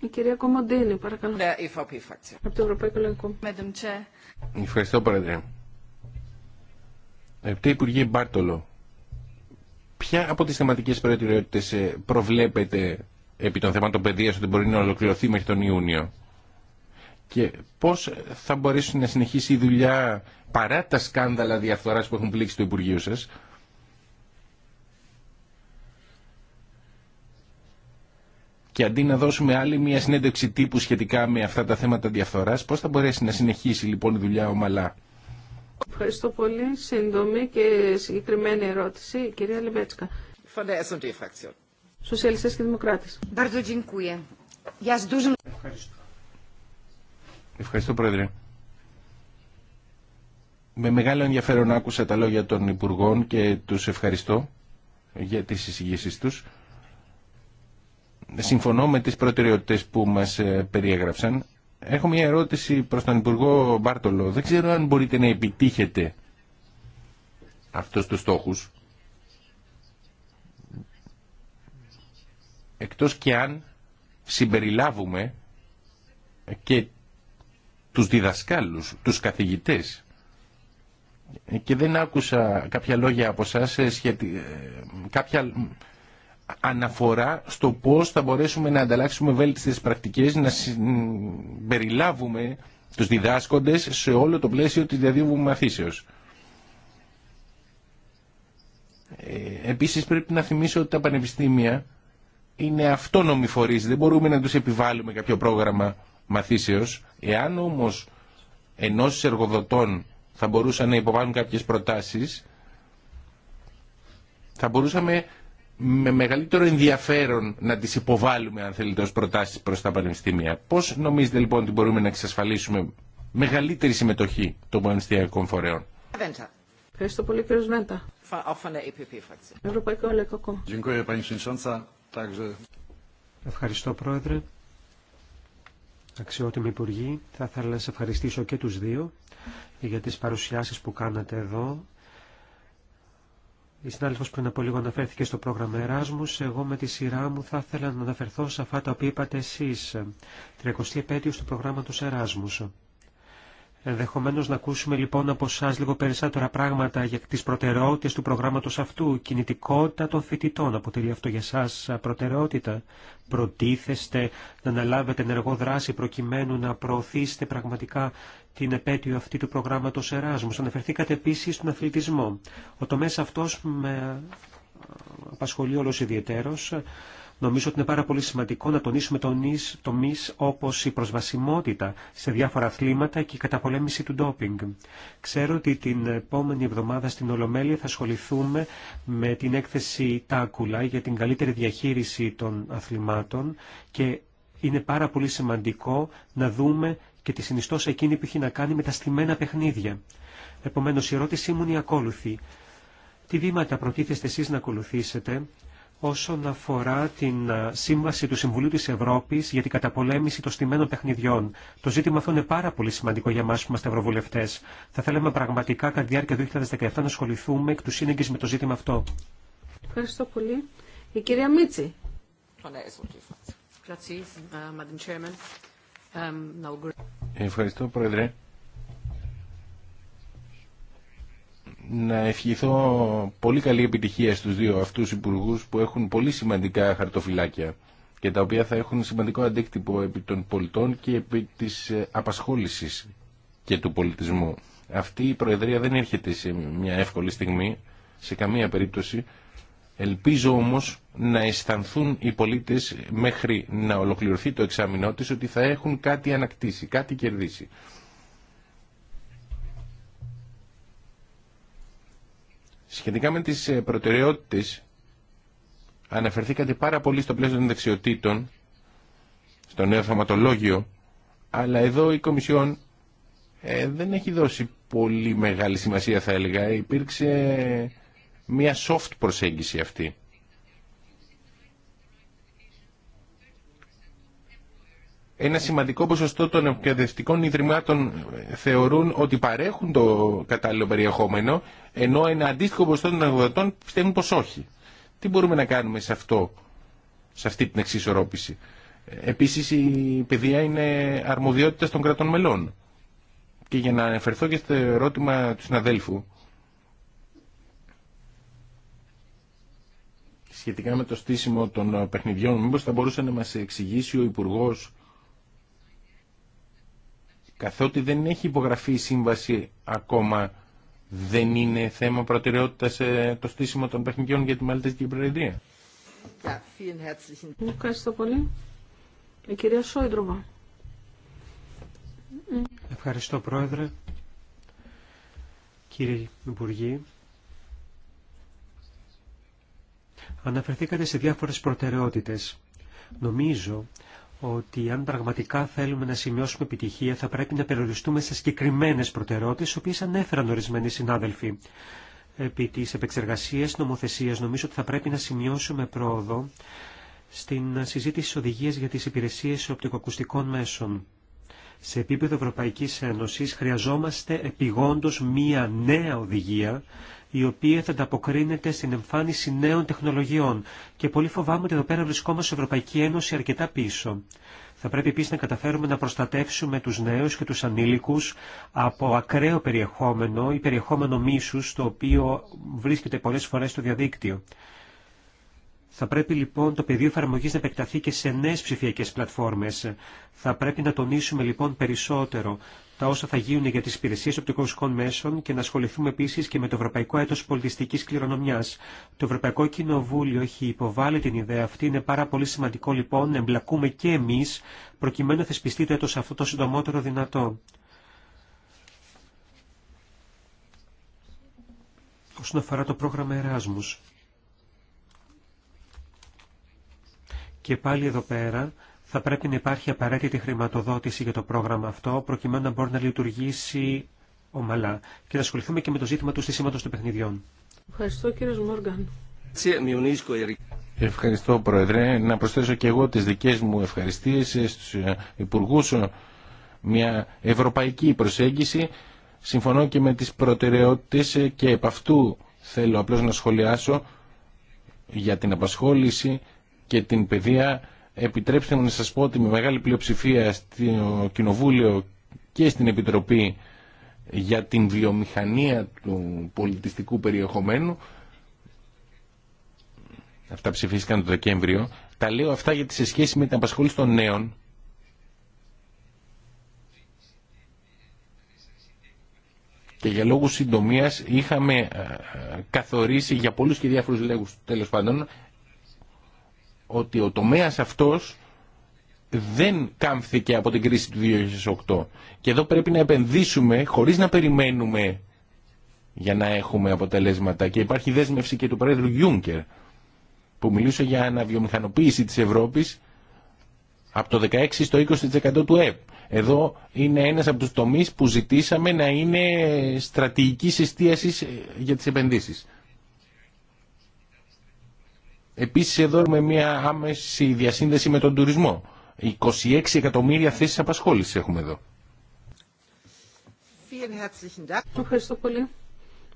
Η κυρία Κομοντίνη, παρακαλώ. Ναι, από το Ευρωπαϊκό Τσέ. Ευχαριστώ, Πρόεδρε. η Υπουργή Μπάρτολο, ποια από τις θεματικές προτεραιότητες ε, προβλέπετε επί των θεμάτων παιδεία ότι μπορεί να ολοκληρωθεί μέχρι τον Ιούνιο και πώς θα μπορέσει να συνεχίσει η δουλειά παρά τα σκάνδαλα διαφθοράς που έχουν πλήξει το Υπουργείο σας. Και αντί να δώσουμε άλλη μια συνέντευξη τύπου σχετικά με αυτά τα θέματα διαφθοράς, πώς θα μπορέσει να συνεχίσει λοιπόν η δουλειά ομαλά. Ευχαριστώ πολύ. Σύντομη και συγκεκριμένη ερώτηση, κυρία Λεμπέτσκα. Σοσιαλιστές και Δημοκράτες. Ευχαριστώ. Ευχαριστώ Πρόεδρε. Με μεγάλο ενδιαφέρον άκουσα τα λόγια των Υπουργών και τους ευχαριστώ για τις εισηγήσεις τους. Συμφωνώ με τις προτεραιότητες που μας ε, περιέγραψαν. Έχω μια ερώτηση προς τον Υπουργό Μπάρτολο. Δεν ξέρω αν μπορείτε να επιτύχετε αυτούς τους στόχους. Εκτός και αν συμπεριλάβουμε και τους διδασκάλους, τους καθηγητές. Και δεν άκουσα κάποια λόγια από εσάς, ε, σχετι... Ε, κάποια αναφορά στο πώς θα μπορέσουμε να ανταλλάξουμε βέλτιστες πρακτικές, να περιλάβουμε τους διδάσκοντες σε όλο το πλαίσιο της διαδίου μαθήσεως. Ε, επίσης πρέπει να θυμίσω ότι τα πανεπιστήμια είναι αυτόνομοι φορείς, δεν μπορούμε να τους επιβάλλουμε κάποιο πρόγραμμα μαθήσεως. Εάν όμως ενός εργοδοτών θα μπορούσαν να υποβάλουν κάποιες προτάσεις, θα μπορούσαμε με μεγαλύτερο ενδιαφέρον να τις υποβάλουμε, αν θέλετε, ως προτάσεις προς τα πανεπιστήμια. Πώς νομίζετε λοιπόν ότι μπορούμε να εξασφαλίσουμε μεγαλύτερη συμμετοχή των πανεπιστημιακών φορέων. Ευχαριστώ πολύ κύριο Βέντα. Ευρωπαϊκό Ευχαριστώ πρόεδρε αξιότιμοι υπουργοί, θα ήθελα να σας ευχαριστήσω και τους δύο για τις παρουσιάσεις που κάνατε εδώ. Η συνάδελφος πριν από λίγο αναφέρθηκε στο πρόγραμμα Εράσμους. Εγώ με τη σειρά μου θα ήθελα να αναφερθώ σε αυτά τα οποία είπατε εσείς. του προγράμματος Εράσμους. Ενδεχομένω να ακούσουμε λοιπόν από εσά λίγο περισσότερα πράγματα για τι προτεραιότητε του προγράμματο αυτού. Κινητικότητα των φοιτητών αποτελεί αυτό για εσά προτεραιότητα. Προτίθεστε να αναλάβετε ενεργό δράση προκειμένου να προωθήσετε πραγματικά την επέτειο αυτή του προγράμματο Εράσμου. Αναφερθήκατε επίση στον αθλητισμό. Ο τομέα αυτό με απασχολεί όλο ιδιαίτερο. Νομίζω ότι είναι πάρα πολύ σημαντικό να τονίσουμε το τομεί όπω η προσβασιμότητα σε διάφορα αθλήματα και η καταπολέμηση του ντόπινγκ. Ξέρω ότι την επόμενη εβδομάδα στην Ολομέλεια θα ασχοληθούμε με την έκθεση Τάκουλα για την καλύτερη διαχείριση των αθλημάτων και είναι πάρα πολύ σημαντικό να δούμε και τη συνιστόσα εκείνη που έχει να κάνει με τα στημένα παιχνίδια. Επομένως, η ερώτησή μου είναι η ακόλουθη. Τι βήματα προτίθεστε εσείς να ακολουθήσετε όσον αφορά την σύμβαση του Συμβουλίου της Ευρώπης για την καταπολέμηση των στημένων παιχνιδιών. Το ζήτημα αυτό είναι πάρα πολύ σημαντικό για εμάς που είμαστε ευρωβουλευτές. Θα θέλαμε πραγματικά κατά τη διάρκεια του 2017 να ασχοληθούμε εκ του σύνεγγυς με το ζήτημα αυτό. Ευχαριστώ πολύ. Η κυρία Μίτση. Ευχαριστώ, Πρόεδρε. να ευχηθώ πολύ καλή επιτυχία στους δύο αυτούς υπουργούς που έχουν πολύ σημαντικά χαρτοφυλάκια και τα οποία θα έχουν σημαντικό αντίκτυπο επί των πολιτών και επί της ε, απασχόλησης και του πολιτισμού. Αυτή η Προεδρία δεν έρχεται σε μια εύκολη στιγμή, σε καμία περίπτωση. Ελπίζω όμως να αισθανθούν οι πολίτες μέχρι να ολοκληρωθεί το εξάμεινό της ότι θα έχουν κάτι ανακτήσει, κάτι κερδίσει. Σχετικά με τις ε, προτεραιότητες, αναφερθήκατε πάρα πολύ στο πλαίσιο των δεξιοτήτων, στο νέο θεματολόγιο, αλλά εδώ η Κομισιόν ε, δεν έχει δώσει πολύ μεγάλη σημασία θα έλεγα. Υπήρξε μια soft προσέγγιση αυτή. ένα σημαντικό ποσοστό των εκπαιδευτικών ιδρυμάτων ε, θεωρούν ότι παρέχουν το κατάλληλο περιεχόμενο, ενώ ένα αντίστοιχο ποσοστό των εργοδοτών πιστεύουν πως όχι. Τι μπορούμε να κάνουμε σε αυτό, σε αυτή την εξισορρόπηση. Ε, επίσης η παιδεία είναι αρμοδιότητα των κρατών μελών. Και για να αναφερθώ και στο ερώτημα του συναδέλφου, σχετικά με το στήσιμο των παιχνιδιών, μήπως θα μπορούσε να μας εξηγήσει ο Υπουργός καθότι δεν έχει υπογραφεί η σύμβαση ακόμα δεν είναι θέμα προτεραιότητας ε, το στήσιμο των παιχνιδιών για τη Μαλτέζικη Προεδρία. Ευχαριστώ πολύ. Η κυρία Σόιντροβα. Ευχαριστώ Πρόεδρε. Κύριε Υπουργή, αναφερθήκατε σε διάφορες προτεραιότητες. Νομίζω ότι αν πραγματικά θέλουμε να σημειώσουμε επιτυχία θα πρέπει να περιοριστούμε σε συγκεκριμένες προτεραιότητες, οποίες ανέφεραν ορισμένοι συνάδελφοι. Επί της επεξεργασίας νομοθεσίας νομίζω ότι θα πρέπει να σημειώσουμε πρόοδο στην συζήτηση της για τις υπηρεσίες οπτικοακουστικών μέσων. Σε επίπεδο Ευρωπαϊκής Ένωσης χρειαζόμαστε επιγόντως μία νέα οδηγία η οποία θα ανταποκρίνεται στην εμφάνιση νέων τεχνολογιών και πολύ φοβάμαι ότι εδώ πέρα βρισκόμαστε στην Ευρωπαϊκή Ένωση αρκετά πίσω. Θα πρέπει επίση να καταφέρουμε να προστατεύσουμε τους νέους και τους ανήλικους από ακραίο περιεχόμενο ή περιεχόμενο μίσου, το οποίο βρίσκεται πολλές φορές στο διαδίκτυο. Θα πρέπει λοιπόν το πεδίο εφαρμογή να επεκταθεί και σε νέε ψηφιακέ πλατφόρμες. Θα πρέπει να τονίσουμε λοιπόν περισσότερο τα όσα θα γίνουν για τις υπηρεσίες οπτικοσκών μέσων και να ασχοληθούμε επίσης και με το Ευρωπαϊκό Έτος Πολιτιστικής Κληρονομιάς. Το Ευρωπαϊκό Κοινοβούλιο έχει υποβάλει την ιδέα αυτή. Είναι πάρα πολύ σημαντικό λοιπόν να εμπλακούμε και εμείς προκειμένου να θεσπιστεί το έτος αυτό το συντομότερο δυνατό. Όσον αφορά το πρόγραμμα Εράσμους. Και πάλι εδώ πέρα θα πρέπει να υπάρχει απαραίτητη χρηματοδότηση για το πρόγραμμα αυτό, προκειμένου να μπορεί να λειτουργήσει ομαλά. Και θα ασχοληθούμε και με το ζήτημα του στήσιματος των παιχνιδιών. Ευχαριστώ κύριε Μόργαν. Ευχαριστώ Πρόεδρε. Να προσθέσω και εγώ τις δικές μου ευχαριστίες στους υπουργούς μια ευρωπαϊκή προσέγγιση. Συμφωνώ και με τις προτεραιότητες και επ' αυτού θέλω απλώς να σχολιάσω για την απασχόληση και την παιδεία Επιτρέψτε μου να σας πω ότι με μεγάλη πλειοψηφία στο Κοινοβούλιο και στην Επιτροπή για την βιομηχανία του πολιτιστικού περιεχομένου αυτά ψηφίστηκαν το Δεκέμβριο τα λέω αυτά γιατί σε σχέση με την απασχόληση των νέων και για λόγους συντομίας είχαμε ε, ε, καθορίσει για πολλούς και διάφορους λόγους τέλος πάντων ότι ο τομέας αυτός δεν κάμφθηκε από την κρίση του 2008. Και εδώ πρέπει να επενδύσουμε χωρίς να περιμένουμε για να έχουμε αποτελέσματα. Και υπάρχει δέσμευση και του Πρόεδρου Γιούνκερ που μιλούσε για αναβιομηχανοποίηση της Ευρώπης από το 16% στο 20% του ΕΠ. Εδώ είναι ένας από τους τομείς που ζητήσαμε να είναι στρατηγική εστίαση για τις επενδύσεις. Επίσης εδώ έχουμε μια άμεση διασύνδεση με τον τουρισμό. 26 εκατομμύρια θέσεις απασχόλησης έχουμε εδώ. Ευχαριστώ πολύ.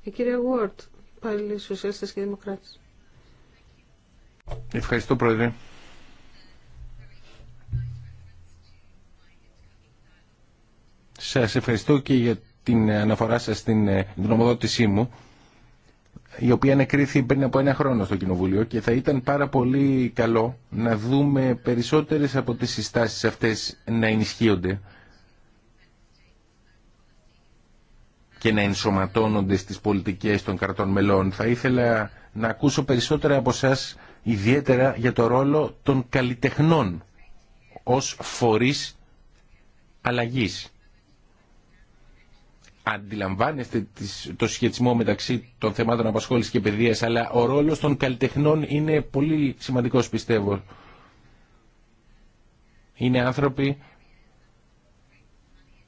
Η κυρία Γουόρτ, πάλι σοσιαλιστές και δημοκράτες. Ευχαριστώ πρόεδρε. Σας ευχαριστώ και για την αναφορά σας στην ε, γνωμοδότησή μου η οποία ανακρίθη πριν από ένα χρόνο στο Κοινοβούλιο και θα ήταν πάρα πολύ καλό να δούμε περισσότερες από τις συστάσεις αυτές να ενισχύονται και να ενσωματώνονται στις πολιτικές των κρατών μελών. Θα ήθελα να ακούσω περισσότερα από εσά ιδιαίτερα για το ρόλο των καλλιτεχνών ως φορείς αλλαγής αντιλαμβάνεστε το σχετισμό μεταξύ των θεμάτων απασχόλησης και παιδείας, αλλά ο ρόλος των καλλιτεχνών είναι πολύ σημαντικός πιστεύω. Είναι άνθρωποι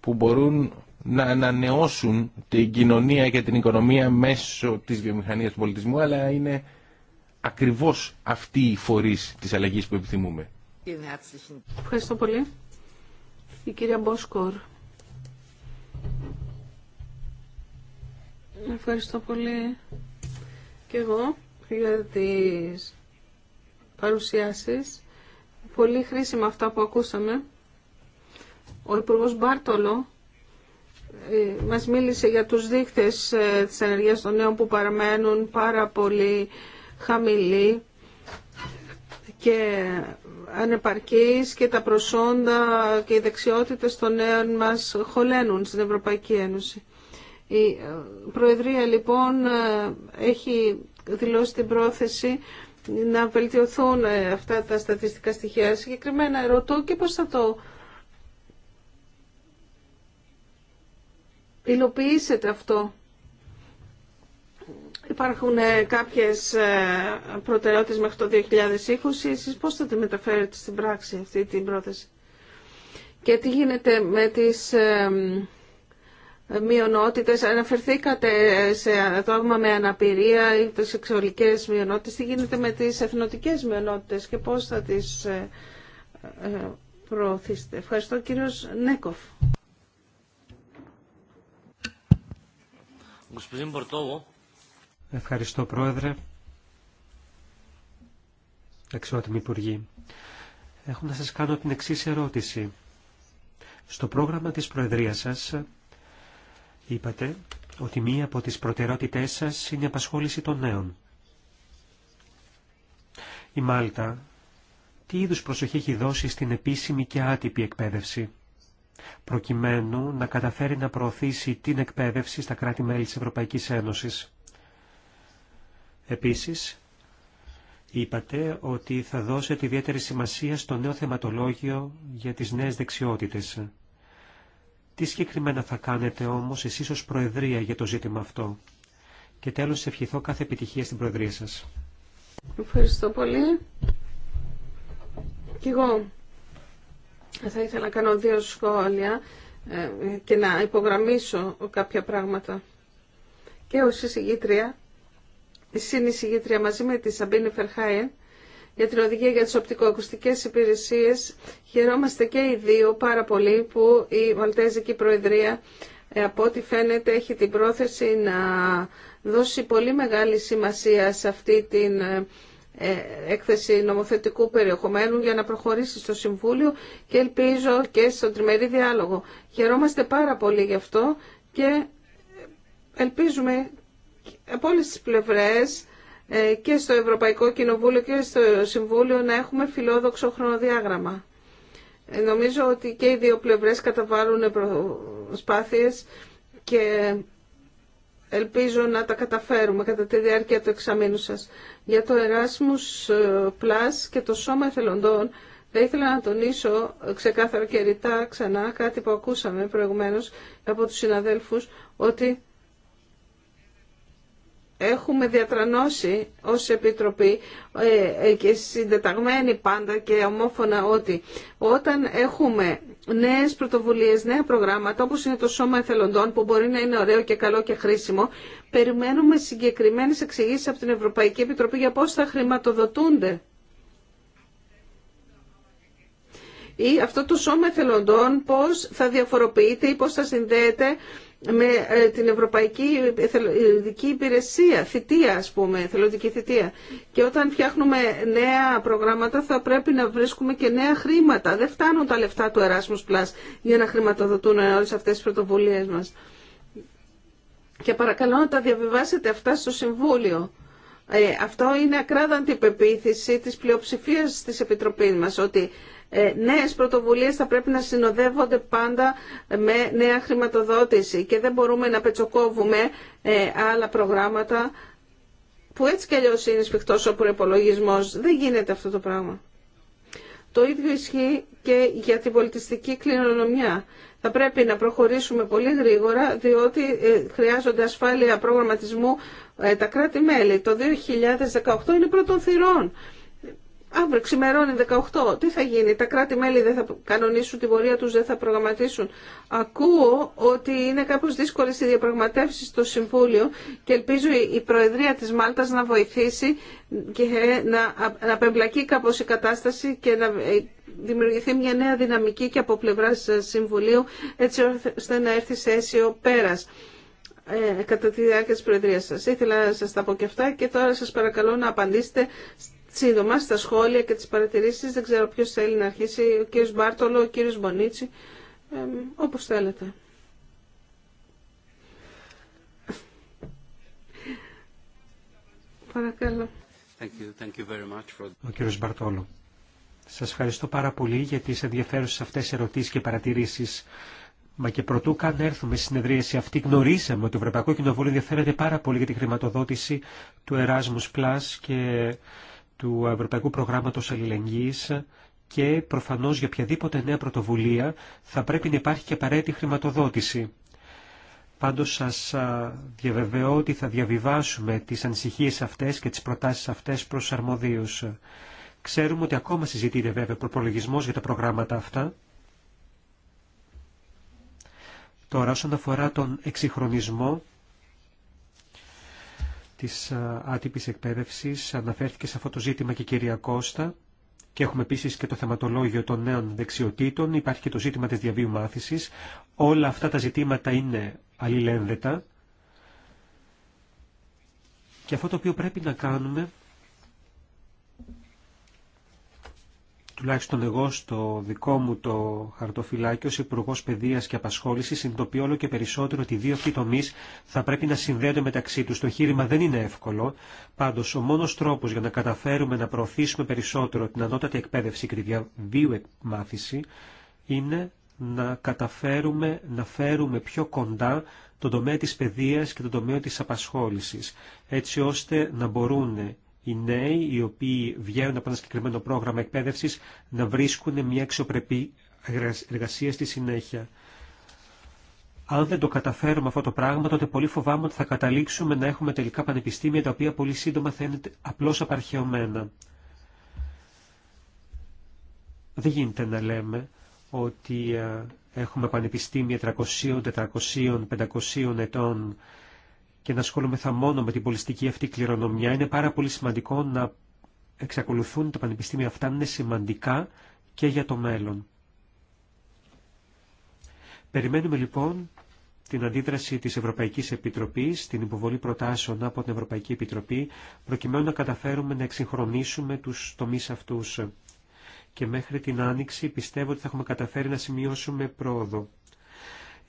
που μπορούν να ανανεώσουν την κοινωνία και την οικονομία μέσω της βιομηχανίας του πολιτισμού, αλλά είναι ακριβώς αυτοί οι φορείς της αλλαγής που επιθυμούμε. Ευχαριστώ πολύ. Η κυρία Μπόσκορ. Ευχαριστώ πολύ και εγώ για τις παρουσιάσεις. Πολύ χρήσιμα αυτά που ακούσαμε. Ο Υπουργό Μπάρτολο ε, μας μίλησε για τους δείχτες ε, της ενεργείας των νέων που παραμένουν πάρα πολύ χαμηλοί και ανεπαρκείς και τα προσόντα και οι δεξιότητες των νέων μας χωλένουν στην Ευρωπαϊκή Ένωση. Η ε, Προεδρία λοιπόν ε, έχει δηλώσει την πρόθεση να βελτιωθούν ε, αυτά τα στατιστικά στοιχεία. Συγκεκριμένα ρωτώ και πώς θα το υλοποιήσετε αυτό. Υπάρχουν κάποιες προτεραιότητες μέχρι το 2020. Εσείς πώς θα τη μεταφέρετε στην πράξη αυτή την πρόθεση. Και τι γίνεται με τις μειονότητες, αναφερθήκατε σε άτομα με αναπηρία ή τις σεξουαλικές μειονότητες, τι γίνεται με τις εθνοτικές μειονότητες και πώς θα τις ε, ε, προωθήσετε. Ευχαριστώ κύριος Νέκοφ. Ευχαριστώ πρόεδρε. Εξότιμοι Υπουργοί. Έχω να σας κάνω την εξής ερώτηση. Στο πρόγραμμα της Προεδρίας σας Είπατε ότι μία από τις προτεραιότητές σας είναι η απασχόληση των νέων. Η Μάλτα, τι είδους προσοχή έχει δώσει στην επίσημη και άτυπη εκπαίδευση, προκειμένου να καταφέρει να προωθήσει την εκπαίδευση στα κράτη-μέλη της Ευρωπαϊκής Ένωσης. Επίσης, είπατε ότι θα δώσετε ιδιαίτερη σημασία στο νέο θεματολόγιο για τις νέες δεξιότητες. Τι συγκεκριμένα θα κάνετε όμως εσείς ως Προεδρία για το ζήτημα αυτό. Και τέλος, ευχηθώ κάθε επιτυχία στην Προεδρία σας. Ευχαριστώ πολύ. Κι εγώ θα ήθελα να κάνω δύο σχόλια ε, και να υπογραμμίσω κάποια πράγματα. Και ως εισηγήτρια, η συνεισηγήτρια μαζί με τη Σαμπίνη Φερχάιεν, για την οδηγία για τις οπτικοακουστικές υπηρεσίες. Χαιρόμαστε και οι δύο πάρα πολύ που η Μαλτέζικη Προεδρία ε, από ό,τι φαίνεται έχει την πρόθεση να δώσει πολύ μεγάλη σημασία σε αυτή την ε, ε, έκθεση νομοθετικού περιεχομένου για να προχωρήσει στο Συμβούλιο και ελπίζω και στον τριμερή διάλογο. Χαιρόμαστε πάρα πολύ γι' αυτό και ελπίζουμε από όλες τις πλευρές ε, και στο Ευρωπαϊκό Κοινοβούλιο και στο Συμβούλιο να έχουμε φιλόδοξο χρονοδιάγραμμα. Ε, νομίζω ότι και οι δύο πλευρές καταβάλουν προσπάθειες και ελπίζω να τα καταφέρουμε κατά τη διάρκεια του εξαμήνου σας. Για το Erasmus ε, Plus και το Σώμα Εθελοντών θα ήθελα να τονίσω ξεκάθαρα και ρητά ξανά κάτι που ακούσαμε προηγουμένως από τους συναδέλφους ότι έχουμε διατρανώσει ως Επιτροπή ε, ε, και συντεταγμένοι πάντα και ομόφωνα ότι όταν έχουμε νέες πρωτοβουλίες, νέα προγράμματα όπως είναι το Σώμα Εθελοντών που μπορεί να είναι ωραίο και καλό και χρήσιμο περιμένουμε συγκεκριμένες εξηγήσεις από την Ευρωπαϊκή Επιτροπή για πώς θα χρηματοδοτούνται. Ή αυτό το Σώμα Εθελοντών πώς θα διαφοροποιείται ή πώς θα συνδέεται με ε, την Ευρωπαϊκή ε, Ειδική Υπηρεσία, θητεία ας πούμε, θελοντική θητεία. Και όταν φτιάχνουμε νέα προγράμματα θα πρέπει να βρίσκουμε και νέα χρήματα. Δεν φτάνουν τα λεφτά του Erasmus Plus για να χρηματοδοτούν όλες αυτές τις πρωτοβουλίες μας. Και παρακαλώ να τα διαβιβάσετε αυτά στο Συμβούλιο. Ε, αυτό είναι ακράδαντη πεποίθηση της πλειοψηφίας της Επιτροπής μας, ότι ε, νέες πρωτοβουλίες θα πρέπει να συνοδεύονται πάντα με νέα χρηματοδότηση και δεν μπορούμε να πετσοκόβουμε ε, άλλα προγράμματα που έτσι κι αλλιώς είναι σφιχτός ο προπολογισμό. Δεν γίνεται αυτό το πράγμα. Το ίδιο ισχύει και για την πολιτιστική κληρονομιά. Θα πρέπει να προχωρήσουμε πολύ γρήγορα, διότι ε, χρειάζονται ασφάλεια προγραμματισμού τα κράτη-μέλη. Το 2018 είναι πρώτον θυρών. Αύριο ξημερώνει 18. Τι θα γίνει, τα κράτη-μέλη δεν θα κανονίσουν τη πορεία τους, δεν θα προγραμματίσουν. Ακούω ότι είναι κάπως δύσκολη οι διαπραγματεύσει στο Συμβούλιο και ελπίζω η Προεδρία της Μάλτας να βοηθήσει και ε, να απεμπλακεί κάπως η κατάσταση και να ε, δημιουργηθεί μια νέα δυναμική και από πλευράς ε, Συμβουλίου έτσι ώστε να έρθει σε αίσιο πέρας κατά τη διάρκεια της Προεδρίας σας. Ήθελα να σας τα πω και αυτά και τώρα σας παρακαλώ να απαντήσετε σύντομα στα σχόλια και τις παρατηρήσεις. Δεν ξέρω ποιος θέλει να αρχίσει, ο κύριος Μπάρτολο, ο κύριος Μπονίτσι, ε, όπως θέλετε. Παρακαλώ. Thank you. Thank you very much for... Ο κύριος Μπαρτόλο. Σας ευχαριστώ πάρα πολύ για τις ενδιαφέρουσες αυτές ερωτήσεις και παρατηρήσεις. Μα και πρωτού καν έρθουμε στη συνεδρίαση αυτή, γνωρίσαμε ότι το Ευρωπαϊκό Κοινοβούλιο ενδιαφέρεται πάρα πολύ για τη χρηματοδότηση του Erasmus Plus και του Ευρωπαϊκού Προγράμματος Αλληλεγγύης και προφανώς για οποιαδήποτε νέα πρωτοβουλία θα πρέπει να υπάρχει και απαραίτητη χρηματοδότηση. Πάντως σας διαβεβαιώ ότι θα διαβιβάσουμε τις ανησυχίες αυτές και τις προτάσεις αυτές προς αρμοδίους. Ξέρουμε ότι ακόμα συζητείται βέβαια προπολογισμός για τα προγράμματα αυτά. Τώρα όσον αφορά τον εξυγχρονισμό της άτυπη εκπαίδευση Αναφέρθηκε σε αυτό το ζήτημα και η κυρία Κώστα. Και έχουμε επίση και το θεματολόγιο των νέων δεξιοτήτων. Υπάρχει και το ζήτημα της διαβίου μάθηση. Όλα αυτά τα ζητήματα είναι αλληλένδετα. Και αυτό το οποίο πρέπει να κάνουμε τουλάχιστον εγώ στο δικό μου το χαρτοφυλάκι ως υπουργό Παιδείας και Απασχόλησης συνειδητοποιώ όλο και περισσότερο ότι οι δύο αυτοί τομείς θα πρέπει να συνδέονται μεταξύ τους. Το χείρημα δεν είναι εύκολο, πάντως ο μόνος τρόπος για να καταφέρουμε να προωθήσουμε περισσότερο την ανώτατη εκπαίδευση και τη διαβίου είναι να καταφέρουμε να φέρουμε πιο κοντά τον τομέα της παιδείας και τον τομέα της απασχόλησης, έτσι ώστε να μπορούν οι νέοι οι οποίοι βγαίνουν από ένα συγκεκριμένο πρόγραμμα εκπαίδευσης να βρίσκουν μια αξιοπρεπή εργασία στη συνέχεια. Αν δεν το καταφέρουμε αυτό το πράγμα, τότε πολύ φοβάμαι ότι θα καταλήξουμε να έχουμε τελικά πανεπιστήμια τα οποία πολύ σύντομα θα είναι απλώς απαρχαιωμένα. Δεν γίνεται να λέμε ότι ε, έχουμε πανεπιστήμια 300, 400, 500 ετών και να ασχολούμεθα μόνο με την πολιστική αυτή κληρονομιά. Είναι πάρα πολύ σημαντικό να εξακολουθούν τα πανεπιστήμια αυτά είναι σημαντικά και για το μέλλον. Περιμένουμε λοιπόν την αντίδραση της Ευρωπαϊκής Επιτροπής, την υποβολή προτάσεων από την Ευρωπαϊκή Επιτροπή, προκειμένου να καταφέρουμε να εξυγχρονίσουμε τους τομείς αυτούς. Και μέχρι την Άνοιξη πιστεύω ότι θα έχουμε καταφέρει να σημειώσουμε πρόοδο.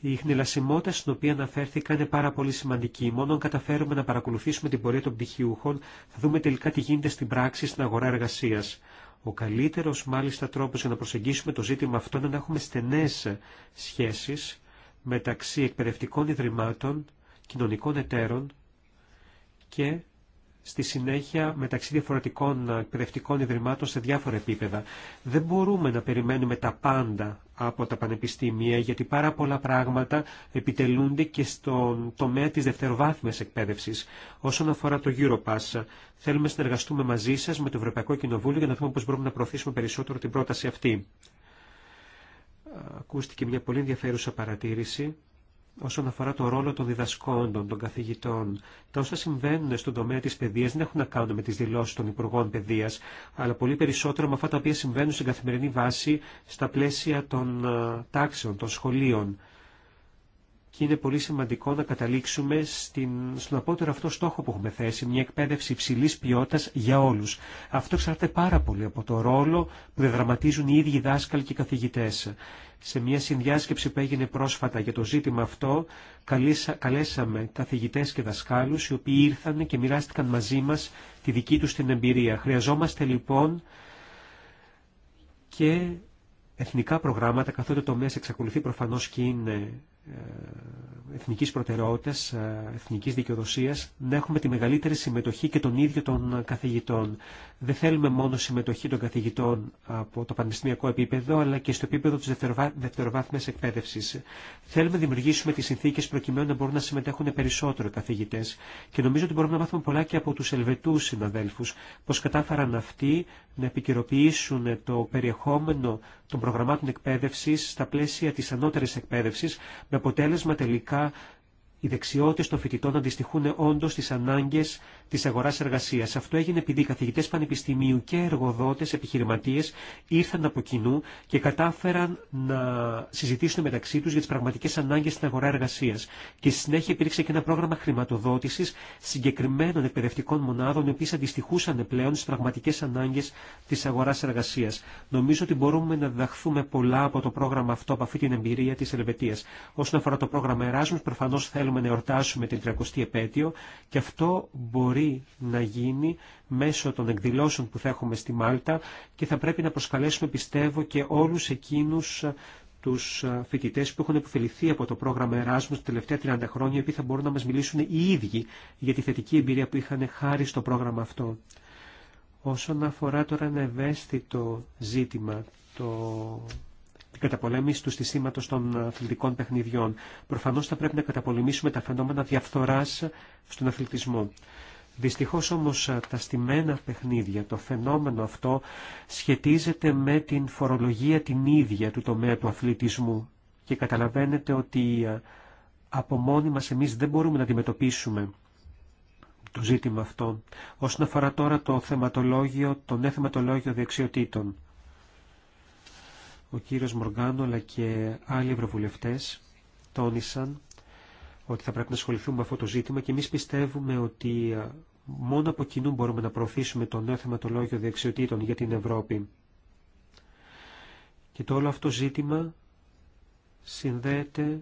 Η χνηλασιμότητα στην οποία αναφέρθηκα είναι πάρα πολύ σημαντική. Μόνο αν καταφέρουμε να παρακολουθήσουμε την πορεία των πτυχιούχων, θα δούμε τελικά τι γίνεται στην πράξη στην αγορά εργασία. Ο καλύτερο μάλιστα τρόπο για να προσεγγίσουμε το ζήτημα αυτό είναι να έχουμε στενέ σχέσει μεταξύ εκπαιδευτικών ιδρυμάτων, κοινωνικών εταίρων και στη συνέχεια μεταξύ διαφορετικών εκπαιδευτικών ιδρυμάτων σε διάφορα επίπεδα. Δεν μπορούμε να περιμένουμε τα πάντα από τα πανεπιστήμια, γιατί πάρα πολλά πράγματα επιτελούνται και στον τομέα της δευτεροβάθμιας εκπαίδευσης. Όσον αφορά το Europass, θέλουμε να συνεργαστούμε μαζί σας με το Ευρωπαϊκό Κοινοβούλιο για να δούμε πώς μπορούμε να προωθήσουμε περισσότερο την πρόταση αυτή. Ακούστηκε μια πολύ ενδιαφέρουσα παρατήρηση όσον αφορά το ρόλο των διδασκόντων, των καθηγητών. Τα όσα συμβαίνουν στον τομέα της παιδείας δεν έχουν να κάνουν με τις δηλώσεις των Υπουργών Παιδείας, αλλά πολύ περισσότερο με αυτά τα οποία συμβαίνουν στην καθημερινή βάση στα πλαίσια των ε, τάξεων, των σχολείων και είναι πολύ σημαντικό να καταλήξουμε στην, στον απότερο αυτό στόχο που έχουμε θέσει, μια εκπαίδευση υψηλή ποιότητα για όλου. Αυτό εξαρτάται πάρα πολύ από το ρόλο που δραματίζουν οι ίδιοι δάσκαλοι και οι καθηγητέ. Σε μια συνδιάσκεψη που έγινε πρόσφατα για το ζήτημα αυτό, καλέσαμε καθηγητέ και δασκάλου, οι οποίοι ήρθαν και μοιράστηκαν μαζί μα τη δική του την εμπειρία. Χρειαζόμαστε λοιπόν και εθνικά προγράμματα, καθότι το τομέα εξακολουθεί προφανώ και είναι ε, εθνική προτεραιότητα, ε, εθνική δικαιοδοσία, να έχουμε τη μεγαλύτερη συμμετοχή και των ίδιων των καθηγητών. Δεν θέλουμε μόνο συμμετοχή των καθηγητών από το πανεπιστημιακό επίπεδο, αλλά και στο επίπεδο τη δευτεροβάθμιας εκπαίδευση. Θέλουμε να δημιουργήσουμε τι συνθήκε προκειμένου να μπορούν να συμμετέχουν περισσότερο οι καθηγητές. Και νομίζω ότι μπορούμε να μάθουμε πολλά και από του ελβετού συναδέλφου πω κατάφεραν αυτοί να επικαιροποιήσουν το περιεχόμενο των προγραμμάτων εκπαίδευση, στα πλαίσια τη ανώτερη εκπαίδευση, με αποτέλεσμα τελικά οι δεξιότητε των φοιτητών αντιστοιχούν όντω στις ανάγκες τη αγορά εργασία. Αυτό έγινε επειδή οι καθηγητέ πανεπιστημίου και εργοδότε, επιχειρηματίε ήρθαν από κοινού και κατάφεραν να συζητήσουν μεταξύ του για τι πραγματικέ ανάγκε στην αγορά εργασία. Και στη συνέχεια υπήρξε και ένα πρόγραμμα χρηματοδότηση συγκεκριμένων εκπαιδευτικών μονάδων, οι οποίε αντιστοιχούσαν πλέον στι πραγματικέ ανάγκε τη αγορά εργασία. Νομίζω ότι μπορούμε να διδαχθούμε πολλά από το πρόγραμμα αυτό, από αυτή την εμπειρία τη Ελβετία. Όσον αφορά το πρόγραμμα Εράσμου, προφανώ θέλουμε να εορτάσουμε την 30η επέτειο και αυτό μπορεί να γίνει μέσω των εκδηλώσεων που θα έχουμε στη Μάλτα και θα πρέπει να προσκαλέσουμε πιστεύω και όλους εκείνους ε, τους ε, φοιτητές που έχουν επιφεληθεί από το πρόγραμμα Εράσμου τα τελευταία 30 χρόνια οποίοι θα μπορούν να μας μιλήσουν οι ίδιοι για τη θετική εμπειρία που είχαν χάρη στο πρόγραμμα αυτό. Όσον αφορά τώρα ένα ευαίσθητο ζήτημα, το την καταπολέμηση του συστήματος των αθλητικών παιχνιδιών. Προφανώς θα πρέπει να καταπολεμήσουμε τα φαινόμενα διαφθοράς στον αθλητισμό. Δυστυχώς όμως ε, τα στημένα παιχνίδια, το φαινόμενο αυτό σχετίζεται με την φορολογία την ίδια του τομέα του αθλητισμού και καταλαβαίνετε ότι ε, από μόνοι μας εμείς δεν μπορούμε να αντιμετωπίσουμε το ζήτημα αυτό. Όσον αφορά τώρα το θεματολόγιο, το θεματολόγιο δεξιοτήτων. Ο κύριος Μοργάνο αλλά και άλλοι ευρωβουλευτές τόνισαν ότι θα πρέπει να ασχοληθούμε με αυτό το ζήτημα και εμείς πιστεύουμε ότι ε, μόνο από κοινού μπορούμε να προωθήσουμε το νέο θεματολόγιο δεξιοτήτων για την Ευρώπη. Και το όλο αυτό ζήτημα συνδέεται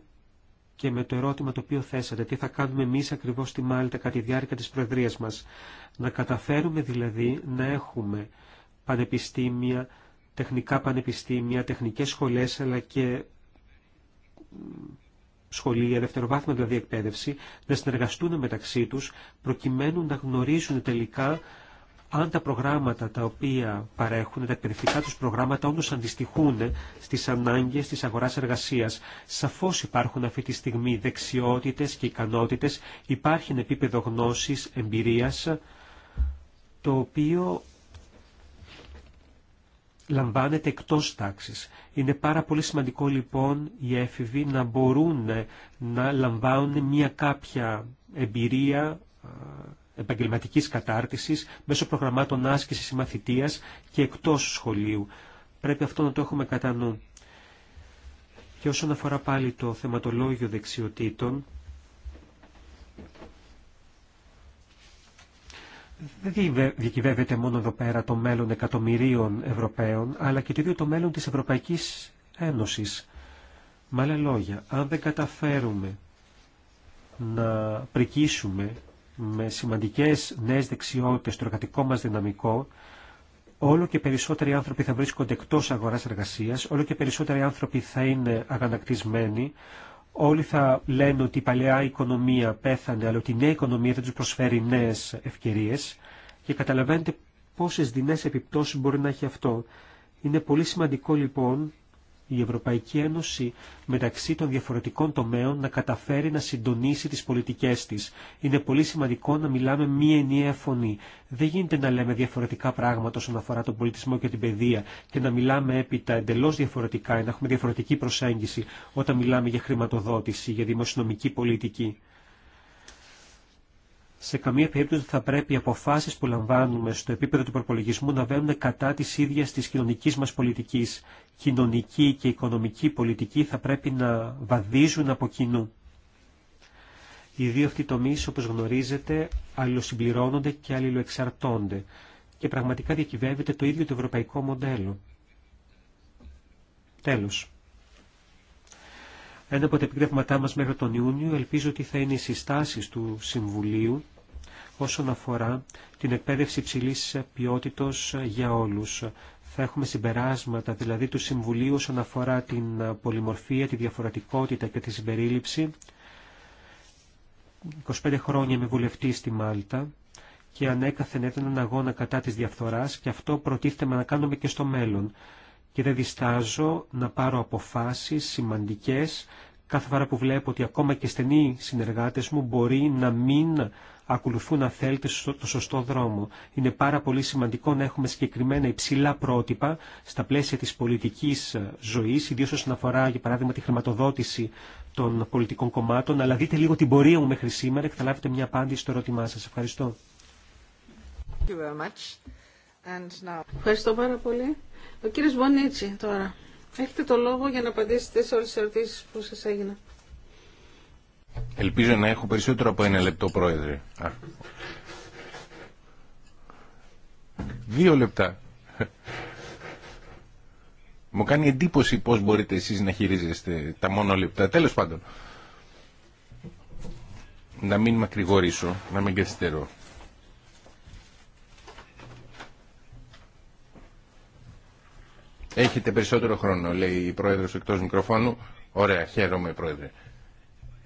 και με το ερώτημα το οποίο θέσατε, τι θα κάνουμε εμεί ακριβώ στη Μάλτα κατά τη διάρκεια τη Προεδρία μα. Να καταφέρουμε δηλαδή να έχουμε πανεπιστήμια, τεχνικά πανεπιστήμια, τεχνικέ σχολέ, αλλά και σχολεία, δευτεροβάθμια δηλαδή εκπαίδευση, να συνεργαστούν μεταξύ τους προκειμένου να γνωρίζουν τελικά αν τα προγράμματα τα οποία παρέχουν, τα εκπαιδευτικά τους προγράμματα όντως αντιστοιχούν στις ανάγκες της αγοράς εργασίας. Σαφώς υπάρχουν αυτή τη στιγμή δεξιότητες και ικανότητες, υπάρχει ένα επίπεδο γνώσης, εμπειρίας, το οποίο λαμβάνεται εκτός τάξης. Είναι πάρα πολύ σημαντικό λοιπόν οι έφηβοι να μπορούν να λαμβάνουν μια κάποια εμπειρία επαγγελματικής κατάρτισης μέσω προγραμμάτων άσκησης ή μαθητείας και εκτός σχολείου. Πρέπει αυτό να το έχουμε κατά νου. Και όσον αφορά πάλι το θεματολόγιο δεξιοτήτων, δεν διακυβεύεται μόνο εδώ πέρα το μέλλον εκατομμυρίων Ευρωπαίων, αλλά και το ίδιο το μέλλον της Ευρωπαϊκής Ένωσης. Με άλλα λόγια, αν δεν καταφέρουμε να πρικίσουμε με σημαντικές νέες δεξιότητες το εργατικό μας δυναμικό, όλο και περισσότεροι άνθρωποι θα βρίσκονται εκτός αγοράς εργασίας, όλο και περισσότεροι άνθρωποι θα είναι αγανακτισμένοι, Όλοι θα λένε ότι η παλαιά οικονομία πέθανε, αλλά ότι η νέα οικονομία θα τους προσφέρει νέες ευκαιρίες και καταλαβαίνετε πόσες δεινές επιπτώσεις μπορεί να έχει αυτό. Είναι πολύ σημαντικό λοιπόν η Ευρωπαϊκή Ένωση μεταξύ των διαφορετικών τομέων να καταφέρει να συντονίσει τις πολιτικές της. Είναι πολύ σημαντικό να μιλάμε μία ενιαία φωνή. Δεν γίνεται να λέμε διαφορετικά πράγματα όσον αφορά τον πολιτισμό και την παιδεία και να μιλάμε έπειτα εντελώς διαφορετικά, ή να έχουμε διαφορετική προσέγγιση όταν μιλάμε για χρηματοδότηση, για δημοσιονομική πολιτική σε καμία περίπτωση θα πρέπει οι αποφάσεις που λαμβάνουμε στο επίπεδο του προπολογισμού να βαίνουν κατά της ίδιας της κοινωνικής μας πολιτικής. Κοινωνική και οικονομική πολιτική θα πρέπει να βαδίζουν από κοινού. Οι δύο αυτοί τομείς, όπως γνωρίζετε, αλληλοσυμπληρώνονται και αλληλοεξαρτώνται και πραγματικά διακυβεύεται το ίδιο το ευρωπαϊκό μοντέλο. Τέλος. Ένα από τα επιγρεύματά μας μέχρι τον Ιούνιο ελπίζω ότι θα είναι οι συστάσεις του Συμβουλίου όσον αφορά την εκπαίδευση υψηλή ποιότητος για όλους. Θα έχουμε συμπεράσματα δηλαδή του Συμβουλίου όσον αφορά την πολυμορφία, τη διαφορετικότητα και τη συμπερίληψη. 25 χρόνια είμαι βουλευτή στη Μάλτα και ανέκαθεν έδιναν αγώνα κατά της διαφθοράς και αυτό προτίθεται να κάνουμε και στο μέλλον και δεν διστάζω να πάρω αποφάσεις σημαντικές κάθε φορά που βλέπω ότι ακόμα και στενοί συνεργάτες μου μπορεί να μην ακολουθούν, να θέλετε, το σωστό δρόμο. Είναι πάρα πολύ σημαντικό να έχουμε συγκεκριμένα υψηλά πρότυπα στα πλαίσια της πολιτικής ζωής, ιδίως όσον αφορά, για παράδειγμα, τη χρηματοδότηση των πολιτικών κομμάτων, αλλά δείτε λίγο την πορεία μου μέχρι σήμερα και θα λάβετε μια απάντηση στο ερώτημά σας. Ευχαριστώ. Ευχαριστώ πάρα πολύ. Ο κύριος Μπονίτσι τώρα. Έχετε το λόγο για να απαντήσετε σε όλες τις ερωτήσεις που σας έγιναν. Ελπίζω να έχω περισσότερο από ένα λεπτό, Πρόεδρε. Δύο λεπτά. Μου κάνει εντύπωση πώς μπορείτε εσείς να χειρίζεστε τα μόνο λεπτά. Τέλος πάντων. Να μην μακρηγορήσω, να μην καθυστερώ. Έχετε περισσότερο χρόνο, λέει η Πρόεδρο εκτό μικροφώνου. Ωραία, χαίρομαι Πρόεδρε.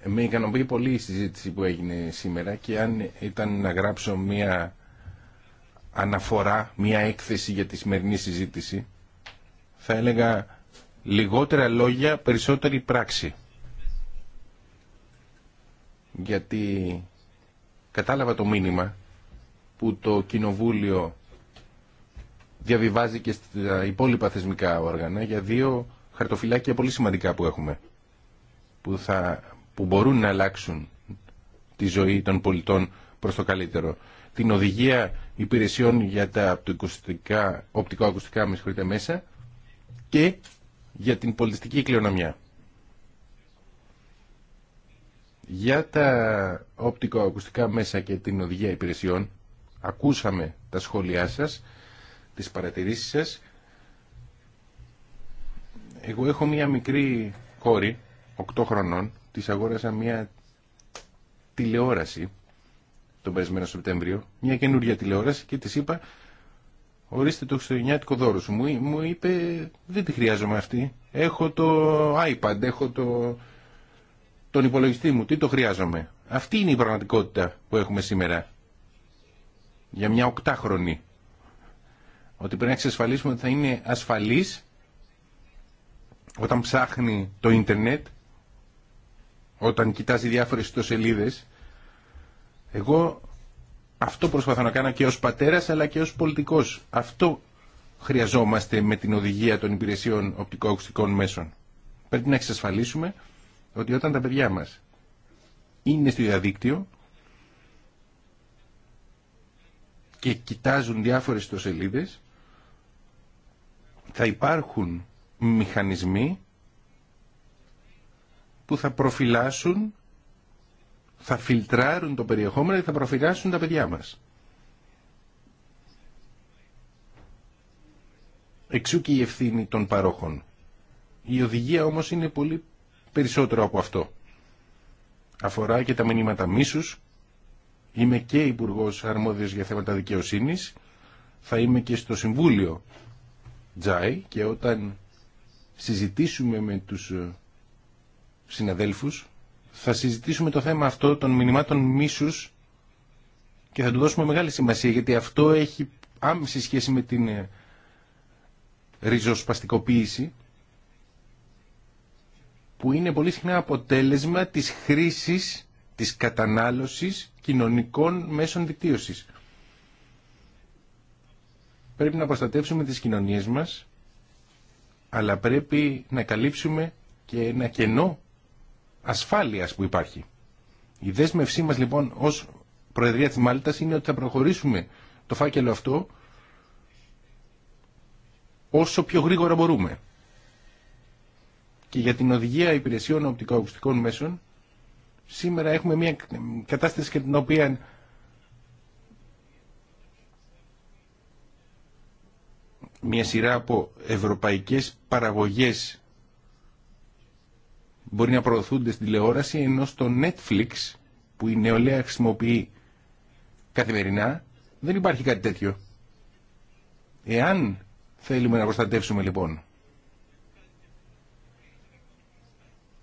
Με ικανοποιεί πολύ η συζήτηση που έγινε σήμερα και αν ήταν να γράψω μία αναφορά, μία έκθεση για τη σημερινή συζήτηση, θα έλεγα λιγότερα λόγια, περισσότερη πράξη. Γιατί κατάλαβα το μήνυμα που το Κοινοβούλιο διαβιβάζει και στα υπόλοιπα θεσμικά όργανα για δύο χαρτοφυλάκια πολύ σημαντικά που έχουμε, που, θα, που μπορούν να αλλάξουν τη ζωή των πολιτών προς το καλύτερο. Την οδηγία υπηρεσιών για τα οπτικοακουστικά με μέσα και για την πολιτιστική κληρονομιά. Για τα οπτικοακουστικά μέσα και την οδηγία υπηρεσιών ακούσαμε τα σχόλιά σας τις παρατηρήσεις σας. Εγώ έχω μία μικρή κόρη, 8 χρονών, της αγόρασα μία τηλεόραση τον περασμένο Σεπτέμβριο, μία καινούργια τηλεόραση και της είπα ορίστε το χριστουγεννιάτικο δώρο σου. Μου, μου είπε δεν τη χρειάζομαι αυτή, έχω το iPad, έχω το, τον υπολογιστή μου, τι το χρειάζομαι. Αυτή είναι η πραγματικότητα που έχουμε σήμερα για μια οκτάχρονη ότι πρέπει να εξασφαλίσουμε ότι θα είναι ασφαλής όταν ψάχνει το ίντερνετ, όταν κοιτάζει διάφορες ιστοσελίδες. Εγώ αυτό προσπαθώ να κάνω και ως πατέρας αλλά και ως πολιτικός. Αυτό χρειαζόμαστε με την οδηγία των υπηρεσιών οπτικοακουστικών μέσων. Πρέπει να εξασφαλίσουμε ότι όταν τα παιδιά μας είναι στο διαδίκτυο και κοιτάζουν διάφορες ιστοσελίδες θα υπάρχουν μηχανισμοί που θα προφυλάσσουν, θα φιλτράρουν το περιεχόμενο και θα προφυλάσσουν τα παιδιά μας. Εξού και η ευθύνη των παρόχων. Η οδηγία όμως είναι πολύ περισσότερο από αυτό. Αφορά και τα μηνύματα μίσους. Είμαι και υπουργό αρμόδιος για θέματα δικαιοσύνης. Θα είμαι και στο Συμβούλιο Τζάι και όταν συζητήσουμε με τους ε, συναδέλφους θα συζητήσουμε το θέμα αυτό των μηνυμάτων μίσους και θα του δώσουμε μεγάλη σημασία γιατί αυτό έχει άμεση σχέση με την ε, ριζοσπαστικοποίηση που είναι πολύ συχνά αποτέλεσμα της χρήσης, της κατανάλωσης κοινωνικών μέσων δικτύωσης. Πρέπει να προστατεύσουμε τις κοινωνίες μας, αλλά πρέπει να καλύψουμε και ένα κενό ασφάλειας που υπάρχει. Η δέσμευσή μας λοιπόν ως Προεδρία της Μάλτας είναι ότι θα προχωρήσουμε το φάκελο αυτό όσο πιο γρήγορα μπορούμε. Και για την οδηγία υπηρεσιών οπτικοακουστικών μέσων σήμερα έχουμε μια κατάσταση και την οποία μια σειρά από ευρωπαϊκές παραγωγές μπορεί να προωθούνται στην τηλεόραση ενώ στο Netflix που η νεολαία χρησιμοποιεί καθημερινά δεν υπάρχει κάτι τέτοιο. Εάν θέλουμε να προστατεύσουμε λοιπόν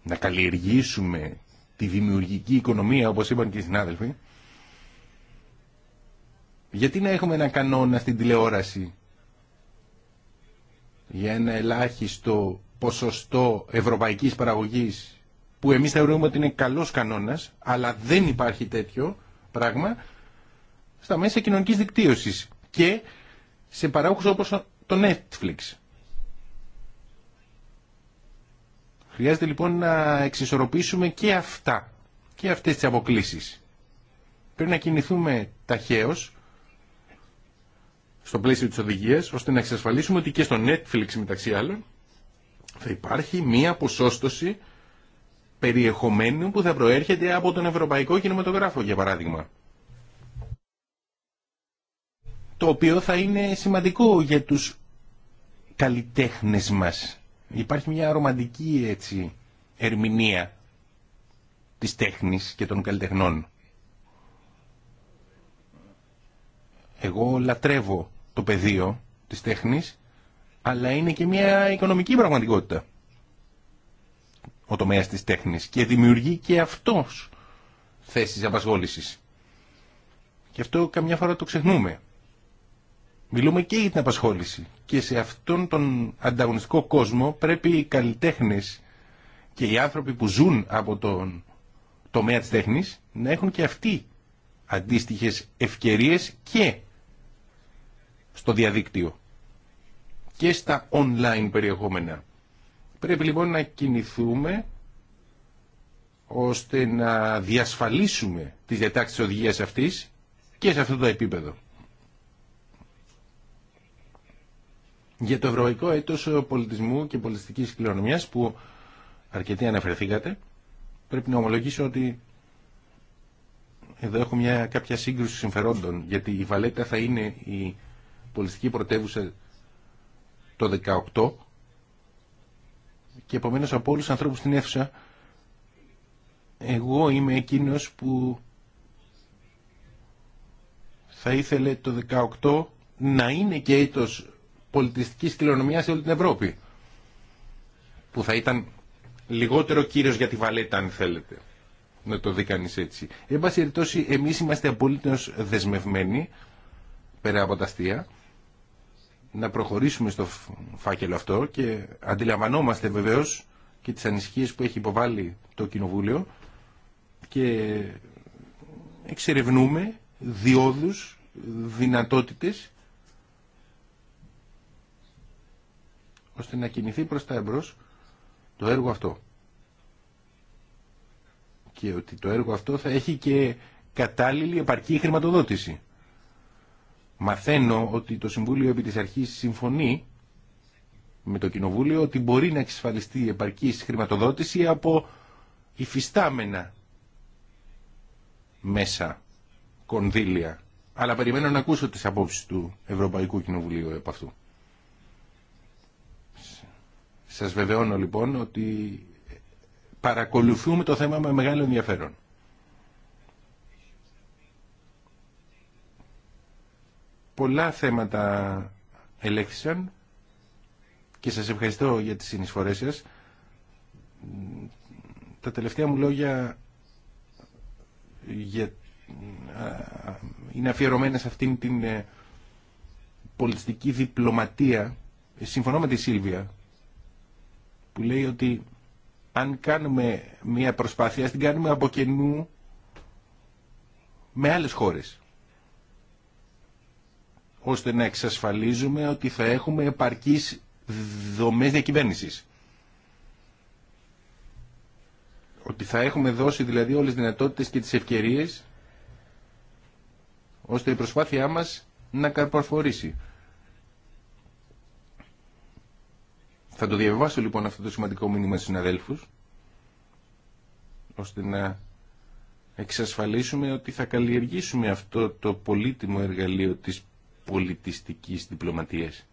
να καλλιεργήσουμε τη δημιουργική οικονομία όπως είπαν και οι συνάδελφοι γιατί να έχουμε ένα κανόνα στην τηλεόραση για ένα ελάχιστο ποσοστό ευρωπαϊκής παραγωγής που εμείς θεωρούμε ότι είναι καλός κανόνας, αλλά δεν υπάρχει τέτοιο πράγμα, στα μέσα κοινωνικής δικτύωσης και σε παραγωγούς όπως το Netflix. Χρειάζεται λοιπόν να εξισορροπήσουμε και αυτά, και αυτές τις αποκλήσεις. Πρέπει να κινηθούμε ταχαίως στο πλαίσιο της οδηγίας, ώστε να εξασφαλίσουμε ότι και στο Netflix μεταξύ άλλων θα υπάρχει μία ποσόστοση περιεχομένου που θα προέρχεται από τον Ευρωπαϊκό Κινηματογράφο, για παράδειγμα. Το οποίο θα είναι σημαντικό για τους καλλιτέχνες μας. Υπάρχει μια ρομαντική έτσι, ερμηνεία της τέχνης και των καλλιτεχνών. Εγώ λατρεύω το πεδίο της τέχνης, αλλά είναι και μια οικονομική πραγματικότητα ο τομέας της τέχνης και δημιουργεί και αυτός θέσεις απασχόλησης. Και αυτό καμιά φορά το ξεχνούμε. Μιλούμε και για την απασχόληση και σε αυτόν τον ανταγωνιστικό κόσμο πρέπει οι καλλιτέχνες και οι άνθρωποι που ζουν από τον τομέα της τέχνης να έχουν και αυτοί αντίστοιχες ευκαιρίες και στο διαδίκτυο και στα online περιεχόμενα. Πρέπει λοιπόν να κινηθούμε ώστε να διασφαλίσουμε τις διατάξεις της οδηγίας αυτής και σε αυτό το επίπεδο. Για το Ευρωπαϊκό Έτος Πολιτισμού και Πολιτιστικής Κληρονομιάς που αρκετοί αναφερθήκατε, πρέπει να ομολογήσω ότι εδώ έχω μια κάποια σύγκρουση συμφερόντων, γιατί η Βαλέτα θα είναι η πολιτιστική πρωτεύουσα το 18 και επομένως από όλους τους ανθρώπους στην αίθουσα εγώ είμαι εκείνος που θα ήθελε το 18 να είναι και έτος πολιτιστικής κληρονομιάς σε όλη την Ευρώπη που θα ήταν λιγότερο κύριος για τη βαλέτα αν θέλετε να το δει κανείς έτσι. Εν πάση περιπτώσει εμείς είμαστε απολύτως δεσμευμένοι πέρα από τα αστεία να προχωρήσουμε στο φάκελο αυτό και αντιλαμβανόμαστε βεβαίως και τις ανησυχίες που έχει υποβάλει το Κοινοβούλιο και εξερευνούμε διόδους, δυνατότητες ώστε να κινηθεί προς τα εμπρός το έργο αυτό. Και ότι το έργο αυτό θα έχει και κατάλληλη επαρκή χρηματοδότηση μαθαίνω ότι το Συμβούλιο επί της αρχής συμφωνεί με το Κοινοβούλιο ότι μπορεί να εξασφαλιστεί επαρκής χρηματοδότηση από υφιστάμενα μέσα κονδύλια. Αλλά περιμένω να ακούσω τις απόψεις του Ευρωπαϊκού Κοινοβουλίου επ' αυτού. Σας βεβαιώνω λοιπόν ότι παρακολουθούμε το θέμα με μεγάλο ενδιαφέρον. πολλά θέματα ελέγχθησαν και σας ευχαριστώ για τις συνεισφορές σας. Τα τελευταία μου λόγια για... είναι αφιερωμένα σε αυτήν την ε, πολιτιστική διπλωματία. Συμφωνώ με τη Σίλβια που λέει ότι αν κάνουμε μια προσπάθεια, την κάνουμε από κενού με άλλες χώρες ώστε να εξασφαλίζουμε ότι θα έχουμε επαρκείς δομές διακυβέρνησης. Ότι θα έχουμε δώσει δηλαδή όλες τις δυνατότητες και τις ευκαιρίες ώστε η προσπάθειά μας να καρποφορήσει. Θα το διαβάσω λοιπόν αυτό το σημαντικό μήνυμα στους συναδέλφους ώστε να εξασφαλίσουμε ότι θα καλλιεργήσουμε αυτό το πολύτιμο εργαλείο της πολιτιστικής διπλωματίας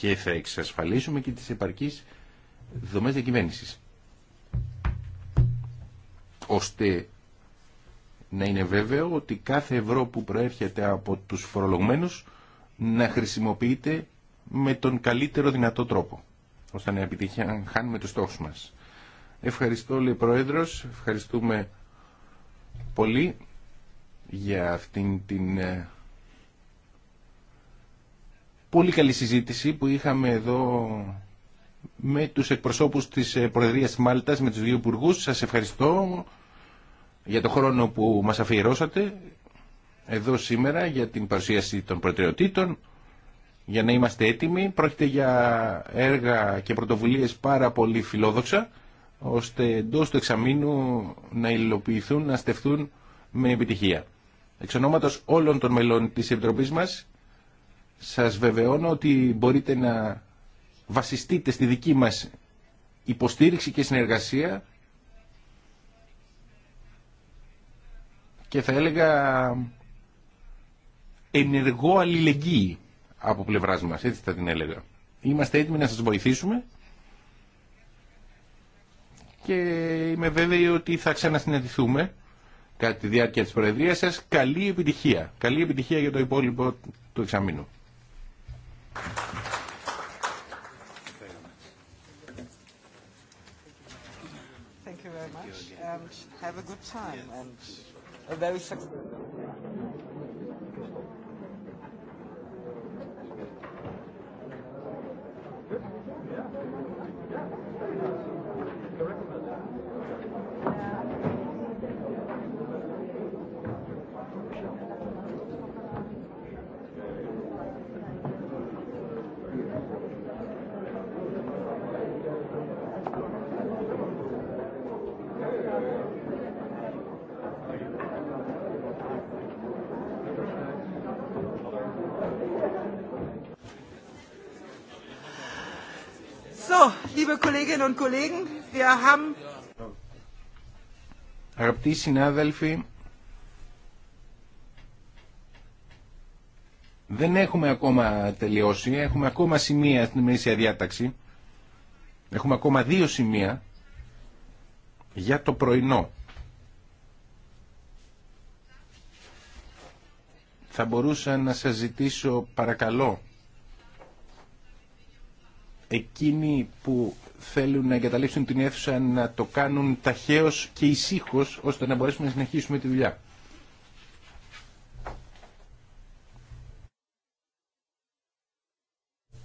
και θα εξασφαλίσουμε και τις επαρκείς δομές διακυβέρνηση. ώστε να είναι βέβαιο ότι κάθε ευρώ που προέρχεται από τους φορολογμένους να χρησιμοποιείται με τον καλύτερο δυνατό τρόπο ώστε να χάνουμε τους στόχους μας. Ευχαριστώ, λέει Πρόεδρος. Ευχαριστούμε πολύ για αυτήν την ε, πολύ καλή συζήτηση που είχαμε εδώ με τους εκπροσώπους της ε, Προεδρίας Μάλτας, με τους δύο υπουργού. Σας ευχαριστώ για το χρόνο που μας αφιερώσατε εδώ σήμερα για την παρουσίαση των προτεραιοτήτων για να είμαστε έτοιμοι. Πρόκειται για έργα και πρωτοβουλίες πάρα πολύ φιλόδοξα ώστε εντός του εξαμήνου να υλοποιηθούν, να στεφθούν με επιτυχία. Εξ όλων των μελών της Επιτροπής μας σας βεβαιώνω ότι μπορείτε να βασιστείτε στη δική μας υποστήριξη και συνεργασία και θα έλεγα ενεργό αλληλεγγύη από πλευράς μας, έτσι θα την έλεγα. Είμαστε έτοιμοι να σας βοηθήσουμε και είμαι βέβαιη ότι θα ξανασυναντηθούμε κατά τη διάρκεια της Προεδρίας σας. Καλή επιτυχία. Καλή επιτυχία για το υπόλοιπο του εξαμήνου. Thank you very much and have a good time and a very successful Αγαπητοί συνάδελφοι, δεν έχουμε ακόμα τελειώσει, έχουμε ακόμα σημεία στην ημερήσια διάταξη. Έχουμε ακόμα δύο σημεία για το πρωινό. Θα μπορούσα να σας ζητήσω παρακαλώ εκείνοι που θέλουν να εγκαταλείψουν την αίθουσα να το κάνουν ταχαίως και ησύχω ώστε να μπορέσουμε να συνεχίσουμε τη δουλειά.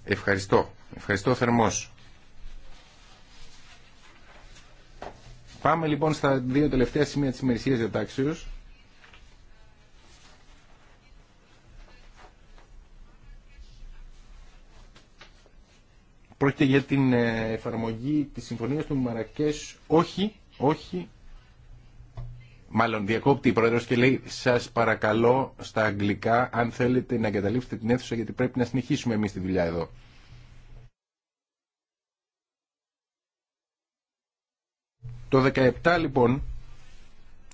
Ευχαριστώ. Ευχαριστώ θερμός. Πάμε λοιπόν στα δύο τελευταία σημεία της ημερησίας διατάξεως. Πρόκειται για την ε, εφαρμογή της συμφωνίας του Μαρακές. Όχι, όχι. Μάλλον διακόπτει η πρόεδρος και λέει σας παρακαλώ στα αγγλικά αν θέλετε να εγκαταλείψετε την αίθουσα γιατί πρέπει να συνεχίσουμε εμείς τη δουλειά εδώ. Το 17 λοιπόν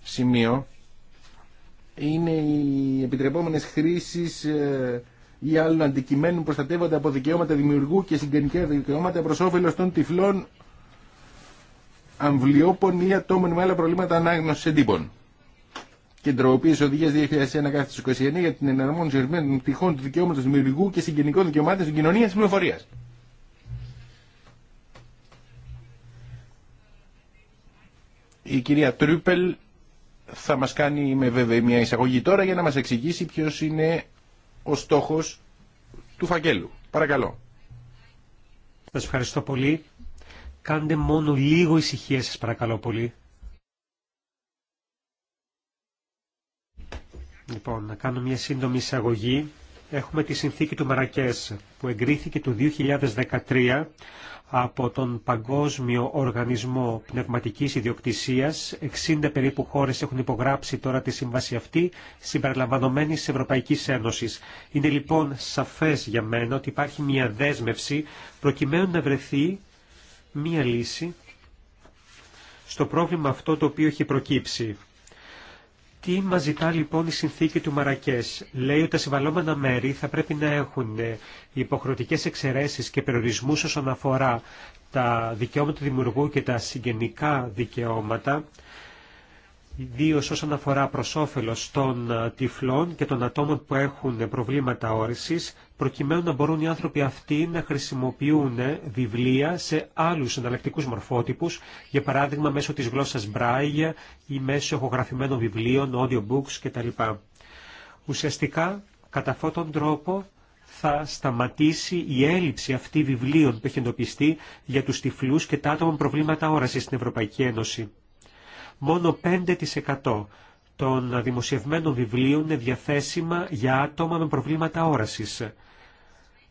σημείο είναι οι επιτρεπόμενες χρήσεις ε, ή άλλων αντικειμένων προστατεύονται από δικαιώματα δημιουργού και συγγενικά δικαιώματα προ όφελο των τυφλών αμβλιόπων ή ατόμων με άλλα προβλήματα ανάγνωση εντύπων. Κεντροποίηση οδηγία 2001-29 για την εναρμόνιση ορισμένων πτυχών του δικαιώματο δημιουργού και συγγενικών δικαιωμάτων στην κοινωνία τη πληροφορία. Η κυρία Τρούπελ θα μας κάνει με βέβαια μια εισαγωγή τώρα για να μας εξηγήσει ποιος είναι ο στόχος του φακέλου. Παρακαλώ. Σας ευχαριστώ πολύ. Κάντε μόνο λίγο ησυχία σας παρακαλώ πολύ. Λοιπόν, να κάνω μια σύντομη εισαγωγή. Έχουμε τη συνθήκη του Μαρακές που εγκρίθηκε το 2013 από τον Παγκόσμιο Οργανισμό Πνευματικής Ιδιοκτησίας. 60 περίπου χώρες έχουν υπογράψει τώρα τη σύμβαση αυτή, συμπεριλαμβανομένης τη ευρωπαϊκή Ένωσης. Είναι λοιπόν σαφές για μένα ότι υπάρχει μια δέσμευση προκειμένου να βρεθεί μια λύση στο πρόβλημα αυτό το οποίο έχει προκύψει. Τι μα ζητά λοιπόν η συνθήκη του Μαρακές. Λέει ότι τα συμβαλώμενα μέρη θα πρέπει να έχουν ε, υποχρεωτικέ εξαιρέσει και περιορισμού όσον αφορά τα δικαιώματα δημιουργού και τα συγγενικά δικαιώματα ιδίω όσον αφορά προ όφελο των ε, τυφλών και των ατόμων που έχουν προβλήματα όρεση, προκειμένου να μπορούν οι άνθρωποι αυτοί να χρησιμοποιούν βιβλία σε άλλου εναλλακτικού μορφότυπου, για παράδειγμα μέσω τη γλώσσα Braille ή μέσω εχογραφημένων βιβλίων, audiobooks κτλ. Ουσιαστικά, κατά αυτόν τον τρόπο, θα σταματήσει η έλλειψη αυτή βιβλίων που έχει εντοπιστεί για τους τυφλούς και τα άτομα με προβλήματα όρασης στην Ευρωπαϊκή Ένωση μόνο 5% των δημοσιευμένων βιβλίων είναι διαθέσιμα για άτομα με προβλήματα όρασης.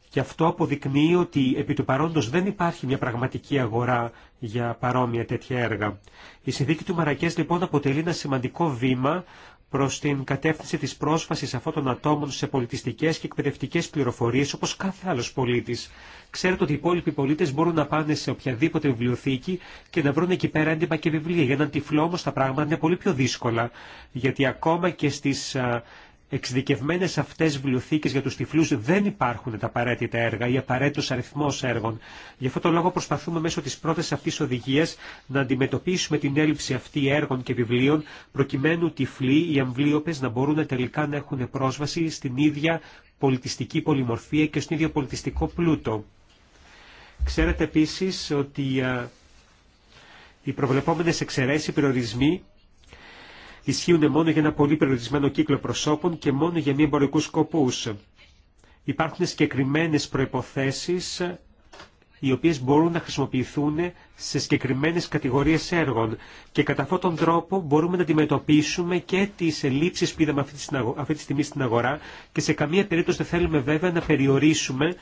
Και αυτό αποδεικνύει ότι επί του παρόντος δεν υπάρχει μια πραγματική αγορά για παρόμοια τέτοια έργα. Η συνθήκη του Μαρακές λοιπόν αποτελεί ένα σημαντικό βήμα προς την κατεύθυνση της πρόσβασης αυτών των ατόμων σε πολιτιστικές και εκπαιδευτικές πληροφορίες όπως κάθε άλλος πολίτης. Ξέρετε ότι οι υπόλοιποι πολίτες μπορούν να πάνε σε οποιαδήποτε βιβλιοθήκη και να βρουν εκεί πέρα έντυπα και βιβλία. Για έναν τυφλό όμως τα πράγματα είναι πολύ πιο δύσκολα, γιατί ακόμα και στις εξειδικευμένε αυτέ βιβλιοθήκε για του τυφλού δεν υπάρχουν τα απαραίτητα έργα ή απαραίτητο αριθμό έργων. Γι' αυτό το λόγο προσπαθούμε μέσω τη πρώτη αυτή οδηγία να αντιμετωπίσουμε την έλλειψη αυτή έργων και βιβλίων, προκειμένου τυφλοί ή αμβλίωπε να μπορούν τελικά να έχουν πρόσβαση στην ίδια πολιτιστική πολυμορφία και στον ίδιο πολιτιστικό πλούτο. Ξέρετε επίση ότι ε, οι προβλεπόμενες εξαιρέσεις, οι περιορισμοί ισχύουν μόνο για ένα πολύ περιορισμένο κύκλο προσώπων και μόνο για μη εμπορικού σκοπού. Υπάρχουν συγκεκριμένε προποθέσει, οι οποίες μπορούν να χρησιμοποιηθούν σε συγκεκριμένες κατηγορίες έργων. Και κατά αυτόν τον τρόπο μπορούμε να αντιμετωπίσουμε και τις ελλείψεις που είδαμε αυτή τη στιγμή στην αγορά και σε καμία περίπτωση δεν θέλουμε βέβαια να περιορίσουμε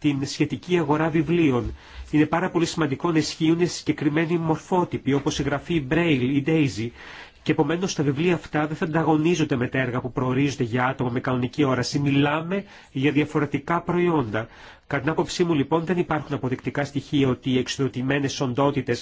την σχετική αγορά βιβλίων. Είναι πάρα πολύ σημαντικό να ισχύουν συγκεκριμένοι μορφότυποι όπως η γραφή Braille ή Daisy και επομένω τα βιβλία αυτά δεν θα ανταγωνίζονται με τα έργα που προορίζονται για άτομα με κανονική όραση. Μιλάμε για διαφορετικά προϊόντα. Κατά την άποψή μου λοιπόν δεν υπάρχουν αποδεικτικά στοιχεία ότι οι εξοδοτημένε οντότητε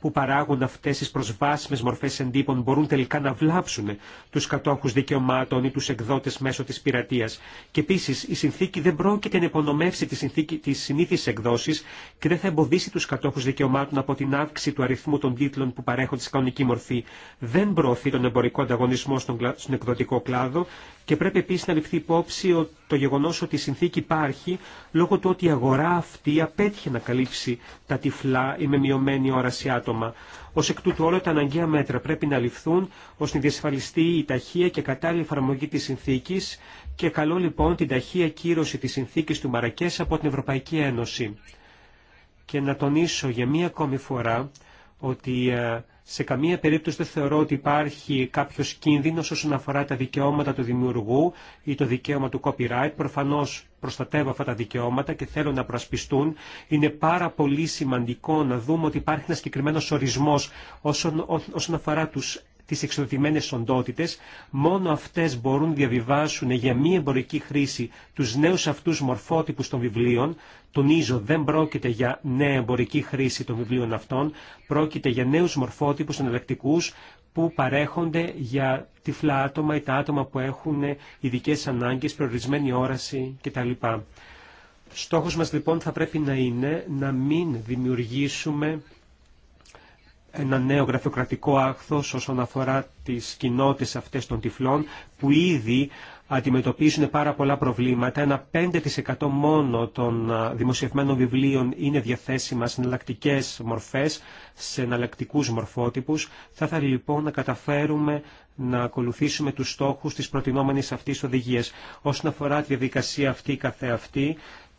που παράγουν αυτές τις προσβάσιμες μορφές εντύπων μπορούν τελικά να βλάψουν τους κατόχους δικαιωμάτων ή τους εκδότες μέσω της πειρατείας. Και επίσης η συνθήκη δεν πρόκειται να υπονομεύσει τη συνθήκη της συνήθεις να υπονομευσει τη συνθηκη της συνηθεις και δεν θα εμποδίσει τους κατόχους δικαιωμάτων από την αύξηση του αριθμού των τίτλων που παρέχονται σε κανονική μορφή. Δεν προωθεί τον εμπορικό ανταγωνισμό στον, εκδοτικό κλάδο και πρέπει επίσης να ληφθεί υπόψη το γεγονός ότι η συνθήκη υπάρχει λόγω του ότι η αγορά αυτή απέτυχε να καλύψει τα τυφλά ή με μειωμένη όραση άτομα. Ω εκ τούτου όλα τα αναγκαία μέτρα πρέπει να ληφθούν ώστε να διασφαλιστεί η ταχεία και κατάλληλη εφαρμογή τη συνθήκη και καλό λοιπόν την ταχεία κύρωση τη συνθήκη του Μαρακέ από την Ευρωπαϊκή Ένωση. Και να τονίσω για μία ακόμη φορά ότι ε, σε καμία περίπτωση δεν θεωρώ ότι υπάρχει κάποιο κίνδυνο όσον αφορά τα δικαιώματα του δημιουργού ή το δικαίωμα του copyright. Προφανώ προστατεύω αυτά τα δικαιώματα και θέλω να προασπιστούν. Είναι πάρα πολύ σημαντικό να δούμε ότι υπάρχει ένα συγκεκριμένο ορισμό όσον, όσον αφορά του τις εξοδοτημένες οντότητες, μόνο αυτές μπορούν να διαβιβάσουν για μη εμπορική χρήση τους νέους αυτούς μορφότυπους των βιβλίων. Τονίζω, δεν πρόκειται για νέα εμπορική χρήση των βιβλίων αυτών, πρόκειται για νέους μορφότυπους εναλλακτικού που παρέχονται για τυφλά άτομα ή τα άτομα που έχουν ειδικέ ανάγκες, προορισμένη όραση κτλ. Στόχος μας λοιπόν θα πρέπει να είναι να μην δημιουργήσουμε ένα νέο γραφειοκρατικό άχθος όσον αφορά τις κοινότητες αυτές των τυφλών που ήδη αντιμετωπίζουν πάρα πολλά προβλήματα. Ένα 5% μόνο των δημοσιευμένων βιβλίων είναι διαθέσιμα σε εναλλακτικέ μορφές, σε εναλλακτικού μορφότυπους. Θα ήθελα λοιπόν να καταφέρουμε να ακολουθήσουμε τους στόχους της προτινόμενης αυτής οδηγίας. Όσον αφορά τη διαδικασία αυτή καθεαυτή,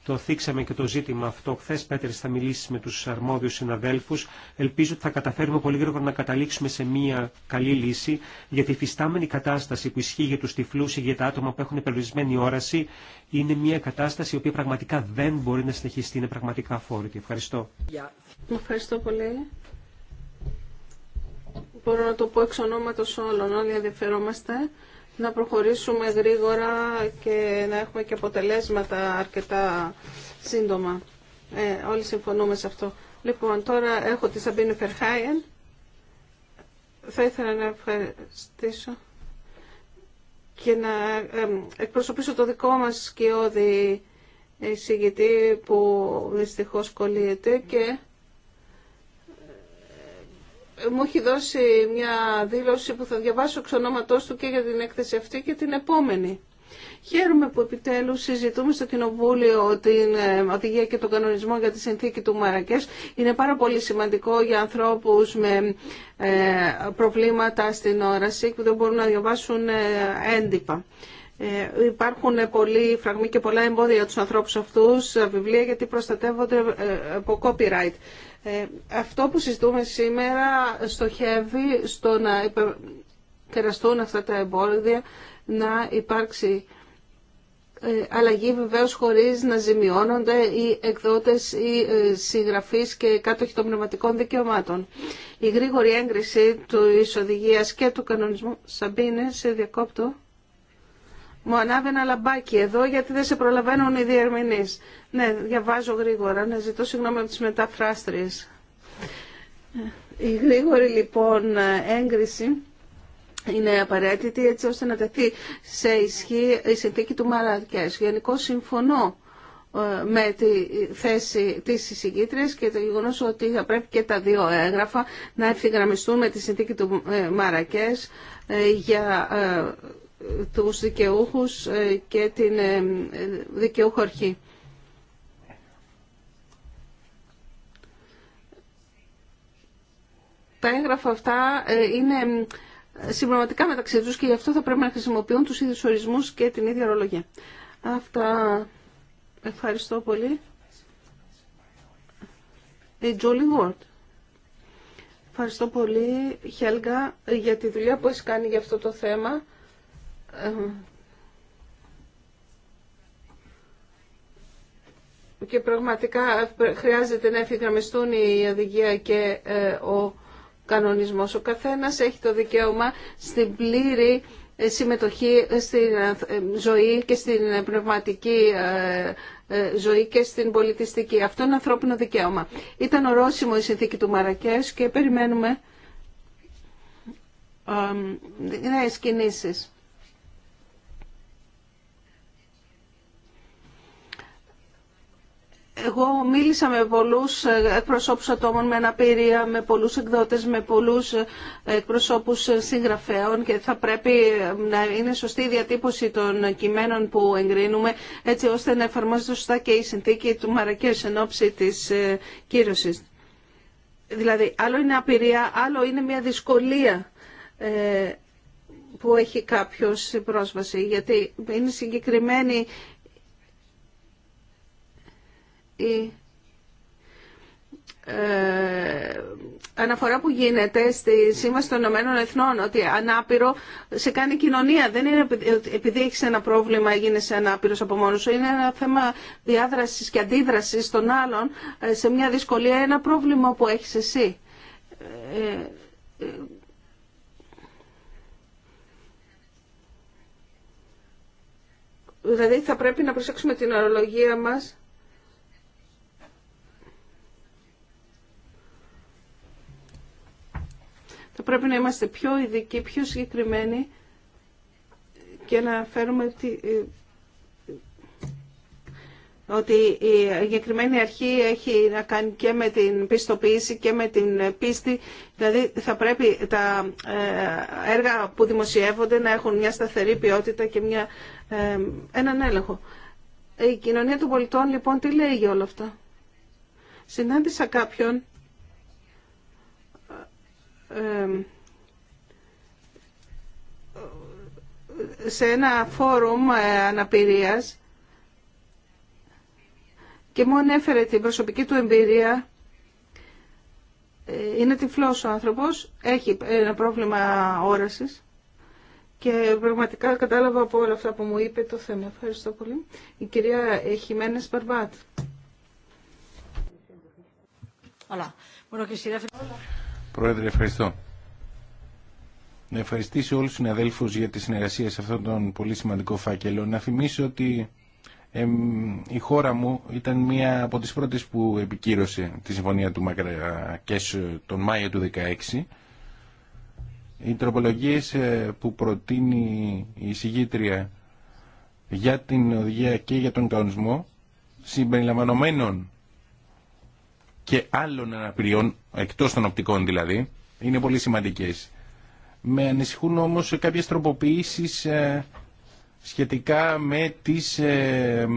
το θίξαμε και το ζήτημα αυτό χθε. Πέτρε, θα μιλήσει με του αρμόδιου συναδέλφου. Ελπίζω ότι θα καταφέρουμε πολύ γρήγορα να καταλήξουμε σε μια καλή λύση, γιατί η φυστάμενη κατάσταση που ισχύει για του τυφλού ή για τα άτομα που έχουν περιορισμένη όραση είναι μια κατάσταση η οποία πραγματικά δεν μπορεί να συνεχιστεί. Είναι πραγματικά αφόρητη. Ευχαριστώ. Ευχαριστώ πολύ. Μπορώ να το πω εξ ονόματο όλων. Όλοι ενδιαφερόμαστε να προχωρήσουμε γρήγορα και να έχουμε και αποτελέσματα αρκετά σύντομα. Ε, όλοι συμφωνούμε σε αυτό. Λοιπόν, τώρα έχω τη Σαμπίνη Φερχάιεν. Θα ήθελα να ευχαριστήσω και να εκπροσωπήσω το δικό μας σκιώδη εισηγητή που δυστυχώς κολλείται και μου έχει δώσει μια δήλωση που θα διαβάσω εξ ονόματός του και για την έκθεση αυτή και την επόμενη. Χαίρομαι που επιτέλου συζητούμε στο Κοινοβούλιο την ε, οδηγία και τον κανονισμό για τη συνθήκη του Μαρακές. Είναι πάρα πολύ σημαντικό για ανθρώπου με ε, προβλήματα στην όραση που δεν μπορούν να διαβάσουν ε, έντυπα. Ε, υπάρχουν πολλοί φραγμοί και πολλά εμπόδια για τους ανθρώπους αυτούς, βιβλία γιατί προστατεύονται από copyright. Ε, αυτό που συζητούμε σήμερα στοχεύει στο να υπεραστούν αυτά τα εμπόδια, να υπάρξει ε, αλλαγή βεβαίως χωρίς να ζημιώνονται οι εκδότες ή ε, συγγραφείς και κάτοχοι των πνευματικών δικαιωμάτων. Η γρήγορη έγκριση του οδηγία και του κανονισμού Σαμπίνε σε διακόπτω. Μου ανάβει ένα λαμπάκι εδώ γιατί δεν σε προλαβαίνουν οι διερμηνείς. Ναι, διαβάζω γρήγορα. Ναι, ζητώ συγγνώμη από τις μεταφράστριες. Η γρήγορη λοιπόν έγκριση είναι απαραίτητη έτσι ώστε να τεθεί σε ισχύ η συνθήκη του Μαρακές. Γενικώ συμφωνώ ε, με τη θέση της εισηγήτριας και το γεγονός ότι θα πρέπει και τα δύο έγγραφα να ευθυγραμμιστούν με τη συνθήκη του ε, Μαρακές ε, για τους δικαιούχους ε, και την ε, δικαιούχο αρχή. Τα έγγραφα αυτά ε, είναι συμπληρωματικά μεταξύ τους και γι' αυτό θα πρέπει να χρησιμοποιούν τους ίδιους ορισμούς και την ίδια ορολογία. Αυτά ευχαριστώ πολύ. Η Ευχαριστώ πολύ, Χέλγα, για τη δουλειά που έχει κάνει για αυτό το θέμα. Ε, και πραγματικά χρειάζεται να εφηγραμμιστούν η οδηγία και ε, ο κανονισμός. Ο καθένας έχει το δικαίωμα στην πλήρη ε, συμμετοχή στην ζωή και στην πνευματική ζωή και στην πολιτιστική. Αυτό είναι ανθρώπινο δικαίωμα. Ήταν ορόσημο η συνθήκη του Μαρακές και περιμένουμε νέες κινήσεις. Εγώ μίλησα με πολλούς ε, εκπροσώπους ατόμων με αναπηρία, με πολλούς εκδότες, με πολλούς ε, εκπροσώπους ε, συγγραφέων και θα πρέπει να είναι σωστή η διατύπωση των κειμένων που εγκρίνουμε έτσι ώστε να εφαρμόζεται σωστά και η συνθήκη του Μαρακές εν ώψη της κύρωσης. Δηλαδή, άλλο είναι απειρία, άλλο είναι μια δυσκολία που έχει κάποιος πρόσβαση, γιατί είναι συγκεκριμένη η ε, αναφορά που γίνεται στη Σύμβαση των Ηνωμένων Εθνών ότι ανάπηρο σε κάνει κοινωνία. Δεν είναι επειδή έχει ένα πρόβλημα σε ανάπηρο από μόνο σου. Είναι ένα θέμα διάδραση και αντίδραση των άλλων ε, σε μια δυσκολία, ένα πρόβλημα που έχει εσύ. Ε, ε, δηλαδή θα πρέπει να προσέξουμε την ορολογία μας Θα πρέπει να είμαστε πιο ειδικοί, πιο συγκεκριμένοι και να φέρουμε ότι, ε, ότι η συγκεκριμένη αρχή έχει να κάνει και με την πιστοποίηση και με την πίστη. Δηλαδή θα πρέπει τα ε, έργα που δημοσιεύονται να έχουν μια σταθερή ποιότητα και μια, ε, έναν έλεγχο. Η κοινωνία των πολιτών λοιπόν τι λέει για όλα αυτά. Συνάντησα κάποιον σε ένα φόρουμ ε, αναπηρίας και μου ανέφερε την προσωπική του εμπειρία. Ε, είναι τυφλός ο άνθρωπος, έχει ένα πρόβλημα όρασης και πραγματικά κατάλαβα από όλα αυτά που μου είπε το θέμα. Ευχαριστώ πολύ. Η κυρία Χιμένες Μπαρμπάτ. Πρόεδρε, ευχαριστώ. Να ευχαριστήσω όλους τους συναδέλφους για τη συνεργασία σε αυτόν τον πολύ σημαντικό φάκελο. Να θυμίσω ότι η χώρα μου ήταν μία από τις πρώτες που επικύρωσε τη συμφωνία του Μακρακές ε, τον Μάιο του 2016. Οι τροπολογίες ε, που προτείνει η συγγήτρια για την οδηγία και για τον κανονισμό συμπεριλαμβανομένων και άλλων αναπηριών, εκτό των οπτικών δηλαδή, είναι πολύ σημαντικέ, Με ανησυχούν όμως κάποιες τροποποιήσεις ε, σχετικά με τις ε,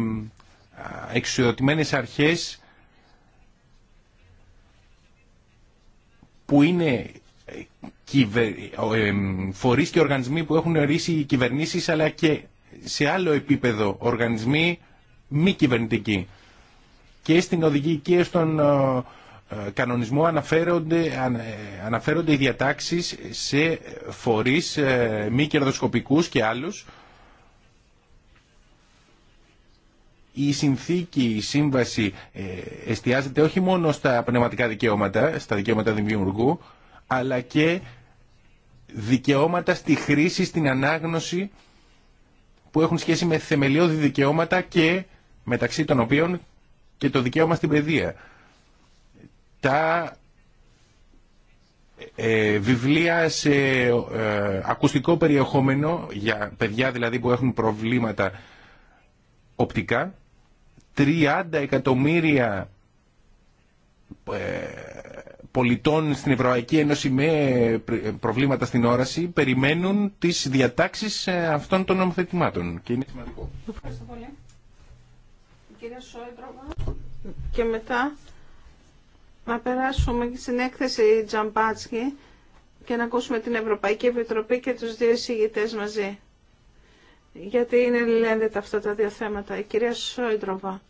εξουσιοδοτημένες αρχές που είναι ε, φορείς και οργανισμοί που έχουν ορίσει οι κυβερνήσεις αλλά και σε άλλο επίπεδο οργανισμοί μη κυβερνητικοί και στην οδηγική και στον ε, ε, κανονισμό αναφέρονται, ε, αναφέρονται οι διατάξεις σε φορείς μη κερδοσκοπικούς και άλλους. Η συνθήκη, η σύμβαση εστιάζεται όχι μόνο στα πνευματικά δικαιώματα, στα δικαιώματα δημιουργού, αλλά και δικαιώματα στη χρήση, στην ανάγνωση που έχουν σχέση με θεμελιώδη δικαιώματα και μεταξύ των οποίων και το δικαίωμα στην παιδεία. Τα ε, βιβλία σε ε, ακουστικό περιεχόμενο για παιδιά δηλαδή που έχουν προβλήματα οπτικά 30 εκατομμύρια ε, πολιτών στην Ευρωπαϊκή Ένωση με προβλήματα στην όραση περιμένουν τις διατάξεις αυτών των νομοθετημάτων και είναι σημαντικό κυρία Σόιντροβα και μετά να περάσουμε στην έκθεση Τζαμπάτσκι και να ακούσουμε την Ευρωπαϊκή Επιτροπή και τους δύο εισηγητές μαζί. Γιατί είναι λένετε αυτά τα δύο θέματα. Η κυρία Σόιντροβα.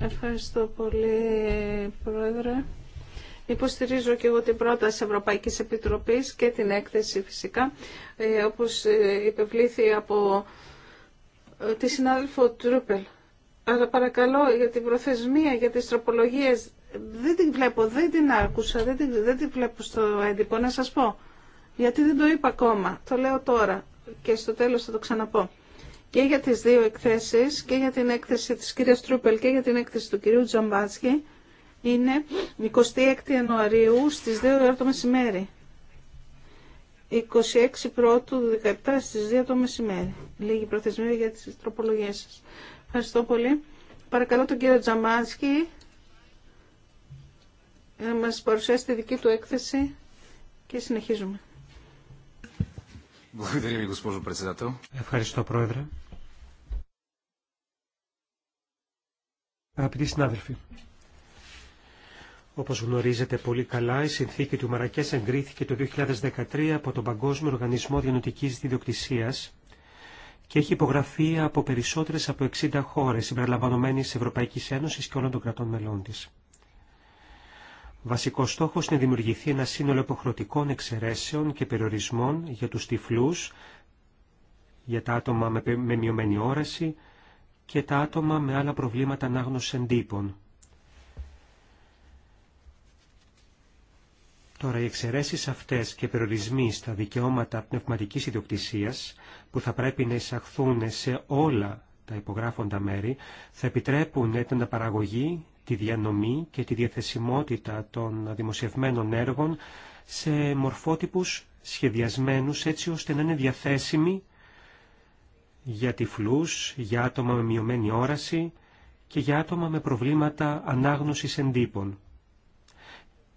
Ευχαριστώ πολύ, Πρόεδρε. Υποστηρίζω και εγώ την πρόταση Ευρωπαϊκής Επιτροπής και την έκθεση φυσικά, ε, όπως ε, υπευλήθη από ε, τη συνάδελφο Τρούπελ. Αλλά παρακαλώ για την προθεσμία, για τις τροπολογίες. Δεν την βλέπω, δεν την άκουσα, δεν την, βλέπω στο έντυπο να σας πω. Γιατί δεν το είπα ακόμα. Το λέω τώρα και στο τέλος θα το ξαναπώ. Και για τις δύο εκθέσεις, και για την έκθεση της κυρίας Τρούπελ και για την έκθεση του κυρίου Τζαμπάτσκι, είναι 26 Ιανουαρίου στις 2 το μεσημέρι. 26 πρώτου 17 στις 2 το μεσημέρι. Λίγη προθεσμία για τις τροπολογίες σας. Ευχαριστώ πολύ. Παρακαλώ τον κύριο Τζαμάνσκι να μας παρουσιάσει τη δική του έκθεση και συνεχίζουμε. Ευχαριστώ πρόεδρε. Αγαπητοί συνάδελφοι, όπως γνωρίζετε πολύ καλά, η συνθήκη του Μαρακές εγκρίθηκε το 2013 από τον Παγκόσμιο Οργανισμό Διανοτικής Διδιοκτησίας και έχει υπογραφεί από περισσότερες από 60 χώρες συμπεριλαμβανομένης Ευρωπαϊκής Ένωσης και όλων των κρατών μελών της. Βασικός στόχος είναι να δημιουργηθεί ένα σύνολο υποχρεωτικών εξαιρέσεων και περιορισμών για τους τυφλούς, για τα άτομα με μειωμένη όραση και τα άτομα με άλλα προβλήματα ανάγνωση εντύπων. Τώρα οι εξαιρέσει αυτές και περιορισμοί στα δικαιώματα πνευματική ιδιοκτησίας που θα πρέπει να εισαχθούν σε όλα τα υπογράφοντα μέρη θα επιτρέπουν την παραγωγή, τη διανομή και τη διαθεσιμότητα των δημοσιευμένων έργων σε μορφότυπους σχεδιασμένους έτσι ώστε να είναι διαθέσιμοι για τυφλούς, για άτομα με μειωμένη όραση και για άτομα με προβλήματα ανάγνωσης εντύπων.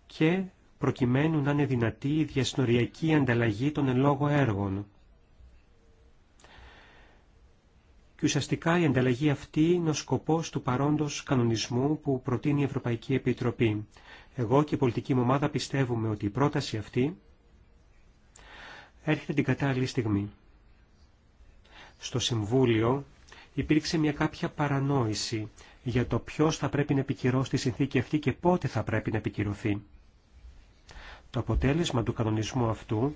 Και προκειμένου να είναι δυνατή η διασνοριακή ανταλλαγή των εν λόγω έργων. Και ουσιαστικά η ανταλλαγή αυτή είναι ο σκοπός του παρόντος κανονισμού που προτείνει η Ευρωπαϊκή Επιτροπή. Εγώ και η πολιτική μου ομάδα πιστεύουμε ότι η πρόταση αυτή έρχεται την κατάλληλη στιγμή. Στο Συμβούλιο υπήρξε μια κάποια παρανόηση για το ποιος θα πρέπει να επικυρώσει τη συνθήκη αυτή και πότε θα πρέπει να επικυρωθεί. Το αποτέλεσμα του κανονισμού αυτού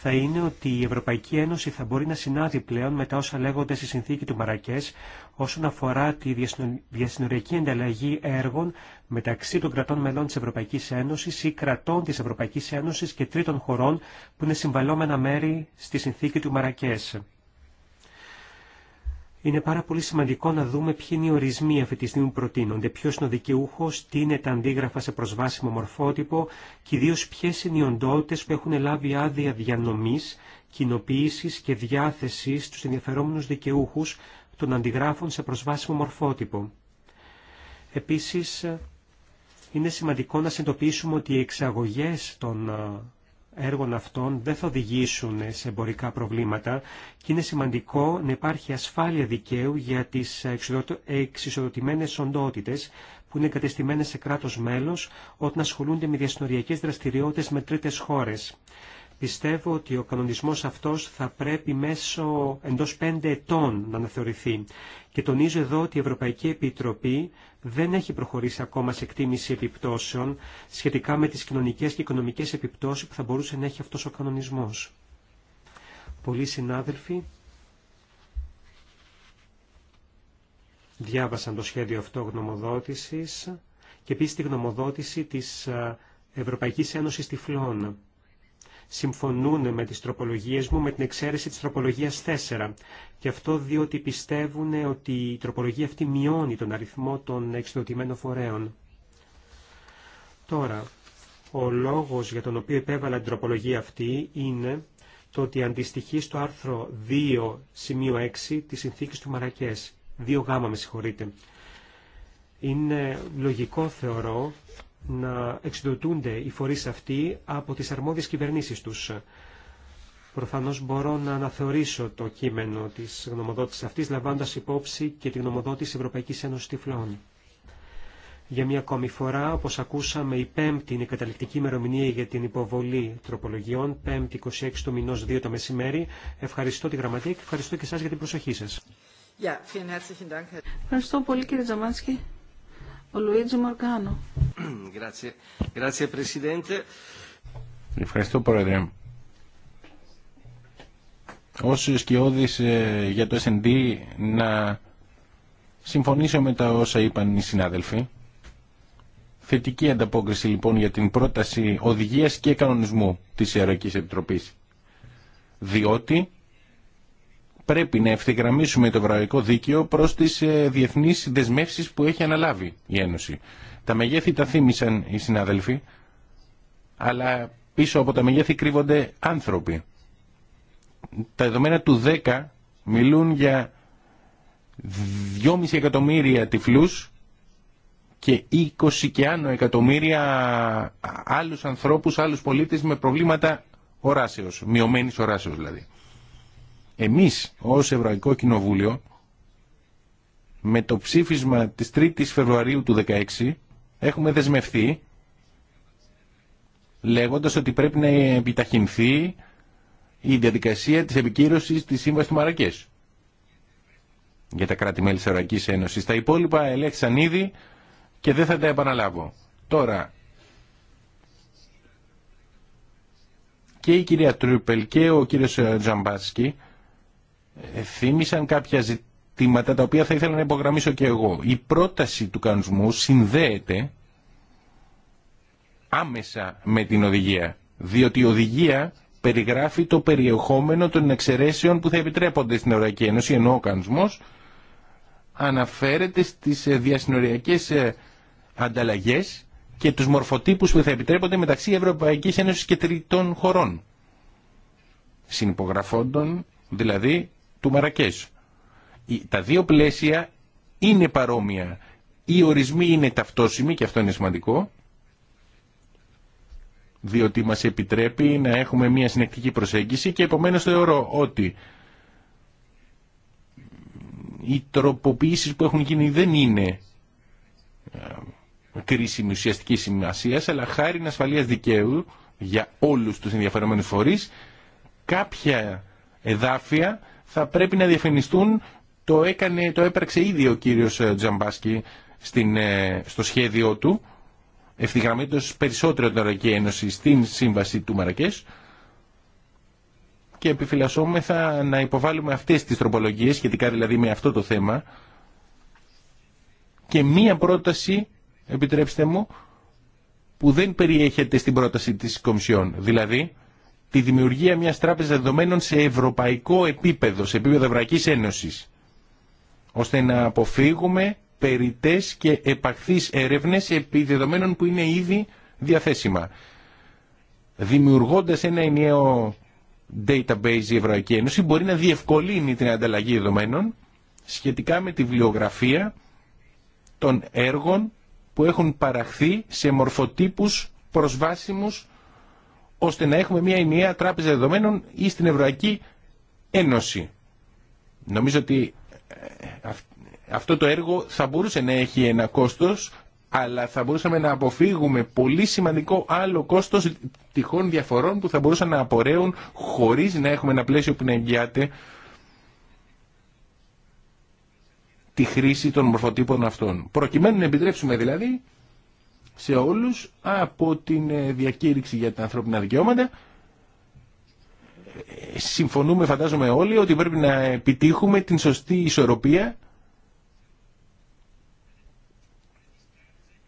θα είναι ότι η Ευρωπαϊκή Ένωση θα μπορεί να συνάδει πλέον με τα όσα λέγονται στη συνθήκη του Μαρακές όσον αφορά τη διασυνοριακή ενταλλαγή έργων μεταξύ των κρατών μελών της Ευρωπαϊκής Ένωσης ή κρατών της Ευρωπαϊκής Ένωσης και τρίτων χωρών που είναι συμβαλόμενα μέρη στη συνθήκη του Μαρακές είναι πάρα πολύ σημαντικό να δούμε ποιοι είναι οι ορισμοί αυτή τη στιγμή που προτείνονται, ποιο είναι ο δικαιούχο, τι είναι τα αντίγραφα σε προσβάσιμο μορφότυπο και ιδίω ποιε είναι οι οντότητε που έχουν λάβει άδεια διανομή, κοινοποίηση και διάθεση στου ενδιαφερόμενου δικαιούχου των αντιγράφων σε προσβάσιμο μορφότυπο. Επίση, είναι σημαντικό να συνειδητοποιήσουμε ότι οι εξαγωγέ των έργων αυτών δεν θα οδηγήσουν σε εμπορικά προβλήματα και είναι σημαντικό να υπάρχει ασφάλεια δικαίου για τις εξισοδοτημένες οντότητες που είναι κατεστημένες σε κράτος μέλος όταν ασχολούνται με διασυνοριακές δραστηριότητες με τρίτες χώρες. Πιστεύω ότι ο κανονισμός αυτός θα πρέπει μέσω εντός πέντε ετών να αναθεωρηθεί. Και τονίζω εδώ ότι η Ευρωπαϊκή Επιτροπή δεν έχει προχωρήσει ακόμα σε εκτίμηση επιπτώσεων σχετικά με τις κοινωνικές και οικονομικές επιπτώσεις που θα μπορούσε να έχει αυτός ο κανονισμός. Πολλοί συνάδελφοι διάβασαν το σχέδιο αυτό γνωμοδότησης και επίσης τη γνωμοδότηση της ε, Ευρωπαϊκής Ένωσης Τυφλών συμφωνούν με τις τροπολογίες μου, με την εξαίρεση της τροπολογίας 4. Και αυτό διότι πιστεύουν ότι η τροπολογία αυτή μειώνει τον αριθμό των εξοδοτημένων φορέων. Τώρα, ο λόγος για τον οποίο επέβαλα την τροπολογία αυτή είναι το ότι αντιστοιχεί στο άρθρο 2 σημείο 6 της συνθήκης του Μαρακές. 2 γάμα με συγχωρείτε. Είναι λογικό θεωρώ να εξειδωτούνται οι φορείς αυτοί από τις αρμόδιες κυβερνήσεις τους. Προφανώς μπορώ να αναθεωρήσω το κείμενο της γνωμοδότησης αυτής, λαμβάνοντας υπόψη και τη γνωμοδότηση Ευρωπαϊκής Ένωσης Τυφλών. Για μια ακόμη φορά, όπως ακούσαμε, η πέμπτη είναι η καταληκτική ημερομηνία για την υποβολή τροπολογιών, πέμπτη 26 του μηνός 2 το μεσημέρι. Ευχαριστώ τη Γραμματεία και ευχαριστώ και εσάς για την προσοχή σας. Ευχαριστώ πολύ κύριε Τζαμάνσκι. Ο Λουίτζι Ευχαριστώ πρόεδρε. Όσοι σκιώδης ε, για το S&D να συμφωνήσω με τα όσα είπαν οι συνάδελφοι. Θετική ανταπόκριση λοιπόν για την πρόταση οδηγίας και κανονισμού της Ιεραρχικής Επιτροπής. Διότι πρέπει να ευθυγραμμίσουμε το ευρωπαϊκό δίκαιο προς τις ε, διεθνείς δεσμεύσει που έχει αναλάβει η Ένωση. Τα μεγέθη τα θύμισαν οι συνάδελφοι, αλλά πίσω από τα μεγέθη κρύβονται άνθρωποι. Τα δεδομένα του 10 μιλούν για 2,5 εκατομμύρια τυφλούς και 20 και άνω εκατομμύρια άλλους ανθρώπους, άλλους πολίτες με προβλήματα οράσεως, μειωμένης οράσεως δηλαδή εμείς ως Ευρωπαϊκό Κοινοβούλιο με το ψήφισμα της 3ης Φεβρουαρίου του 2016 έχουμε δεσμευθεί λέγοντας ότι πρέπει να επιταχυνθεί η διαδικασία της επικύρωσης της Σύμβασης του Μαρακές για τα κράτη-μέλη της Ευρωπαϊκής Ένωσης. Τα υπόλοιπα ελέγξαν ήδη και δεν θα τα επαναλάβω. Τώρα, και η κυρία Τρούπελ και ο κύριος Τζαμπάσκι θύμισαν κάποια ζητήματα τα οποία θα ήθελα να υπογραμμίσω και εγώ. Η πρόταση του κανονισμού συνδέεται άμεσα με την οδηγία, διότι η οδηγία περιγράφει το περιεχόμενο των εξαιρέσεων που θα επιτρέπονται στην Ευρωπαϊκή Ένωση, ενώ ο κανονισμός αναφέρεται στις διασυνοριακές ε, ανταλλαγές και τους μορφοτύπους που θα επιτρέπονται μεταξύ Ευρωπαϊκής Ένωσης και τριτών χωρών. Συνυπογραφόντων, δηλαδή, του Μαρακές. Τα δύο πλαίσια είναι παρόμοια. Οι ορισμοί είναι ταυτόσιμοι και αυτό είναι σημαντικό διότι μας επιτρέπει να έχουμε μια συνεκτική προσέγγιση και επομένως θεωρώ ότι οι τροποποιήσεις που έχουν γίνει δεν είναι ε, κρίσιμη ουσιαστική σημασία, αλλά χάρη ασφαλεία δικαίου για όλους τους ενδιαφερομένους φορείς κάποια εδάφια θα πρέπει να διαφημιστούν. Το, έκανε, το έπραξε ήδη ο κύριος ε, Τζαμπάσκι ε, στο σχέδιό του, ευθυγραμμένως περισσότερο την Ευρωπαϊκή Ένωση στην σύμβαση του Μαρακές και επιφυλασσόμεθα να υποβάλουμε αυτές τις τροπολογίες, σχετικά δηλαδή με αυτό το θέμα, και μία πρόταση, επιτρέψτε μου, που δεν περιέχεται στην πρόταση της Κομισιόν. Δηλαδή, τη δημιουργία μιας τράπεζας δεδομένων σε ευρωπαϊκό επίπεδο, σε επίπεδο Ευρωπαϊκή Ένωσης, ώστε να αποφύγουμε περιτές και επαχθεί έρευνες επί δεδομένων που είναι ήδη διαθέσιμα. Δημιουργώντα ένα ενιαίο database η Ευρωπαϊκή Ένωση μπορεί να διευκολύνει την ανταλλαγή δεδομένων σχετικά με τη βιβλιογραφία των έργων που έχουν παραχθεί σε μορφοτύπους προσβάσιμους ώστε να έχουμε μια ενιαία τράπεζα δεδομένων ή στην Ευρωπαϊκή Ένωση. Νομίζω ότι ε, αυτό το έργο θα μπορούσε να έχει ένα κόστος, αλλά θα μπορούσαμε να αποφύγουμε πολύ σημαντικό άλλο κόστος τυχών διαφορών που θα μπορούσαν να απορρέουν χωρίς να έχουμε ένα πλαίσιο που να εγγυάται τη χρήση των μορφωτύπων αυτών. Προκειμένου να επιτρέψουμε δηλαδή σε όλους από την ε, διακήρυξη για τα ανθρώπινα δικαιώματα. Ε, συμφωνούμε φαντάζομαι όλοι ότι πρέπει να επιτύχουμε την σωστή ισορροπία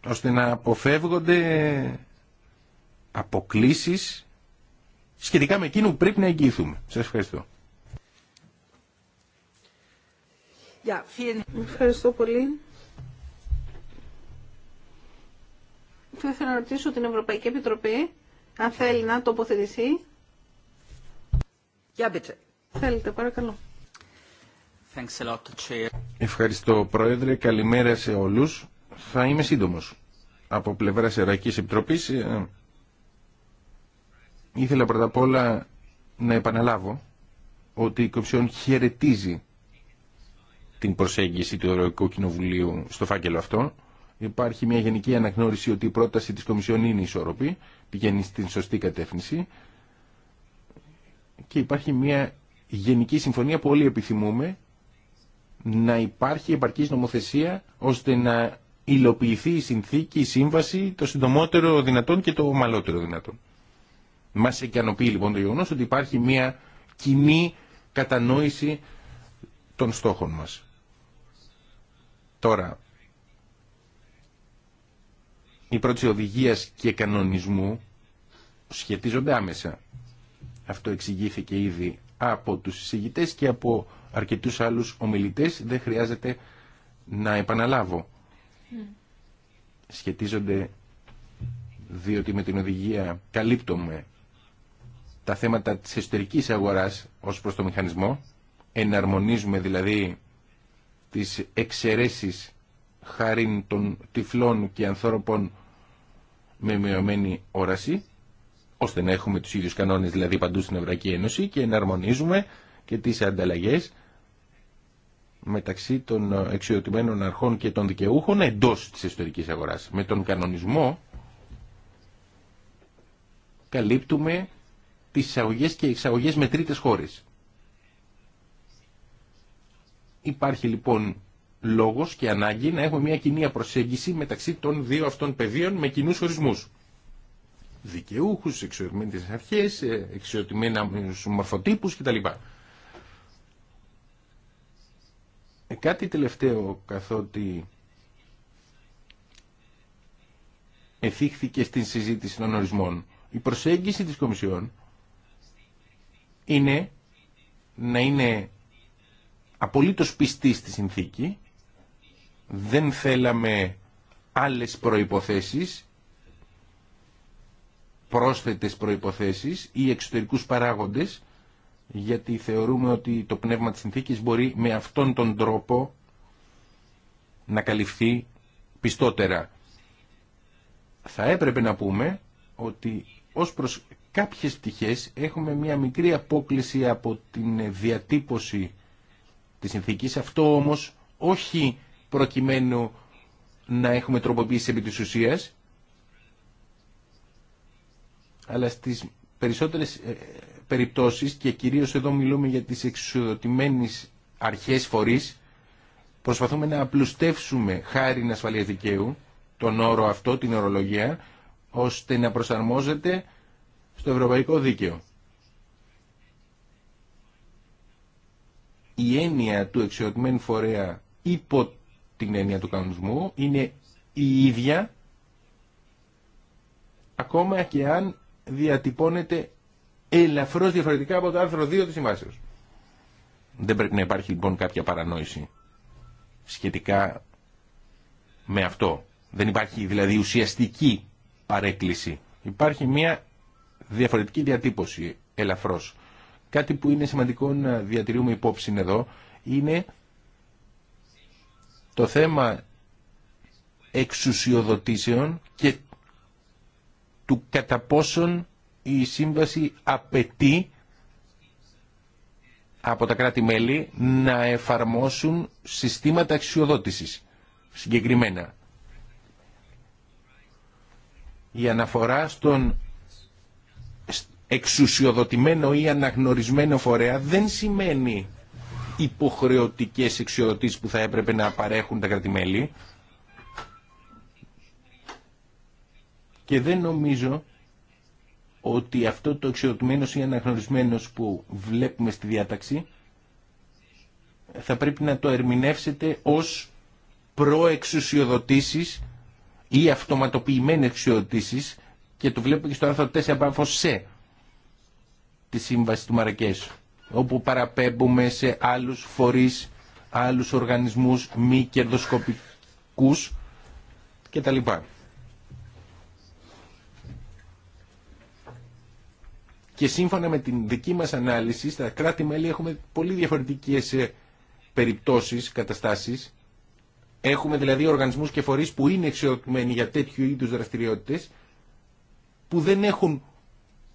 ώστε να αποφεύγονται αποκλήσεις σχετικά με εκείνο που πρέπει να εγγυηθούμε. Σας ευχαριστώ. Ευχαριστώ πολύ. Θα ήθελα να ρωτήσω την Ευρωπαϊκή Επιτροπή αν θέλει να τοποθετηθεί. Yeah, Θέλετε, παρακαλώ. lot, Ευχαριστώ, Πρόεδρε. Καλημέρα σε όλους. Θα είμαι σύντομος. Από πλευράς Ευρωπαϊκής Επιτροπής ε, ήθελα πρώτα απ' όλα να επαναλάβω ότι η Κοψιόν χαιρετίζει την προσέγγιση του Ευρωπαϊκού Κοινοβουλίου στο φάκελο αυτό υπάρχει μια γενική αναγνώριση ότι η πρόταση της Κομισιόν είναι ισορροπή, πηγαίνει στην σωστή κατεύθυνση και υπάρχει μια γενική συμφωνία που όλοι επιθυμούμε να υπάρχει επαρκής νομοθεσία ώστε να υλοποιηθεί η συνθήκη, η σύμβαση το συντομότερο δυνατόν και το ομαλότερο δυνατόν. Μας ικανοποιεί λοιπόν το γεγονό ότι υπάρχει μια κοινή κατανόηση των στόχων μας. Τώρα, η πρώτη οδηγία και κανονισμού σχετίζονται άμεσα. Αυτό εξηγήθηκε ήδη από τους εισηγητές και από αρκετούς άλλους ομιλητές. Δεν χρειάζεται να επαναλάβω. Σχετίζονται διότι με την οδηγία καλύπτουμε τα θέματα της εσωτερικής αγοράς ως προς το μηχανισμό, εναρμονίζουμε δηλαδή τις εξαιρέσεις χάρη των τυφλών και ανθρώπων με μειωμένη όραση, ώστε να έχουμε τους ίδιους κανόνες δηλαδή παντού στην Ευρωπαϊκή Ένωση και να αρμονίζουμε και τις ανταλλαγές μεταξύ των εξιωτημένων αρχών και των δικαιούχων εντός της ιστορικής αγοράς. Με τον κανονισμό καλύπτουμε τις εισαγωγές και εξαγωγές με τρίτες χώρες. Υπάρχει λοιπόν Λόγο και ανάγκη να έχουμε μια κοινή προσέγγιση μεταξύ των δύο αυτών πεδίων με κοινού ορισμού. Δικαιούχου, εξωτημένε αρχέ, ε, εξωτημένου μορφοτύπου κτλ. Ε, κάτι τελευταίο καθότι εθίχθηκε στην συζήτηση των ορισμών. Η προσέγγιση της Κομισιόν είναι να είναι απολύτως πιστή στη συνθήκη δεν θέλαμε άλλες προϋποθέσεις, πρόσθετες προϋποθέσεις ή εξωτερικούς παράγοντες, γιατί θεωρούμε ότι το πνεύμα της συνθήκης μπορεί με αυτόν τον τρόπο να καλυφθεί πιστότερα. Θα έπρεπε να πούμε ότι ως προς κάποιες πτυχές έχουμε μια μικρή απόκληση από την διατύπωση της συνθήκης. Αυτό όμως όχι προκειμένου να έχουμε τροποποίηση επί της ουσίας, αλλά στις περισσότερες ε, περιπτώσεις και κυρίως εδώ μιλούμε για τις εξουσιοδοτημένες αρχές φορείς, προσπαθούμε να απλουστεύσουμε χάρη ασφαλεία δικαίου τον όρο αυτό, την ορολογία, ώστε να προσαρμόζεται στο ευρωπαϊκό δίκαιο. Η έννοια του εξουσιοδοτημένου φορέα υπό την έννοια του κανονισμού είναι η ίδια ακόμα και αν διατυπώνεται ελαφρώς διαφορετικά από το άρθρο 2 της συμβάσεως. Δεν πρέπει να υπάρχει λοιπόν κάποια παρανόηση σχετικά με αυτό. Δεν υπάρχει δηλαδή ουσιαστική παρέκκληση. Υπάρχει μια διαφορετική διατύπωση ελαφρώς. Κάτι που είναι σημαντικό να διατηρούμε υπόψη εδώ είναι το θέμα εξουσιοδοτήσεων και του κατά πόσον η σύμβαση απαιτεί από τα κράτη-μέλη να εφαρμόσουν συστήματα αξιοδότησης συγκεκριμένα. Η αναφορά στον εξουσιοδοτημένο ή αναγνωρισμένο φορέα δεν σημαίνει υποχρεωτικές εξοδοτήσεις που θα έπρεπε να παρέχουν τα κρατημέλη. Και δεν νομίζω ότι αυτό το εξοδοτημένος ή αναγνωρισμένος που βλέπουμε στη διάταξη θα πρέπει να το ερμηνεύσετε ως προεξουσιοδοτήσεις ή αυτοματοποιημένες εξουσιοδοτήσεις και το βλέπω και στο άρθρο 4 πάφος σε τη σύμβαση του Μαρακέσου όπου παραπέμπουμε σε άλλους φορείς, άλλους οργανισμούς μη κερδοσκοπικούς κτλ. Και σύμφωνα με την δική μας ανάλυση, στα κράτη-μέλη έχουμε πολύ διαφορετικές ε, περιπτώσεις, καταστάσεις. Έχουμε δηλαδή οργανισμούς και φορείς που είναι εξαιρετημένοι για τέτοιου είδους δραστηριότητες, που δεν έχουν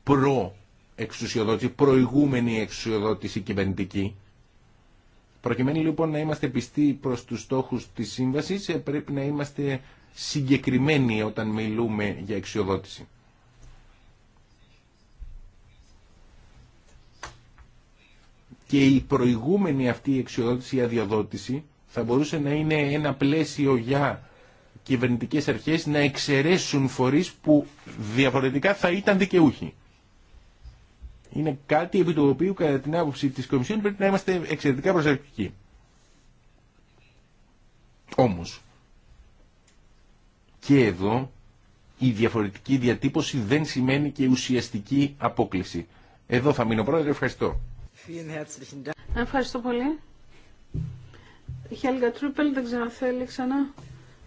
προ εξουσιοδότηση, προηγούμενη εξουσιοδότηση κυβερνητική. Προκειμένου λοιπόν να είμαστε πιστοί προς τους στόχους της σύμβασης, ε, πρέπει να είμαστε συγκεκριμένοι όταν μιλούμε για εξουσιοδότηση. Και η προηγούμενη αυτή εξουσιοδότηση ή αδειοδότηση θα μπορούσε να είναι ένα πλαίσιο για κυβερνητικές αρχές να εξαιρέσουν φορείς που διαφορετικά θα ήταν δικαιούχοι είναι κάτι επί του οποίου κατά την άποψη της Κομισιόν πρέπει να είμαστε εξαιρετικά προσεκτικοί. Όμως, και εδώ η διαφορετική διατύπωση δεν σημαίνει και ουσιαστική απόκληση. Εδώ θα μείνω πρόεδρε, ευχαριστώ. Ευχαριστώ πολύ. Χέλγα Τρούπελ δεν ξέρω αν θέλει ξανά.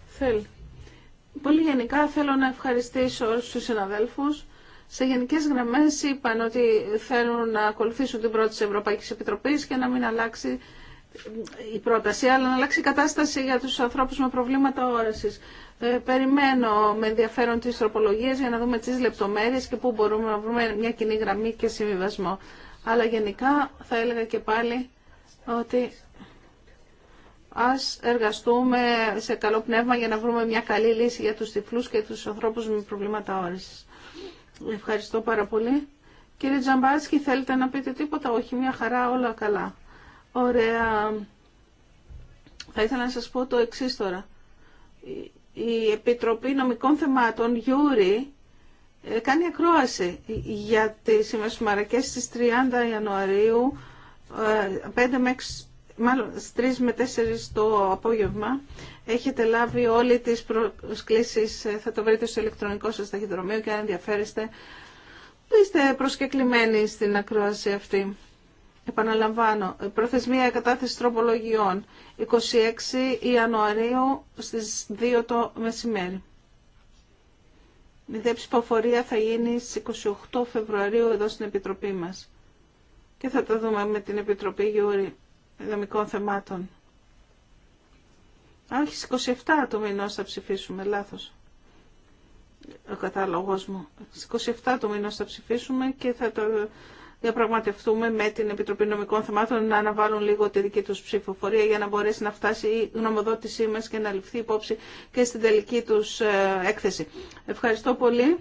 Θέλει. Πολύ γενικά θέλω να ευχαριστήσω όλους τους συναδέλφους σε γενικές γραμμές είπαν ότι θέλουν να ακολουθήσουν την πρώτη της Ευρωπαϊκής Επιτροπής και να μην αλλάξει η πρόταση, αλλά να αλλάξει η κατάσταση για τους ανθρώπους με προβλήματα όρασης. Ε, περιμένω με ενδιαφέρον τις τροπολογίες για να δούμε τις λεπτομέρειες και πού μπορούμε να βρούμε μια κοινή γραμμή και συμβιβασμό. Αλλά γενικά θα έλεγα και πάλι ότι ας εργαστούμε σε καλό πνεύμα για να βρούμε μια καλή λύση για τους τυφλούς και τους ανθρώπους με προβλήματα όρεσης. Ευχαριστώ πάρα πολύ. Κύριε Τζαμπάσκι, θέλετε να πείτε τίποτα. Όχι, μια χαρά, όλα καλά. Ωραία. Θα ήθελα να σας πω το εξή τώρα. Η Επιτροπή Νομικών Θεμάτων, Γιούρι, ε, κάνει ακρόαση για τις ημεσουμαρακές στις 30 Ιανουαρίου, 5 ε, με μάλλον στις 3 με 4 το απόγευμα Έχετε λάβει όλοι τις προσκλήσεις, ε, θα το βρείτε στο ηλεκτρονικό σας ταχυδρομείο και αν ενδιαφέρεστε είστε προσκεκλημένοι στην ακρόαση αυτή. Επαναλαμβάνω, ε, προθεσμία κατάθεση τροπολογιών 26 Ιανουαρίου στις 2 το μεσημέρι. Η δε ψηφοφορία θα γίνει στις 28 Φεβρουαρίου εδώ στην Επιτροπή μας. Και θα τα δούμε με την Επιτροπή Γιούρη Δομικών Θεμάτων. Αν 27 το μηνός θα ψηφίσουμε, λάθο Ο κατάλογο μου. 27 του ενό θα ψηφίσουμε και θα το διαπραγματευτούμε με την Επιτροπή Νομικών Θεμάτων να αναβάλουν λίγο τη δική τους ψηφοφορία για να μπορέσει να φτάσει η γνωμοδότησή μας και να ληφθεί υπόψη και στην τελική του ε, έκθεση. Ευχαριστώ πολύ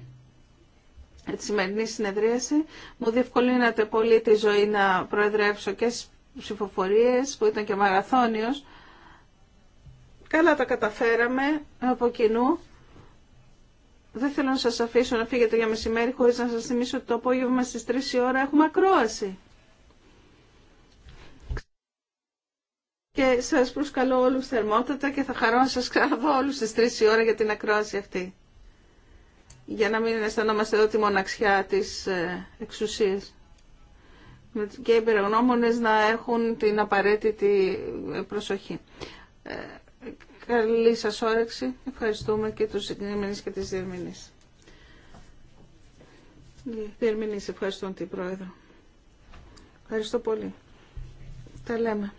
για τη σημερινή συνεδρίαση. Μου διευκολύνατε πολύ τη ζωή να προεδρεύσω και στις ψηφοφορίες που ήταν και μαραθώνιος. Καλά τα καταφέραμε από κοινού. Δεν θέλω να σας αφήσω να φύγετε για μεσημέρι χωρίς να σας θυμίσω ότι το απόγευμα στις 3 η ώρα έχουμε ακρόαση. Και σας προσκαλώ όλους θερμότατα και θα χαρώ να σας ξαναδώ όλους στις 3 η ώρα για την ακρόαση αυτή. Για να μην αισθανόμαστε εδώ τη μοναξιά της ε, εξουσίας. Και οι περιγνώμονες να έχουν την απαραίτητη ε, προσοχή. Ε, Καλή σας όρεξη. Ευχαριστούμε και τους συγκεκριμένους και τις διερμηνείς. Διερμηνείς, ευχαριστώ την Πρόεδρο. Ευχαριστώ πολύ. Τα λέμε.